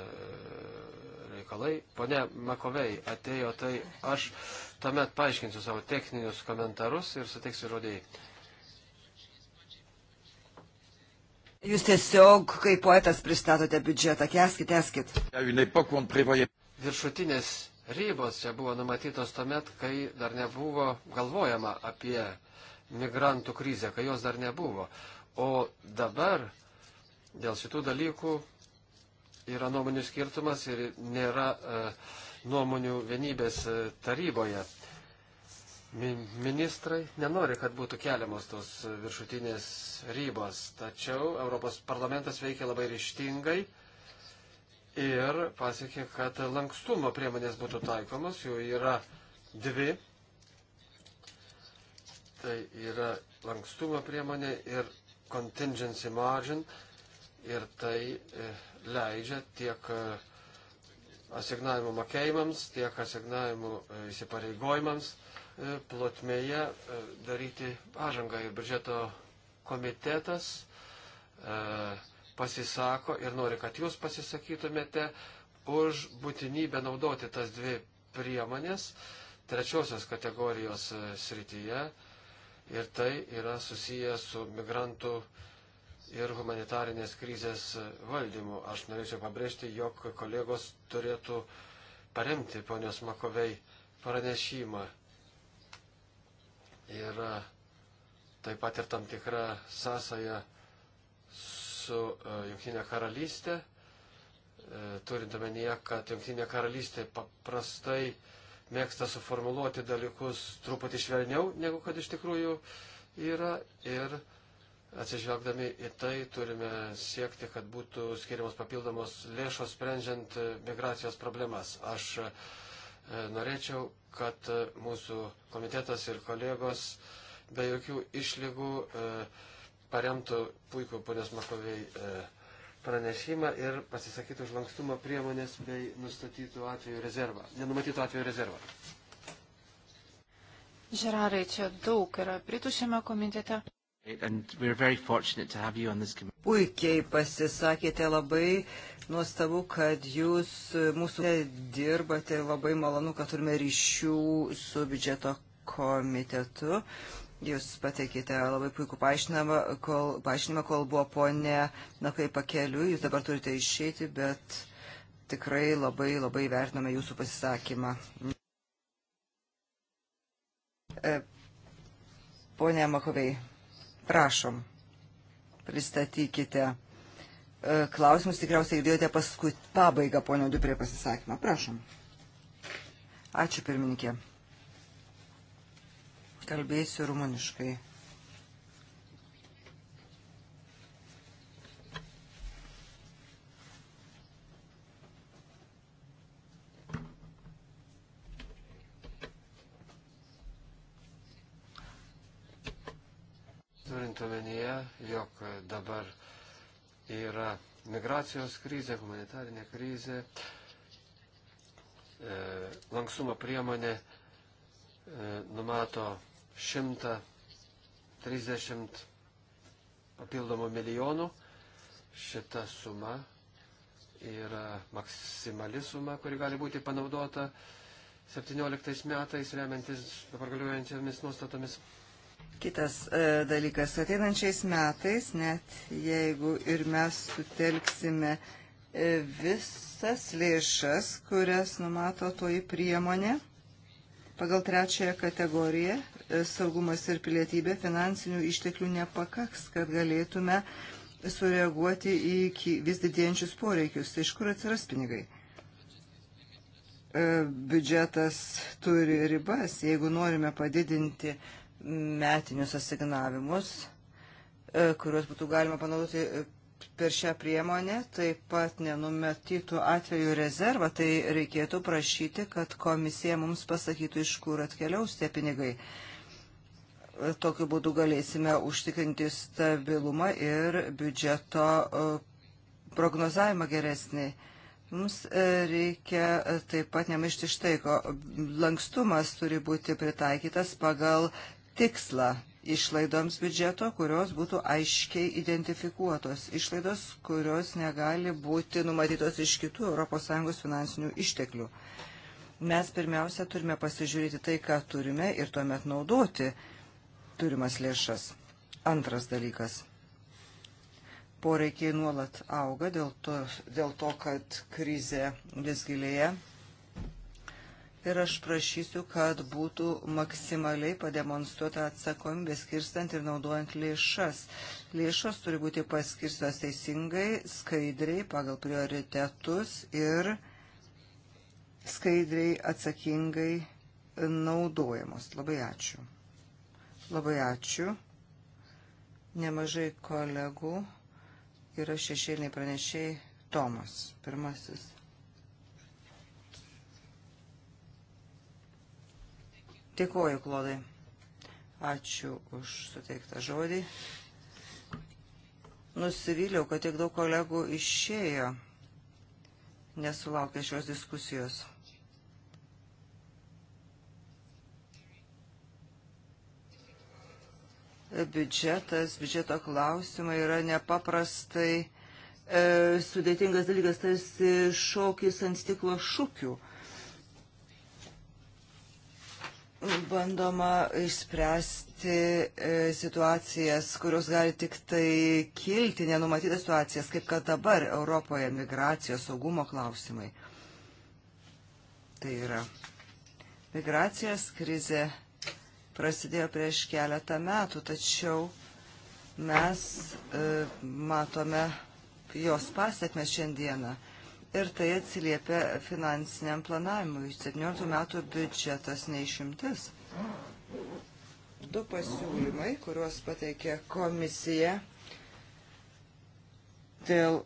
reikalai. Pone Makovei atėjo, tai aš tuomet paaiškinsiu savo techninius komentarus ir suteiksiu rodėjai. Jūs tiesiog, kaip poetas, pristatote biudžetą. Keskit, keskit. Viršutinės rybos čia buvo numatytos tuomet, kai dar nebuvo galvojama apie migrantų krizę, kai jos dar nebuvo. O dabar Dėl šitų dalykų yra nuomonių skirtumas ir nėra e, nuomonių vienybės e, taryboje. Ministrai nenori, kad būtų keliamos tos e, viršutinės rybos, tačiau Europos parlamentas veikia labai ryštingai ir pasiekė, kad lankstumo priemonės būtų taikomos, jų yra dvi. Tai yra lankstumo priemonė ir contingency margin. Uh, ir tai e, leidžia tiek e, asignavimų mokėjimams, tiek asignavimų e, įsipareigojimams plotmėje daryti pažangą. Ir biudžeto komitetas pasisako ir nori, kad jūs pasisakytumėte už būtinybę naudoti tas dvi priemonės trečiosios kategorijos srityje. Ir tai yra susiję su migrantų ir humanitarinės krizės valdymu. Aš norėčiau pabrėžti, jog kolegos turėtų paremti ponios Makovei pranešimą. Ir taip pat ir tam tikra sąsaja su e, Junktinė karalystė, e, turint omenyje, kad Junktinė karalystė paprastai mėgsta suformuluoti dalykus truputį švelniau, negu kad iš tikrųjų yra. Ir Atsižvelgdami į tai turime siekti, kad būtų skiriamos papildomos lėšos sprendžiant migracijos problemas. Aš e, norėčiau, kad e, mūsų komitetas ir kolegos be jokių išlygų e, paremtų puikų ponios Makoviai pranešimą ir pasisakytų už lankstumo priemonės bei nustatytų atvejų rezervą, nenumatytų atvejų rezervą. Žerarai, čia daug yra Britų šiame komitete. Puikiai pasisakėte labai nuostabu, kad jūs mūsų dirbate, labai malonu, kad turime ryšių su biudžeto komitetu. Jūs pateikite labai puikų paaiškinimą, kol, paaiškinimą, kol buvo ponė, na kaip pakeliu, jūs dabar turite išeiti, bet tikrai labai labai vertiname jūsų pasisakymą. E, ponė Makovei. Prašom, pristatykite e, klausimus. Tikriausiai girdėjote paskui pabaigą, ponio Duprė, pasisakymą. Prašom. Ačiū, pirmininkė. Kalbėsiu rumuniškai. turint omenyje, jog dabar yra migracijos krizė, humanitarinė krizė, e, lankstumo priemonė e, numato 130 papildomų milijonų. Šita suma yra maksimali suma, kuri gali būti panaudota 17 metais remiantis dabar galiuojančiamis nuostatomis. Kitas e, dalykas, ateinančiais metais, net jeigu ir mes sutelksime e, visas lėšas, kurias numato toji priemonė, pagal trečiąją kategoriją e, saugumas ir pilietybė finansinių išteklių nepakaks, kad galėtume sureaguoti į vis didėjančius poreikius. Tai iš kur atsiras pinigai? E, biudžetas turi ribas, jeigu norime padidinti e, metinius asignavimus, e, kuriuos būtų galima panaudoti e, per šią priemonę, taip pat nenumatytų atvejų rezervą, tai reikėtų prašyti, kad komisija mums pasakytų, iš kur atkeliaus tie pinigai. E, tokiu būdu galėsime užtikrinti stabilumą ir biudžeto prognozavimą geresnį. Mums reikia taip pat nemaišti štai, ko lankstumas turi būti pritaikytas pagal tikslą išlaidoms biudžeto, kurios būtų aiškiai identifikuotos, išlaidos, kurios negali būti numatytos iš kitų ES finansinių išteklių. Mes pirmiausia turime pasižiūrėti tai, ką turime ir tuomet naudoti turimas lėšas. Antras dalykas. Poreikiai nuolat auga dėl to, dėl to kad krizė vis gilėja ir aš prašysiu, kad būtų maksimaliai pademonstruota atsakomybė skirstant ir naudojant lėšas. Lėšos turi būti paskirstos teisingai, skaidriai, pagal prioritetus ir skaidriai, atsakingai naudojamos. Labai ačiū. Labai ačiū. Nemažai kolegų yra šešėliniai pranešiai Tomas, pirmasis. Dėkoju, Klodai. Ačiū už suteiktą žodį. Nusivyliau, kad tiek daug kolegų išėjo, nesulaukė šios diskusijos. biudžetas, biudžeto klausimai yra nepaprastai e, sudėtingas dalykas, tarsi šokis ant stiklo šukių. bandoma išspręsti e, situacijas, kurios gali tik tai kilti, nenumatytas situacijas, kaip kad dabar Europoje migracijos saugumo klausimai. Tai yra migracijos krize prasidėjo prieš keletą metų, tačiau mes e, matome jos pasiekmes šiandieną ir tai atsiliepia finansiniam planavimui. 17 metų biudžetas neišimtis. Du pasiūlymai, kuriuos pateikė komisija dėl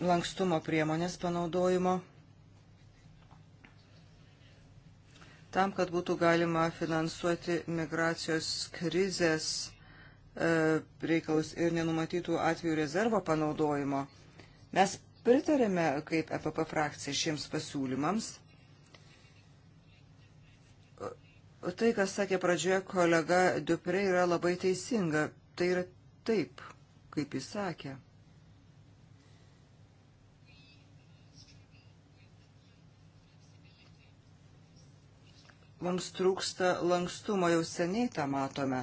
lankstumo priemonės panaudojimo, tam, kad būtų galima finansuoti migracijos krizės e, reikalus ir nenumatytų atvejų rezervo panaudojimo. Mes Pritarėme kaip EPP frakcija šiems pasiūlymams. Tai, kas sakė pradžioje kolega Dupre, yra labai teisinga. Tai yra taip, kaip jis sakė. Mums trūksta lankstumo, jau seniai tą matome,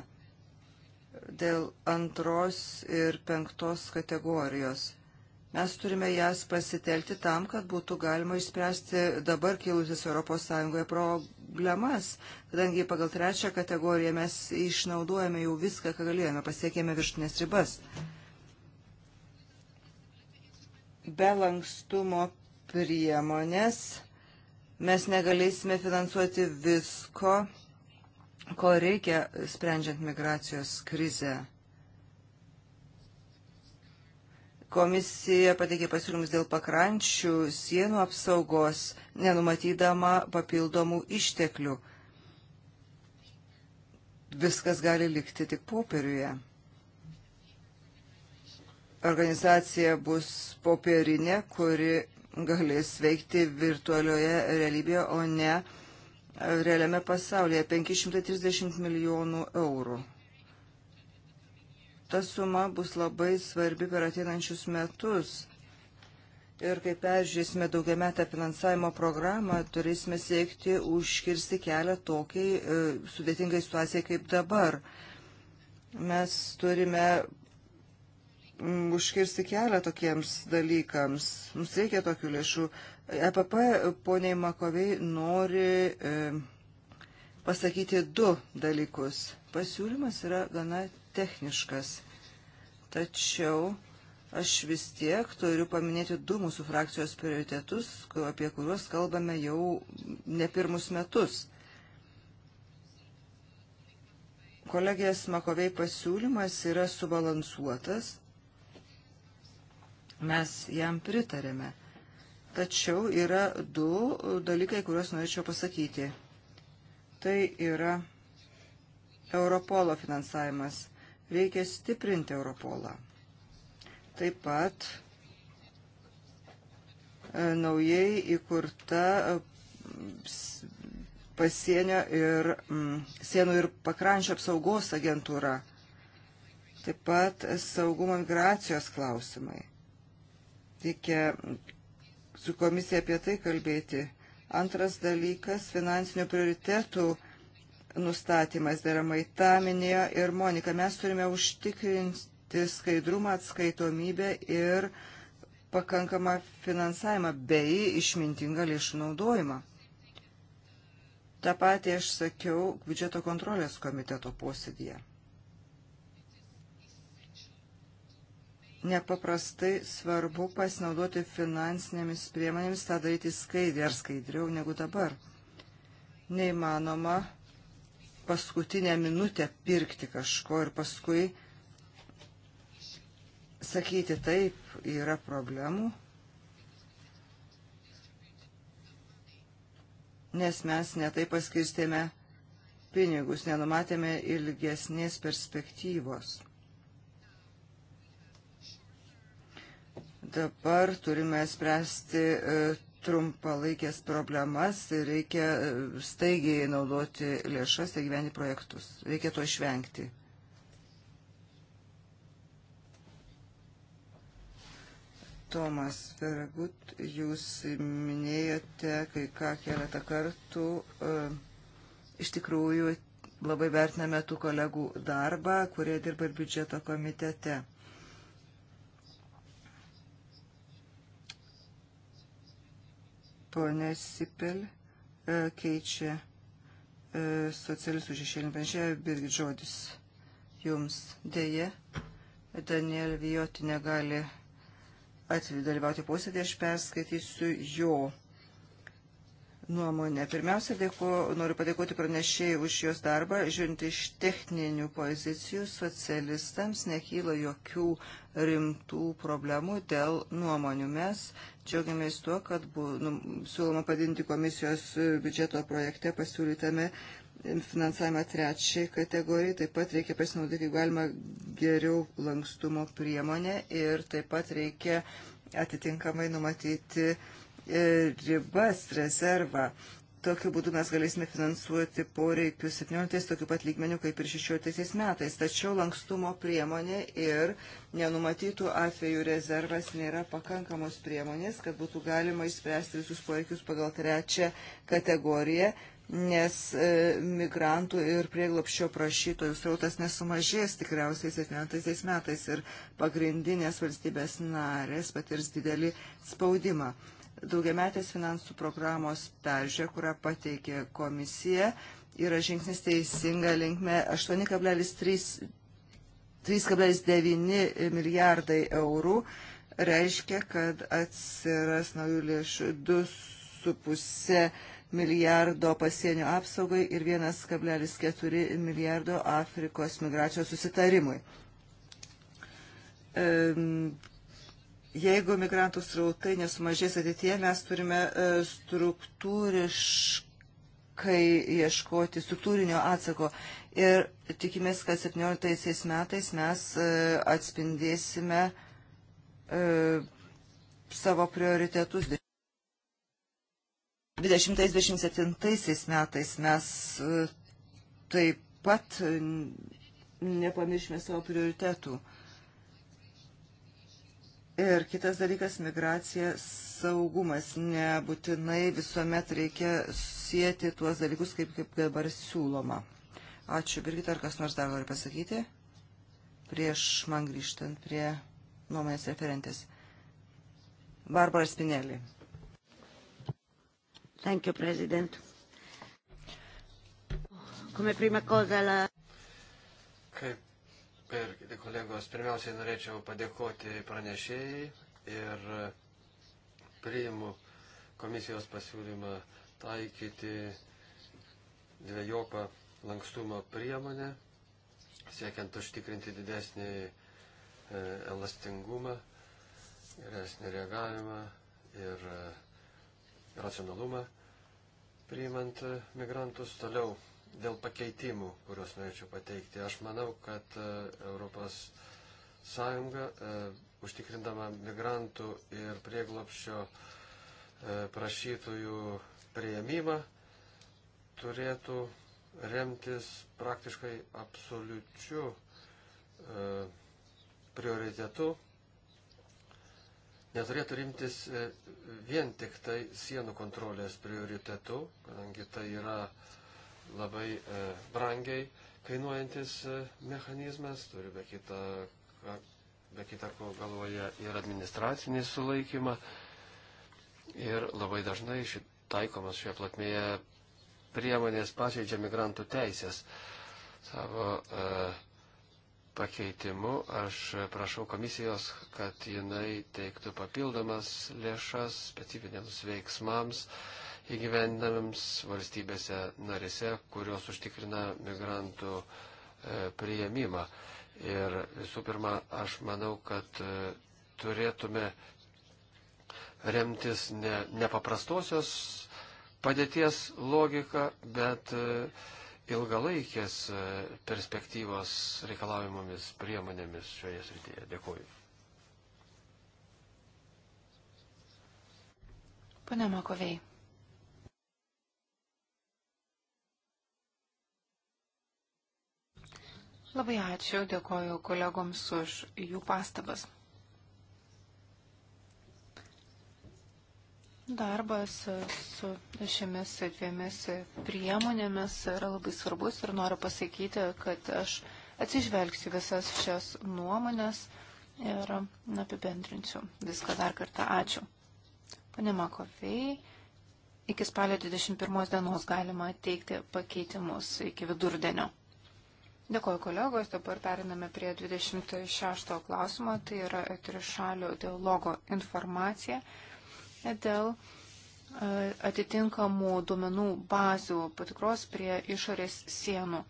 dėl antros ir penktos kategorijos Mes turime jas pasitelti tam, kad būtų galima išspręsti dabar kilusias ES problemas, kadangi pagal trečią kategoriją mes išnaudojame jau viską, ką galėjome, pasiekėme viršutinės ribas. Be lankstumo priemonės mes negalėsime finansuoti visko, ko reikia sprendžiant migracijos krizę Komisija pateikė pasiūlymus dėl pakrančių sienų apsaugos, nenumatydama papildomų išteklių. Viskas gali likti tik popieriuje. Organizacija bus popierinė, kuri galės veikti virtualioje realybėje, o ne realiame pasaulyje 530 milijonų eurų ta suma bus labai svarbi per ateinančius metus. Ir kai peržiūrėsime daugiametę finansavimo programą, turėsime siekti užkirsti kelią tokiai e, sudėtingai situacijai kaip dabar. Mes turime m, mm, užkirsti kelią tokiems dalykams. Mums reikia tokių lėšų. EPP poniai Makoviai nori e, pasakyti du dalykus. Pasiūlymas yra gana techniškas. Tačiau aš vis tiek turiu paminėti du mūsų frakcijos prioritetus, apie kuriuos kalbame jau ne pirmus metus. Kolegės Makovei pasiūlymas yra subalansuotas. Mes jam pritarėme. Tačiau yra du dalykai, kuriuos norėčiau pasakyti. Tai yra Europolo finansavimas. Reikia stiprinti Europolą. Taip pat e, naujai įkurta e, pasienio ir mm, sienų ir pakrančio apsaugos agentūra, taip pat saugumo migracijos klausimai. Reikia su komisija apie tai kalbėti. Antras dalykas - finansinių prioritetų nustatymas deramai. Ta minėjo ir Monika. Mes turime užtikrinti skaidrumą, atskaitomybę ir pakankamą finansavimą bei išmintingą lėšų naudojimą. Ta patį aš sakiau biudžeto kontrolės komiteto posėdėje. Nepaprastai svarbu pasinaudoti finansinėmis priemonėmis tą daryti skaidriai ar skaidriau negu dabar. Neįmanoma paskutinę minutę pirkti kažko ir paskui sakyti taip, yra problemų, nes mes netai paskirstėme pinigus, nenumatėme ilgesnės perspektyvos. Dabar turime spręsti e, trumpalaikės problemas ir reikia e, staigiai naudoti lėšas ir gyventi projektus. Reikia to išvengti. Tomas Feragut, jūs minėjote kai ką keletą kartų. E, iš tikrųjų, labai vertiname tų kolegų darbą, kurie dirba ir biudžeto komitete. Pone Sipel e, keičia e, socialistų šešėlinį pranešėją, Birgit žodis jums dėje. Daniel Vijoti negali atvydalyvauti posėdį, aš perskaitysiu jo nuomonę. Pirmiausia, dėku, noriu padėkoti pranešėjai už jos darbą. Žiūrint iš techninių pozicijų, socialistams nekyla jokių rimtų problemų dėl nuomonių. Mes džiaugiamės tuo, kad buvo nu, siūloma padinti komisijos biudžeto projekte pasiūlytame finansavimą trečiai kategorijai, taip pat reikia pasinaudoti, kaip galima, geriau lankstumo priemonę ir taip pat reikia atitinkamai numatyti uh, E, ribas, rezervą. Tokiu būdu mes galėsime finansuoti poreikius 17 tokiu pat lygmeniu kaip ir 16 metais. Tačiau lankstumo priemonė ir nenumatytų atvejų rezervas nėra pakankamos priemonės, kad būtų galima išspręsti visus poreikius pagal trečią kategoriją, nes e, migrantų ir prieglopščio prašytojų srautas nesumažės tikriausiai 17 metais ir pagrindinės valstybės narės patirs didelį spaudimą daugiametės finansų programos peržiūrė, kurią pateikė komisija, yra žingsnis teisinga linkme 8,3,9 milijardai eurų. Reiškia, kad atsiras naujų lėšų 2,5 milijardo pasienio apsaugai ir 1,4 milijardo Afrikos migracijos susitarimui. Jeigu migrantų srautai nesumažės ateitie, mes turime e, struktūriškai ieškoti struktūrinio atsako. Ir tikimės, kad 17 metais mes e, atspindėsime e, savo prioritetus. 2027 metais mes taip pat nepamiršime savo prioritetų. Ir kitas dalykas - migracija, saugumas. Nebūtinai visuomet reikia sieti tuos dalykus, kaip, kaip dabar siūloma. Ačiū, Birgit, ar kas nors dar nori pasakyti? Prieš man grįžtant prie nuomonės referentės. Barbara Spinelli. Thank you, President. Come prima cosa la... Kaip ir kiti kolegos, pirmiausiai norėčiau padėkoti pranešėjai ir priimu komisijos pasiūlymą taikyti dviejopą lankstumo priemonę, siekiant užtikrinti didesnį e, elastingumą, geresnį reagavimą ir e, racionalumą priimant migrantus. Toliau dėl pakeitimų, kuriuos norėčiau pateikti. Aš manau, kad e, Europos Sąjunga e, užtikrindama migrantų ir prieglopščio e, prašytojų prieimimą turėtų remtis praktiškai absoliučiu prioritetu. Neturėtų rimtis vien tik tai sienų kontrolės prioritetu, kadangi tai yra uh, labai e, brangiai kainuojantis e, mechanizmas, turi be kita, ka, be kita ko galvoje ir administracinį sulaikymą. Ir labai dažnai ši, taikomas šioje platmėje priemonės pažeidžia migrantų teisės. Savo e, pakeitimu aš prašau komisijos, kad jinai teiktų papildomas lėšas specifiniams veiksmams. E, įgyvendinamiems valstybėse narėse, kurios užtikrina migrantų e, prieimimą. Ir visų pirma, aš manau, kad e, turėtume remtis ne, ne paprastosios padėties logika, bet e, ilgalaikės perspektyvos reikalavimumis priemonėmis šioje srityje. Dėkuoju. Pane Makovei. Labai ačiū, dėkoju kolegoms už jų pastabas. Darbas su šiomis dviemis priemonėmis yra labai svarbus ir noriu pasakyti, kad aš atsižvelgsiu visas šias nuomonės ir apibendrinsiu viską dar kartą. Ačiū. Pane Makovei, iki spalio 21 dienos galima teikti pakeitimus iki vidurdienio. Dėkuoju kolegos, dabar periname prie 26 klausimo, tai yra trišalio dialogo informacija dėl e, atitinkamų duomenų bazių patikros prie išorės sienų.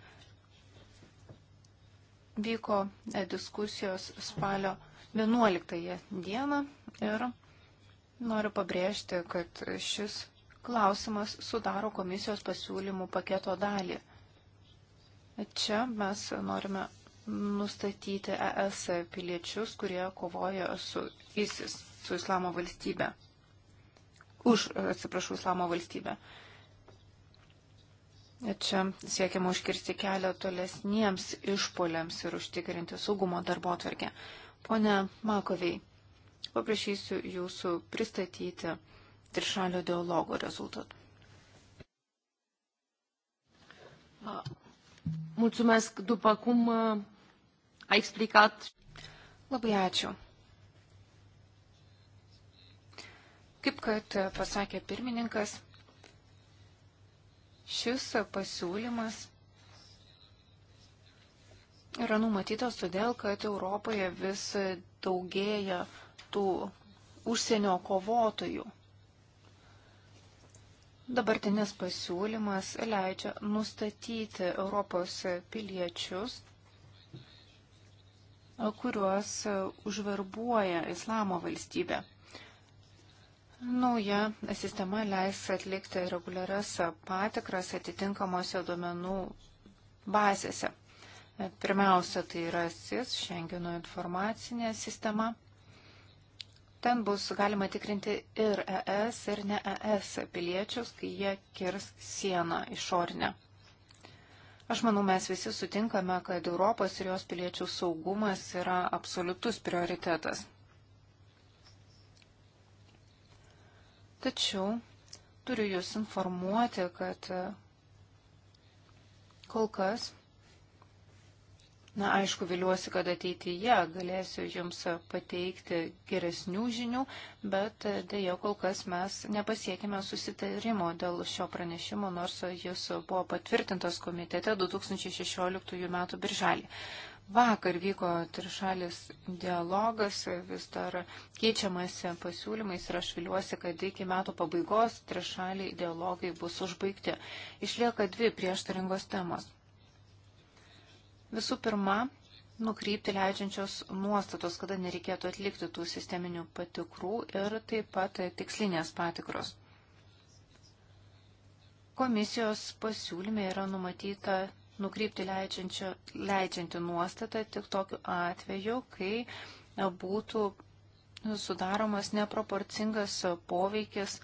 Vyko e, diskusijos spalio 11 dieną ir noriu pabrėžti, kad šis klausimas sudaro komisijos pasiūlymų paketo dalį. Čia mes norime nustatyti ES piliečius, kurie kovoja su ISIS, su Islamo valstybe. Už, atsiprašau, Islamo valstybę. Čia siekiama užkirsti kelią tolesniems išpoliams ir užtikrinti saugumo darbo atvarkę. Pone Makoviai, paprašysiu jūsų pristatyti trišalio dialogo rezultatų. Mulțumesc, după cum uh, a explicat. Labai ačiū. Kaip kad uh, pasakė pirmininkas, šis pasiūlymas yra numatytas todėl, kad Europoje vis daugėja tų užsienio kovotojų. Dabartinis pasiūlymas leidžia nustatyti Europos piliečius, kuriuos užverbuoja Islamo valstybė. Nauja sistema leis atlikti reguliarias patikras atitinkamuose duomenų bazėse. Pirmiausia, tai yra SIS, Šengeno informacinė sistema. Ten bus galima tikrinti ir ES, ir ne ES piliečius, kai jie kirs sieną išorinę. Aš manau, mes visi sutinkame, kad Europos ir jos piliečių saugumas yra absoliutus prioritetas. Tačiau turiu Jūs informuoti, kad kol kas Na, aišku, viliuosi, kad ateityje galėsiu Jums pateikti geresnių žinių, bet e, dėja kol kas mes nepasiekime susitarimo dėl šio pranešimo, nors jis buvo patvirtintas komitete 2016 m. birželį. Vakar vyko trišalis dialogas, vis dar keičiamasi pasiūlymais ir aš viliuosi, kad iki metų pabaigos trišaliai dialogai bus užbaigti. Išlieka dvi prieštaringos temos. Visų pirma, nukrypti leidžiančios nuostatos, kada nereikėtų atlikti tų sisteminių patikrų ir taip pat tikslinės patikros. Komisijos pasiūlyme yra numatyta nukrypti leidžianti nuostatą tik tokiu atveju, kai būtų sudaromas neproporcingas poveikis e,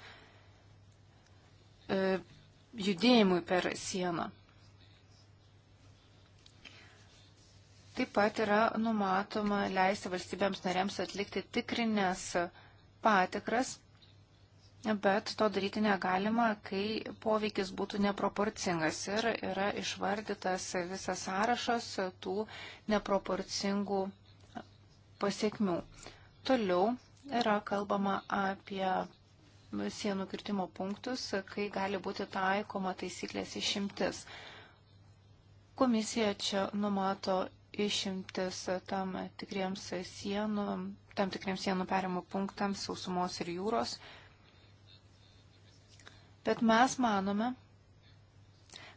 judėjimui per sieną. Taip pat yra numatoma leisti valstybėms narėms atlikti tikrinės patikras, bet to daryti negalima, kai poveikis būtų neproporcingas ir yra išvardytas visas sąrašas tų neproporcingų pasiekmių. Toliau yra kalbama apie sienų kirtimo punktus, kai gali būti taikoma taisyklės išimtis. Komisija čia numato išimtis tam tikriems sienų, tam tikriems sienų perimo punktams, sausumos ir jūros. Bet mes manome,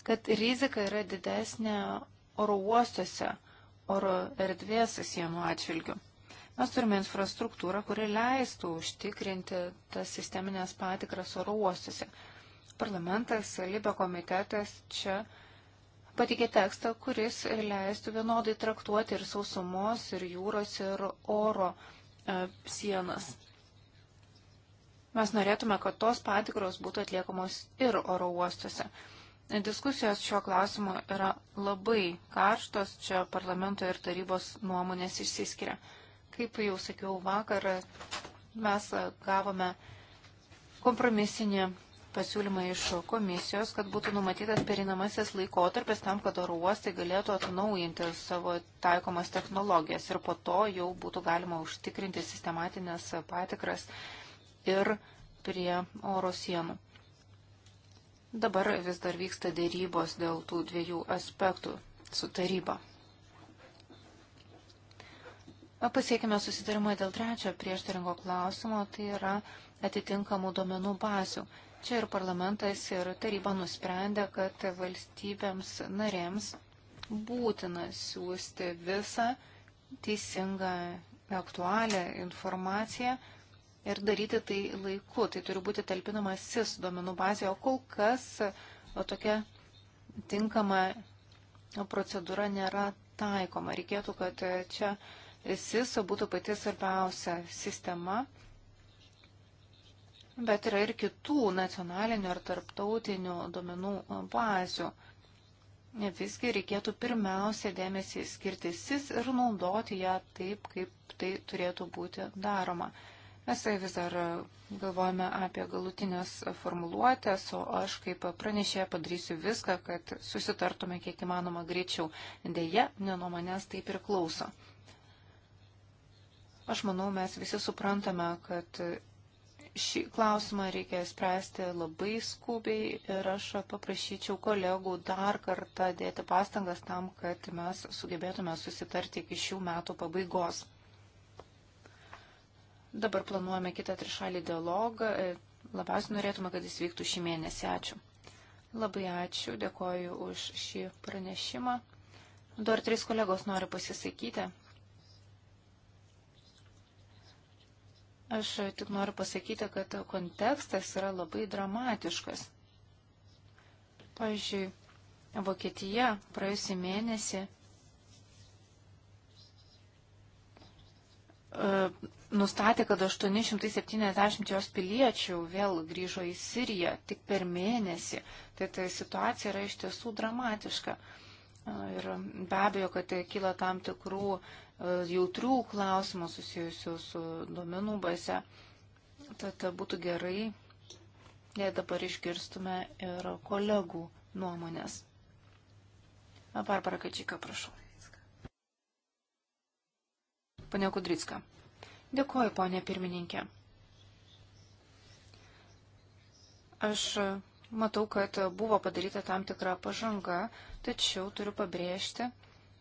kad rizika yra didesnė oro uostuose, oro erdvės sienų atžvilgių. Mes turime infrastruktūrą, kuri leistų užtikrinti tas sisteminės patikras oro uostuose. Parlamentas, Libė komitetas čia uh, pateikė tekstą, kuris leistų vienodai traktuoti ir sausumos, ir jūros, ir oro e, sienas. Mes norėtume, kad tos patikros būtų atliekamos ir oro uostuose. Diskusijos šiuo klausimu yra labai karštos, čia parlamento ir tarybos nuomonės išsiskiria. Kaip jau sakiau vakar, mes gavome kompromisinį pasiūlymą iš komisijos, kad būtų numatytas perinamasis laikotarpis tam, kad oro uostai galėtų atnaujinti savo taikomas technologijas ir po to jau būtų galima užtikrinti sistematinės patikras ir prie oro sienų. Dabar vis dar vyksta dėrybos dėl tų dviejų aspektų su taryba. Pasiekime susitarimą dėl trečio prieštaringo klausimo, tai yra atitinkamų duomenų bazių. Čia ir parlamentas, ir taryba nusprendė, kad valstybėms narėms būtina siūsti visą teisingą, aktualią informaciją ir daryti tai laiku. Tai turi būti talpinama SIS duomenų bazėje, o kol kas o tokia tinkama procedūra nėra taikoma. Reikėtų, kad čia SIS būtų pati svarbiausia sistema, bet yra ir kitų nacionalinių ar tarptautinių duomenų bazių. Visgi reikėtų pirmiausia dėmesį skirti SIS ir naudoti ją taip, kaip tai turėtų būti daroma. Mes vis dar galvojame apie galutinės formuluotės, o aš kaip pranešė padarysiu viską, kad susitartume kiek įmanoma greičiau. Deja, ne nuo manęs tai priklauso. Aš manau, mes visi suprantame, kad šį klausimą reikia spręsti labai skubiai ir aš paprašyčiau kolegų dar kartą dėti pastangas tam, kad mes sugebėtume susitarti iki šių metų pabaigos. Dabar planuojame kitą trišalį dialogą. Labiausiai norėtume, kad jis vyktų šį mėnesį. Ačiū. Labai ačiū, dėkoju už šį pranešimą. Du ar trys kolegos nori pasisakyti. Aš tik noriu pasakyti, kad kontekstas yra labai dramatiškas. Pavyzdžiui, Vokietija praėjusį mėnesį e, nustatė, kad 870 jos piliečių vėl grįžo į Siriją tik per mėnesį. Tai ta situacija yra iš tiesų dramatiška. Ir be abejo, kad tai kyla tam tikrų e, jautrių klausimų susijusių su duomenų base. Tad būtų gerai, jei dabar išgirstume ir kolegų nuomonės. Barbara Kačika, prašau. Pane Kudricka. Dėkuoju, ponė pirmininkė. Aš Matau, kad buvo padaryta tam tikra pažanga, tačiau turiu pabrėžti,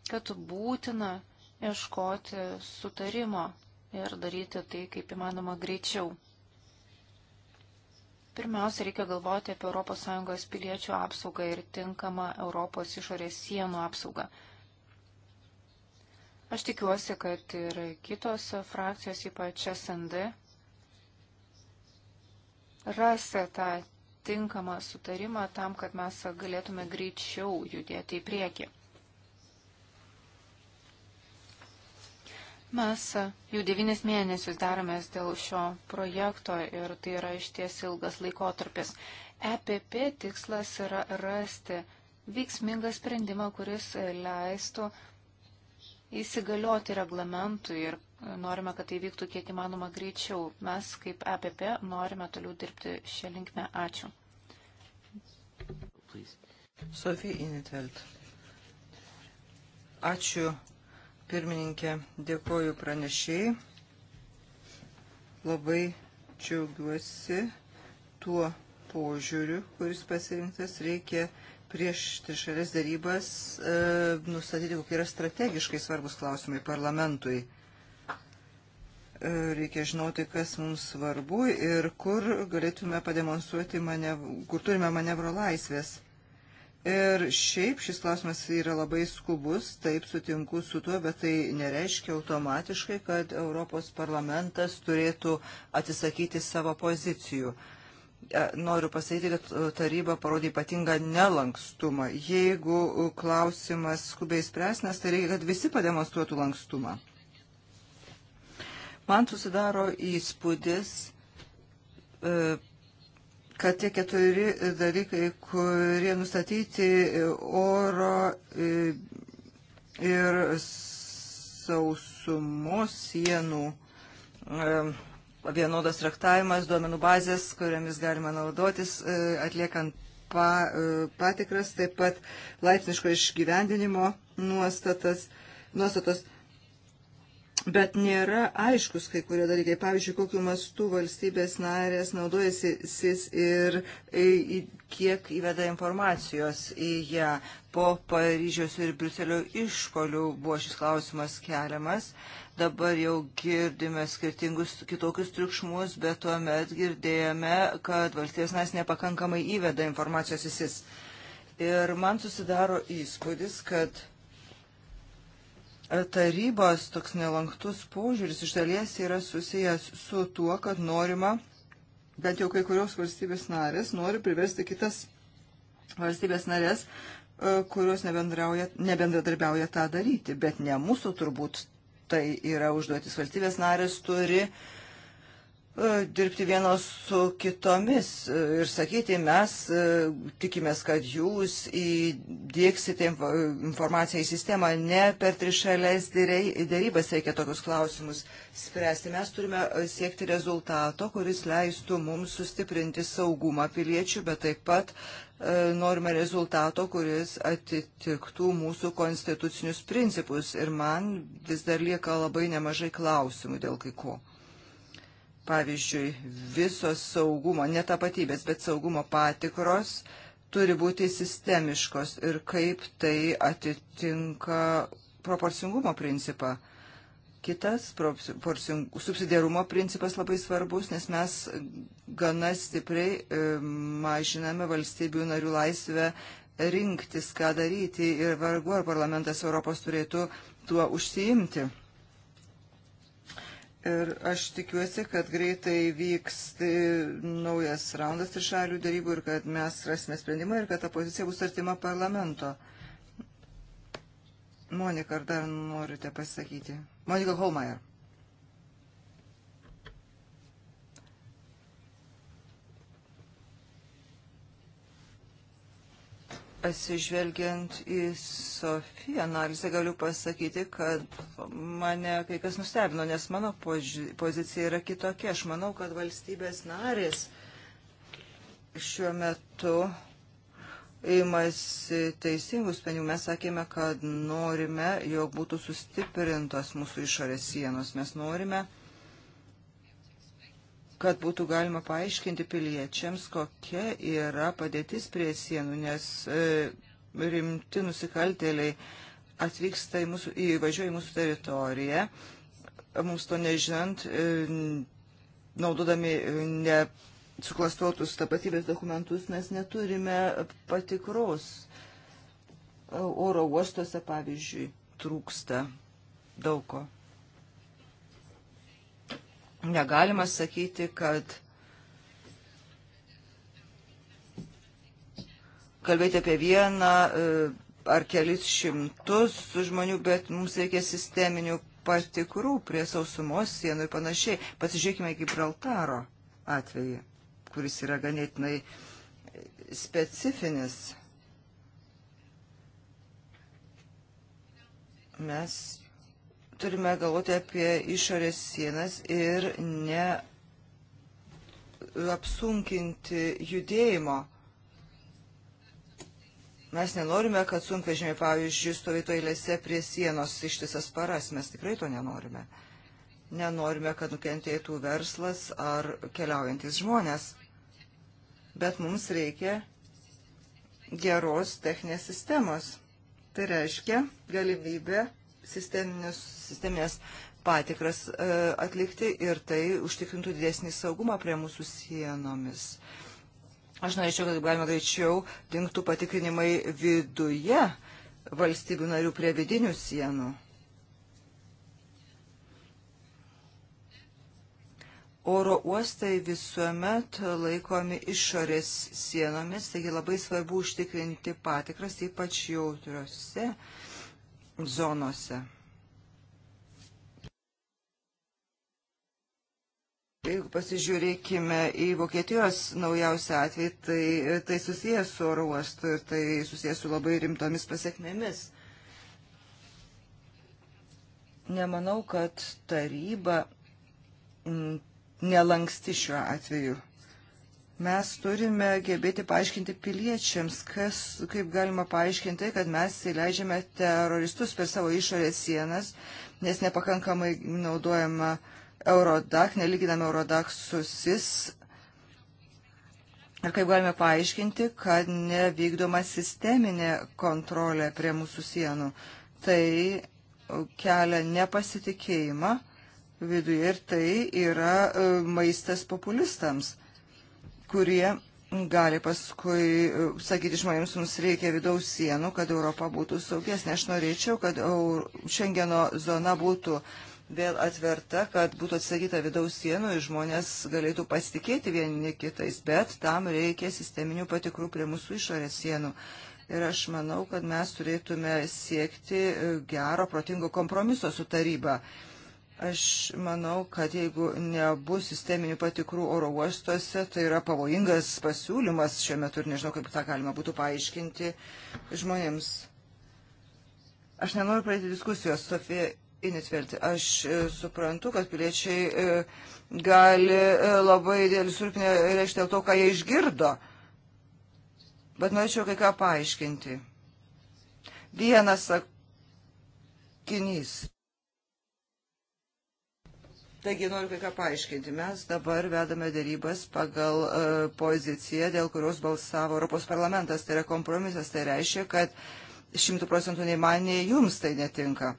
kad būtina ieškoti sutarimo ir daryti tai kaip įmanoma greičiau. Pirmiausia, reikia galvoti apie ES piliečių apsaugą ir tinkamą Europos išorės sienų apsaugą. Aš tikiuosi, kad ir kitos frakcijos, ypač SND, rasi tą tinkamą sutarimą tam, kad mes galėtume greičiau judėti į priekį. Mes jau devynis mėnesius daromės dėl šio projekto ir tai yra iš ties ilgas laikotarpis. EPP tikslas yra rasti veiksmingą sprendimą, kuris leistų uh, įsigalioti reglamentui ir norime, kad tai vyktų kiek įmanoma greičiau. Mes kaip APP e norime toliau dirbti šią linkmę. Ačiū. Sofija Inetvelt. Ačiū pirmininkė, dėkoju pranešėjai. Labai džiaugiuosi tuo požiūriu, kuris pasirinktas reikia prieš trišalės darybas e, nustatyti, kokie yra strategiškai svarbus klausimai parlamentui. E, reikia žinoti, kas mums svarbu ir kur galėtume pademonstruoti, manev... kur turime manevro laisvės. Ir šiaip šis klausimas yra labai skubus, taip sutinku su tuo, bet tai nereiškia automatiškai, kad Europos parlamentas turėtų atsisakyti savo pozicijų. E, E, noriu pasakyti, kad e, taryba parodė ypatingą nelankstumą. Jeigu e, klausimas skubiai spręsnas, tai reikia, kad visi pademonstruotų lankstumą. Man susidaro įspūdis, kad tie keturi dalykai, kurie nustatyti oro ir sausumos sienų, vienodas traktavimas, duomenų bazės, kuriamis galima naudotis, e, atliekant pa, e, patikras, taip pat laipsniško išgyvendinimo nuostatas, nuostatos. Bet nėra aiškus kai kurie dalykai. Pavyzdžiui, kokiu mastu valstybės narės naudojasi SIS ir e, kiek įveda informacijos į ją. Po Paryžiaus ir Briuselio išpolių buvo šis klausimas keliamas. Dabar jau girdime skirtingus kitokius triukšmus, bet tuo met girdėjome, kad valstybės nas nepakankamai įveda informacijos įsis. Ir man susidaro įspūdis, kad tarybos toks nelanktus požiūris iš dalies yra susijęs su tuo, kad norima, bent jau kai kurios valstybės narės, nori priversti kitas valstybės narės, e, kurios nebendradarbiauja tą daryti, bet ne mūsų turbūt tai yra užduotis valstybės narės turi uh, E, dirbti vienos su kitomis e, ir sakyti, mes e, tikimės, kad jūs įdėksite informaciją į sistemą, ne per trišalės dėrybas reikia tokius klausimus spręsti. Mes turime siekti rezultato, kuris leistų mums sustiprinti saugumą piliečių, bet taip pat norime rezultato, kuris atitiktų mūsų konstitucinius principus. Ir man vis dar lieka labai nemažai klausimų dėl kai ko. Pavyzdžiui, visos saugumo, ne tapatybės, bet saugumo patikros turi būti sistemiškos ir kaip tai atitinka proporcingumo principą. Kitas subsidiarumo principas labai svarbus, nes mes gana stipriai e, mažiname valstybių narių laisvę rinktis, ką daryti ir vargu ar parlamentas Europos turėtų tuo užsiimti. Ir aš tikiuosi, kad greitai vyks e, naujas raundas trišalių darybų ir kad mes rasime sprendimą ir kad ta pozicija bus artima parlamento. Monika, ar dar norite pasakyti? Monika Holmeier. Atsižvelgiant į Sofiją analizę, galiu pasakyti, kad mane kai kas nustebino, nes mano pozicija yra kitokia. Aš manau, kad valstybės narės šiuo metu įmasi teisingų sprendimų. Mes sakėme, kad norime, jog būtų sustiprintos mūsų išorės sienos. Mes norime, kad būtų galima paaiškinti piliečiams, kokia yra padėtis prie sienų, nes e, rimti nusikaltėliai atvyksta į mūsų, įvažiuoja į mūsų teritoriją, mums to nežinant, e, naudodami e, ne suklastotus tapatybės dokumentus, mes neturime patikros. Oro uostuose, pavyzdžiui, trūksta daug ko. Negalima sakyti, kad kalbėti apie vieną e, ar kelis šimtus žmonių, bet mums reikia sisteminių patikrų prie sausumos sienų ir panašiai. Pasižiūrėkime Gibraltaro atvejį, kuris yra ganėtinai specifinis. Mes turime galvoti apie išorės sienas ir ne apsunkinti judėjimo. Mes nenorime, kad sunkvežimiai, pavyzdžiui, stovėtų eilėse prie sienos ištisas paras. Mes tikrai to nenorime. Nenorime, kad nukentėtų verslas ar keliaujantis žmonės. Bet mums reikia geros techninės sistemos. Tai reiškia galimybę sisteminės patikras e, atlikti ir tai užtikrintų didesnį saugumą prie mūsų sienomis. Aš norėčiau, kad galima greičiau dinktų patikrinimai viduje valstybių narių prie vidinių sienų. Oro uostai visuomet laikomi išorės sienomis, taigi labai svarbu užtikrinti patikras, ypač jautriose uh, zonose. Jeigu pasižiūrėkime į Vokietijos naujausią atvejį, tai, tai susijęs su oro uostu ir tai susijęs su labai rimtomis pasiekmėmis. Nemanau, kad taryba mm, nelanksti šiuo atveju. Mes turime gebėti paaiškinti piliečiams, kas, kaip galima paaiškinti, kad mes įleidžiame teroristus per savo išorės sienas, nes nepakankamai naudojama Eurodac, neliginame Eurodac su SIS. Ir kaip galime paaiškinti, kad nevykdoma sisteminė kontrolė prie mūsų sienų. Tai kelia nepasitikėjimą viduje ir tai yra e, maistas populistams kurie gali paskui e, sakyti žmonėms, mums reikia vidaus sienų, kad Europa būtų saugesnė. Aš norėčiau, kad Šengeno zona būtų vėl atverta, kad būtų atsakyta vidaus sienų ir žmonės galėtų pasitikėti vieni kitais, bet tam reikia sisteminių patikrų prie mūsų išorės sienų. Ir aš manau, kad mes turėtume siekti e, gero, protingo kompromiso su taryba. Uh, Aš manau, kad jeigu nebus sisteminių patikrų oro uostuose, tai yra pavojingas pasiūlymas šiuo metu ir nežinau, kaip tą galima būtų paaiškinti žmonėms. Aš nenoriu pradėti diskusijos, Sofija Initvelti. Aš e, suprantu, kad piliečiai e, gali e, labai dėl surpinę reikšti dėl to, ką jie išgirdo, bet norėčiau kai ką paaiškinti. Vienas sakinys Taigi noriu kai ką paaiškinti. Mes dabar vedame dėrybas pagal e, poziciją, dėl kurios balsavo Europos parlamentas. Tai yra kompromisas, tai reiškia, kad šimtų procentų nei man, nei jums tai netinka.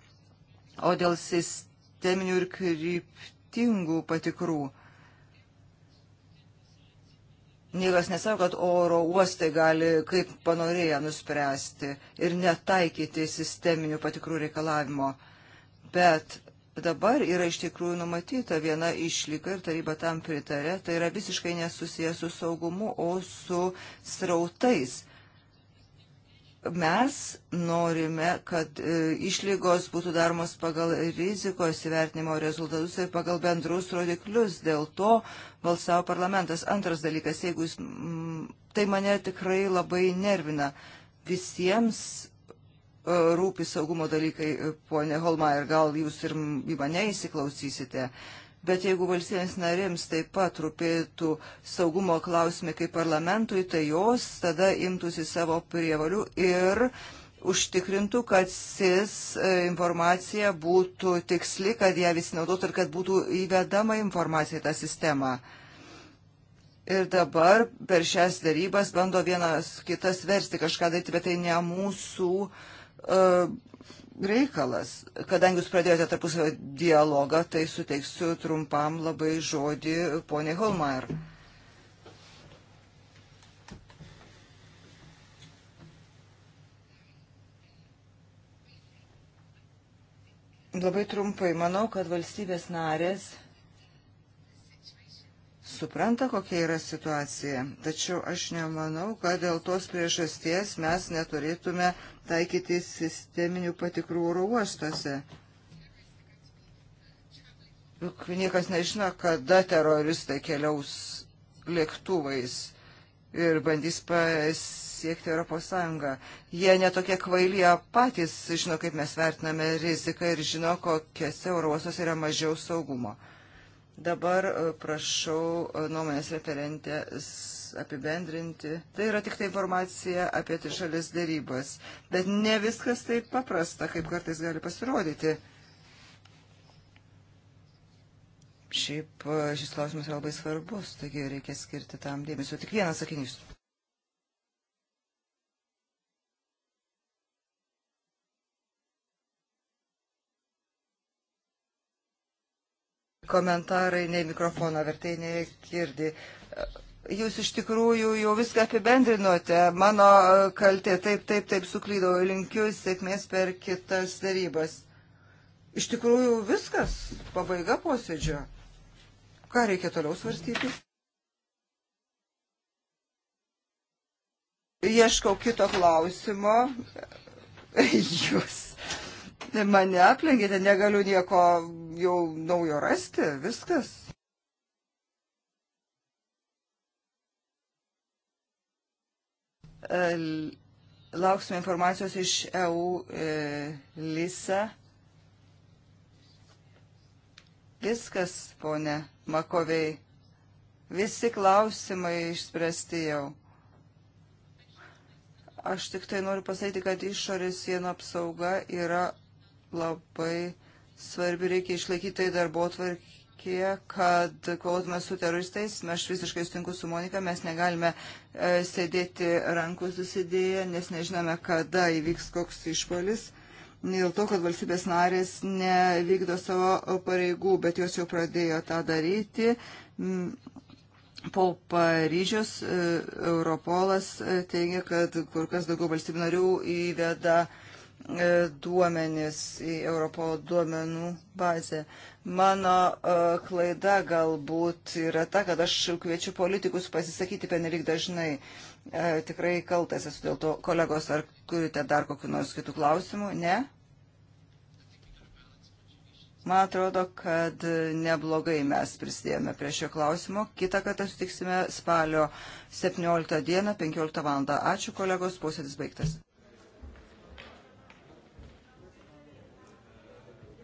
O dėl sisteminių ir kryptingų patikrų. Niekas nesako, kad oro uostai gali kaip panorėję nuspręsti ir netaikyti sisteminių patikrų reikalavimo. Bet dabar yra iš tikrųjų numatyta viena išlyga ir taryba tam pritarė, tai yra visiškai nesusijęs su saugumu, o su srautais mes norime, kad e, išlygos būtų daromos pagal rizikos įvertinimo rezultatus ir pagal bendrus rodiklius. Dėl to balsavo parlamentas. Antras dalykas, jeigu jis, tai mane tikrai labai nervina. Visiems rūpi saugumo dalykai, ponė Holmaier, gal jūs ir į mane įsiklausysite. Bet jeigu valstybės narims taip pat rūpėtų saugumo klausimai kaip parlamentui, tai jos tada imtųsi savo prievalių ir užtikrintų, kad SIS e, informacija būtų tiksli, kad ją visi naudotų ir kad būtų įvedama informacija į tą sistemą. Ir dabar per šias darybas bando vienas kitas versti kažką daryti, bet tai ne mūsų uh, E, reikalas. Kadangi jūs pradėjote tarpusavio dialogą, tai suteiksiu trumpam labai žodį poniai Holmeier. Labai trumpai, manau, kad valstybės narės supranta, kokia yra situacija. Tačiau aš nemanau, kad dėl tos priežasties mes neturėtume taikyti sisteminių patikrų oro uostuose. Juk niekas nežino, kada teroristai keliaus lėktuvais ir bandys pasiekti Europos Sąjungą. Jie netokie kvailie patys žino, kaip mes vertiname riziką ir žino, kokiuose eurosas yra mažiau saugumo. Dabar e, prašau e, nuomonės referentės apibendrinti. Tai yra tik tai informacija apie trišalės darybas. Bet ne viskas taip paprasta, kaip kartais gali pasirodyti. Šiaip e, šis klausimas yra labai svarbus, taigi reikia skirti tam dėmesio. Tik vienas sakinys. Komentarai nei mikrofono vertėjai, nei girdi. Jūs iš tikrųjų jau viską apibendrinote. Mano e, kaltė taip, taip, taip suklydau. Linkiu sėkmės per kitas darybas. Iš tikrųjų viskas. Pabaiga posėdžio. Ką reikia toliau svarstyti? Ieškau kito klausimo. Jūs mane aplenkite, negaliu nieko jau naujo rasti. Viskas. E, lauksime informacijos iš EU e, LISA. Viskas, ponė Makovei. Visi klausimai išspręsti jau. Aš tik tai noriu pasakyti, kad išorės sienų apsauga yra labai svarbi. Reikia išlaikyti tai darbo tvarkį sakė, kad kovotume su teroristais, aš visiškai sutinku su Monika, mes negalime e, sėdėti rankų susidėję, nes nežinome, kada įvyks koks išpolis. Dėl to, kad valstybės narės nevykdo savo pareigų, bet jos jau pradėjo tą daryti. Po Paryžiaus e, Europolas e, teigia, kad kur kas daugiau valstybių narių įveda uh, E, duomenis į Europolo duomenų bazę. Mano e, klaida galbūt yra ta, kad aš kviečiu politikus pasisakyti penelik dažnai. E, tikrai kaltas esu dėl to. Kolegos, ar turite dar kokiu nors kitų klausimų? Ne? Man atrodo, kad neblogai mes prisidėjome prie šio klausimo. Kita kartą sutiksime spalio 17 dieną, 15 val. Ačiū kolegos, posėdis baigtas.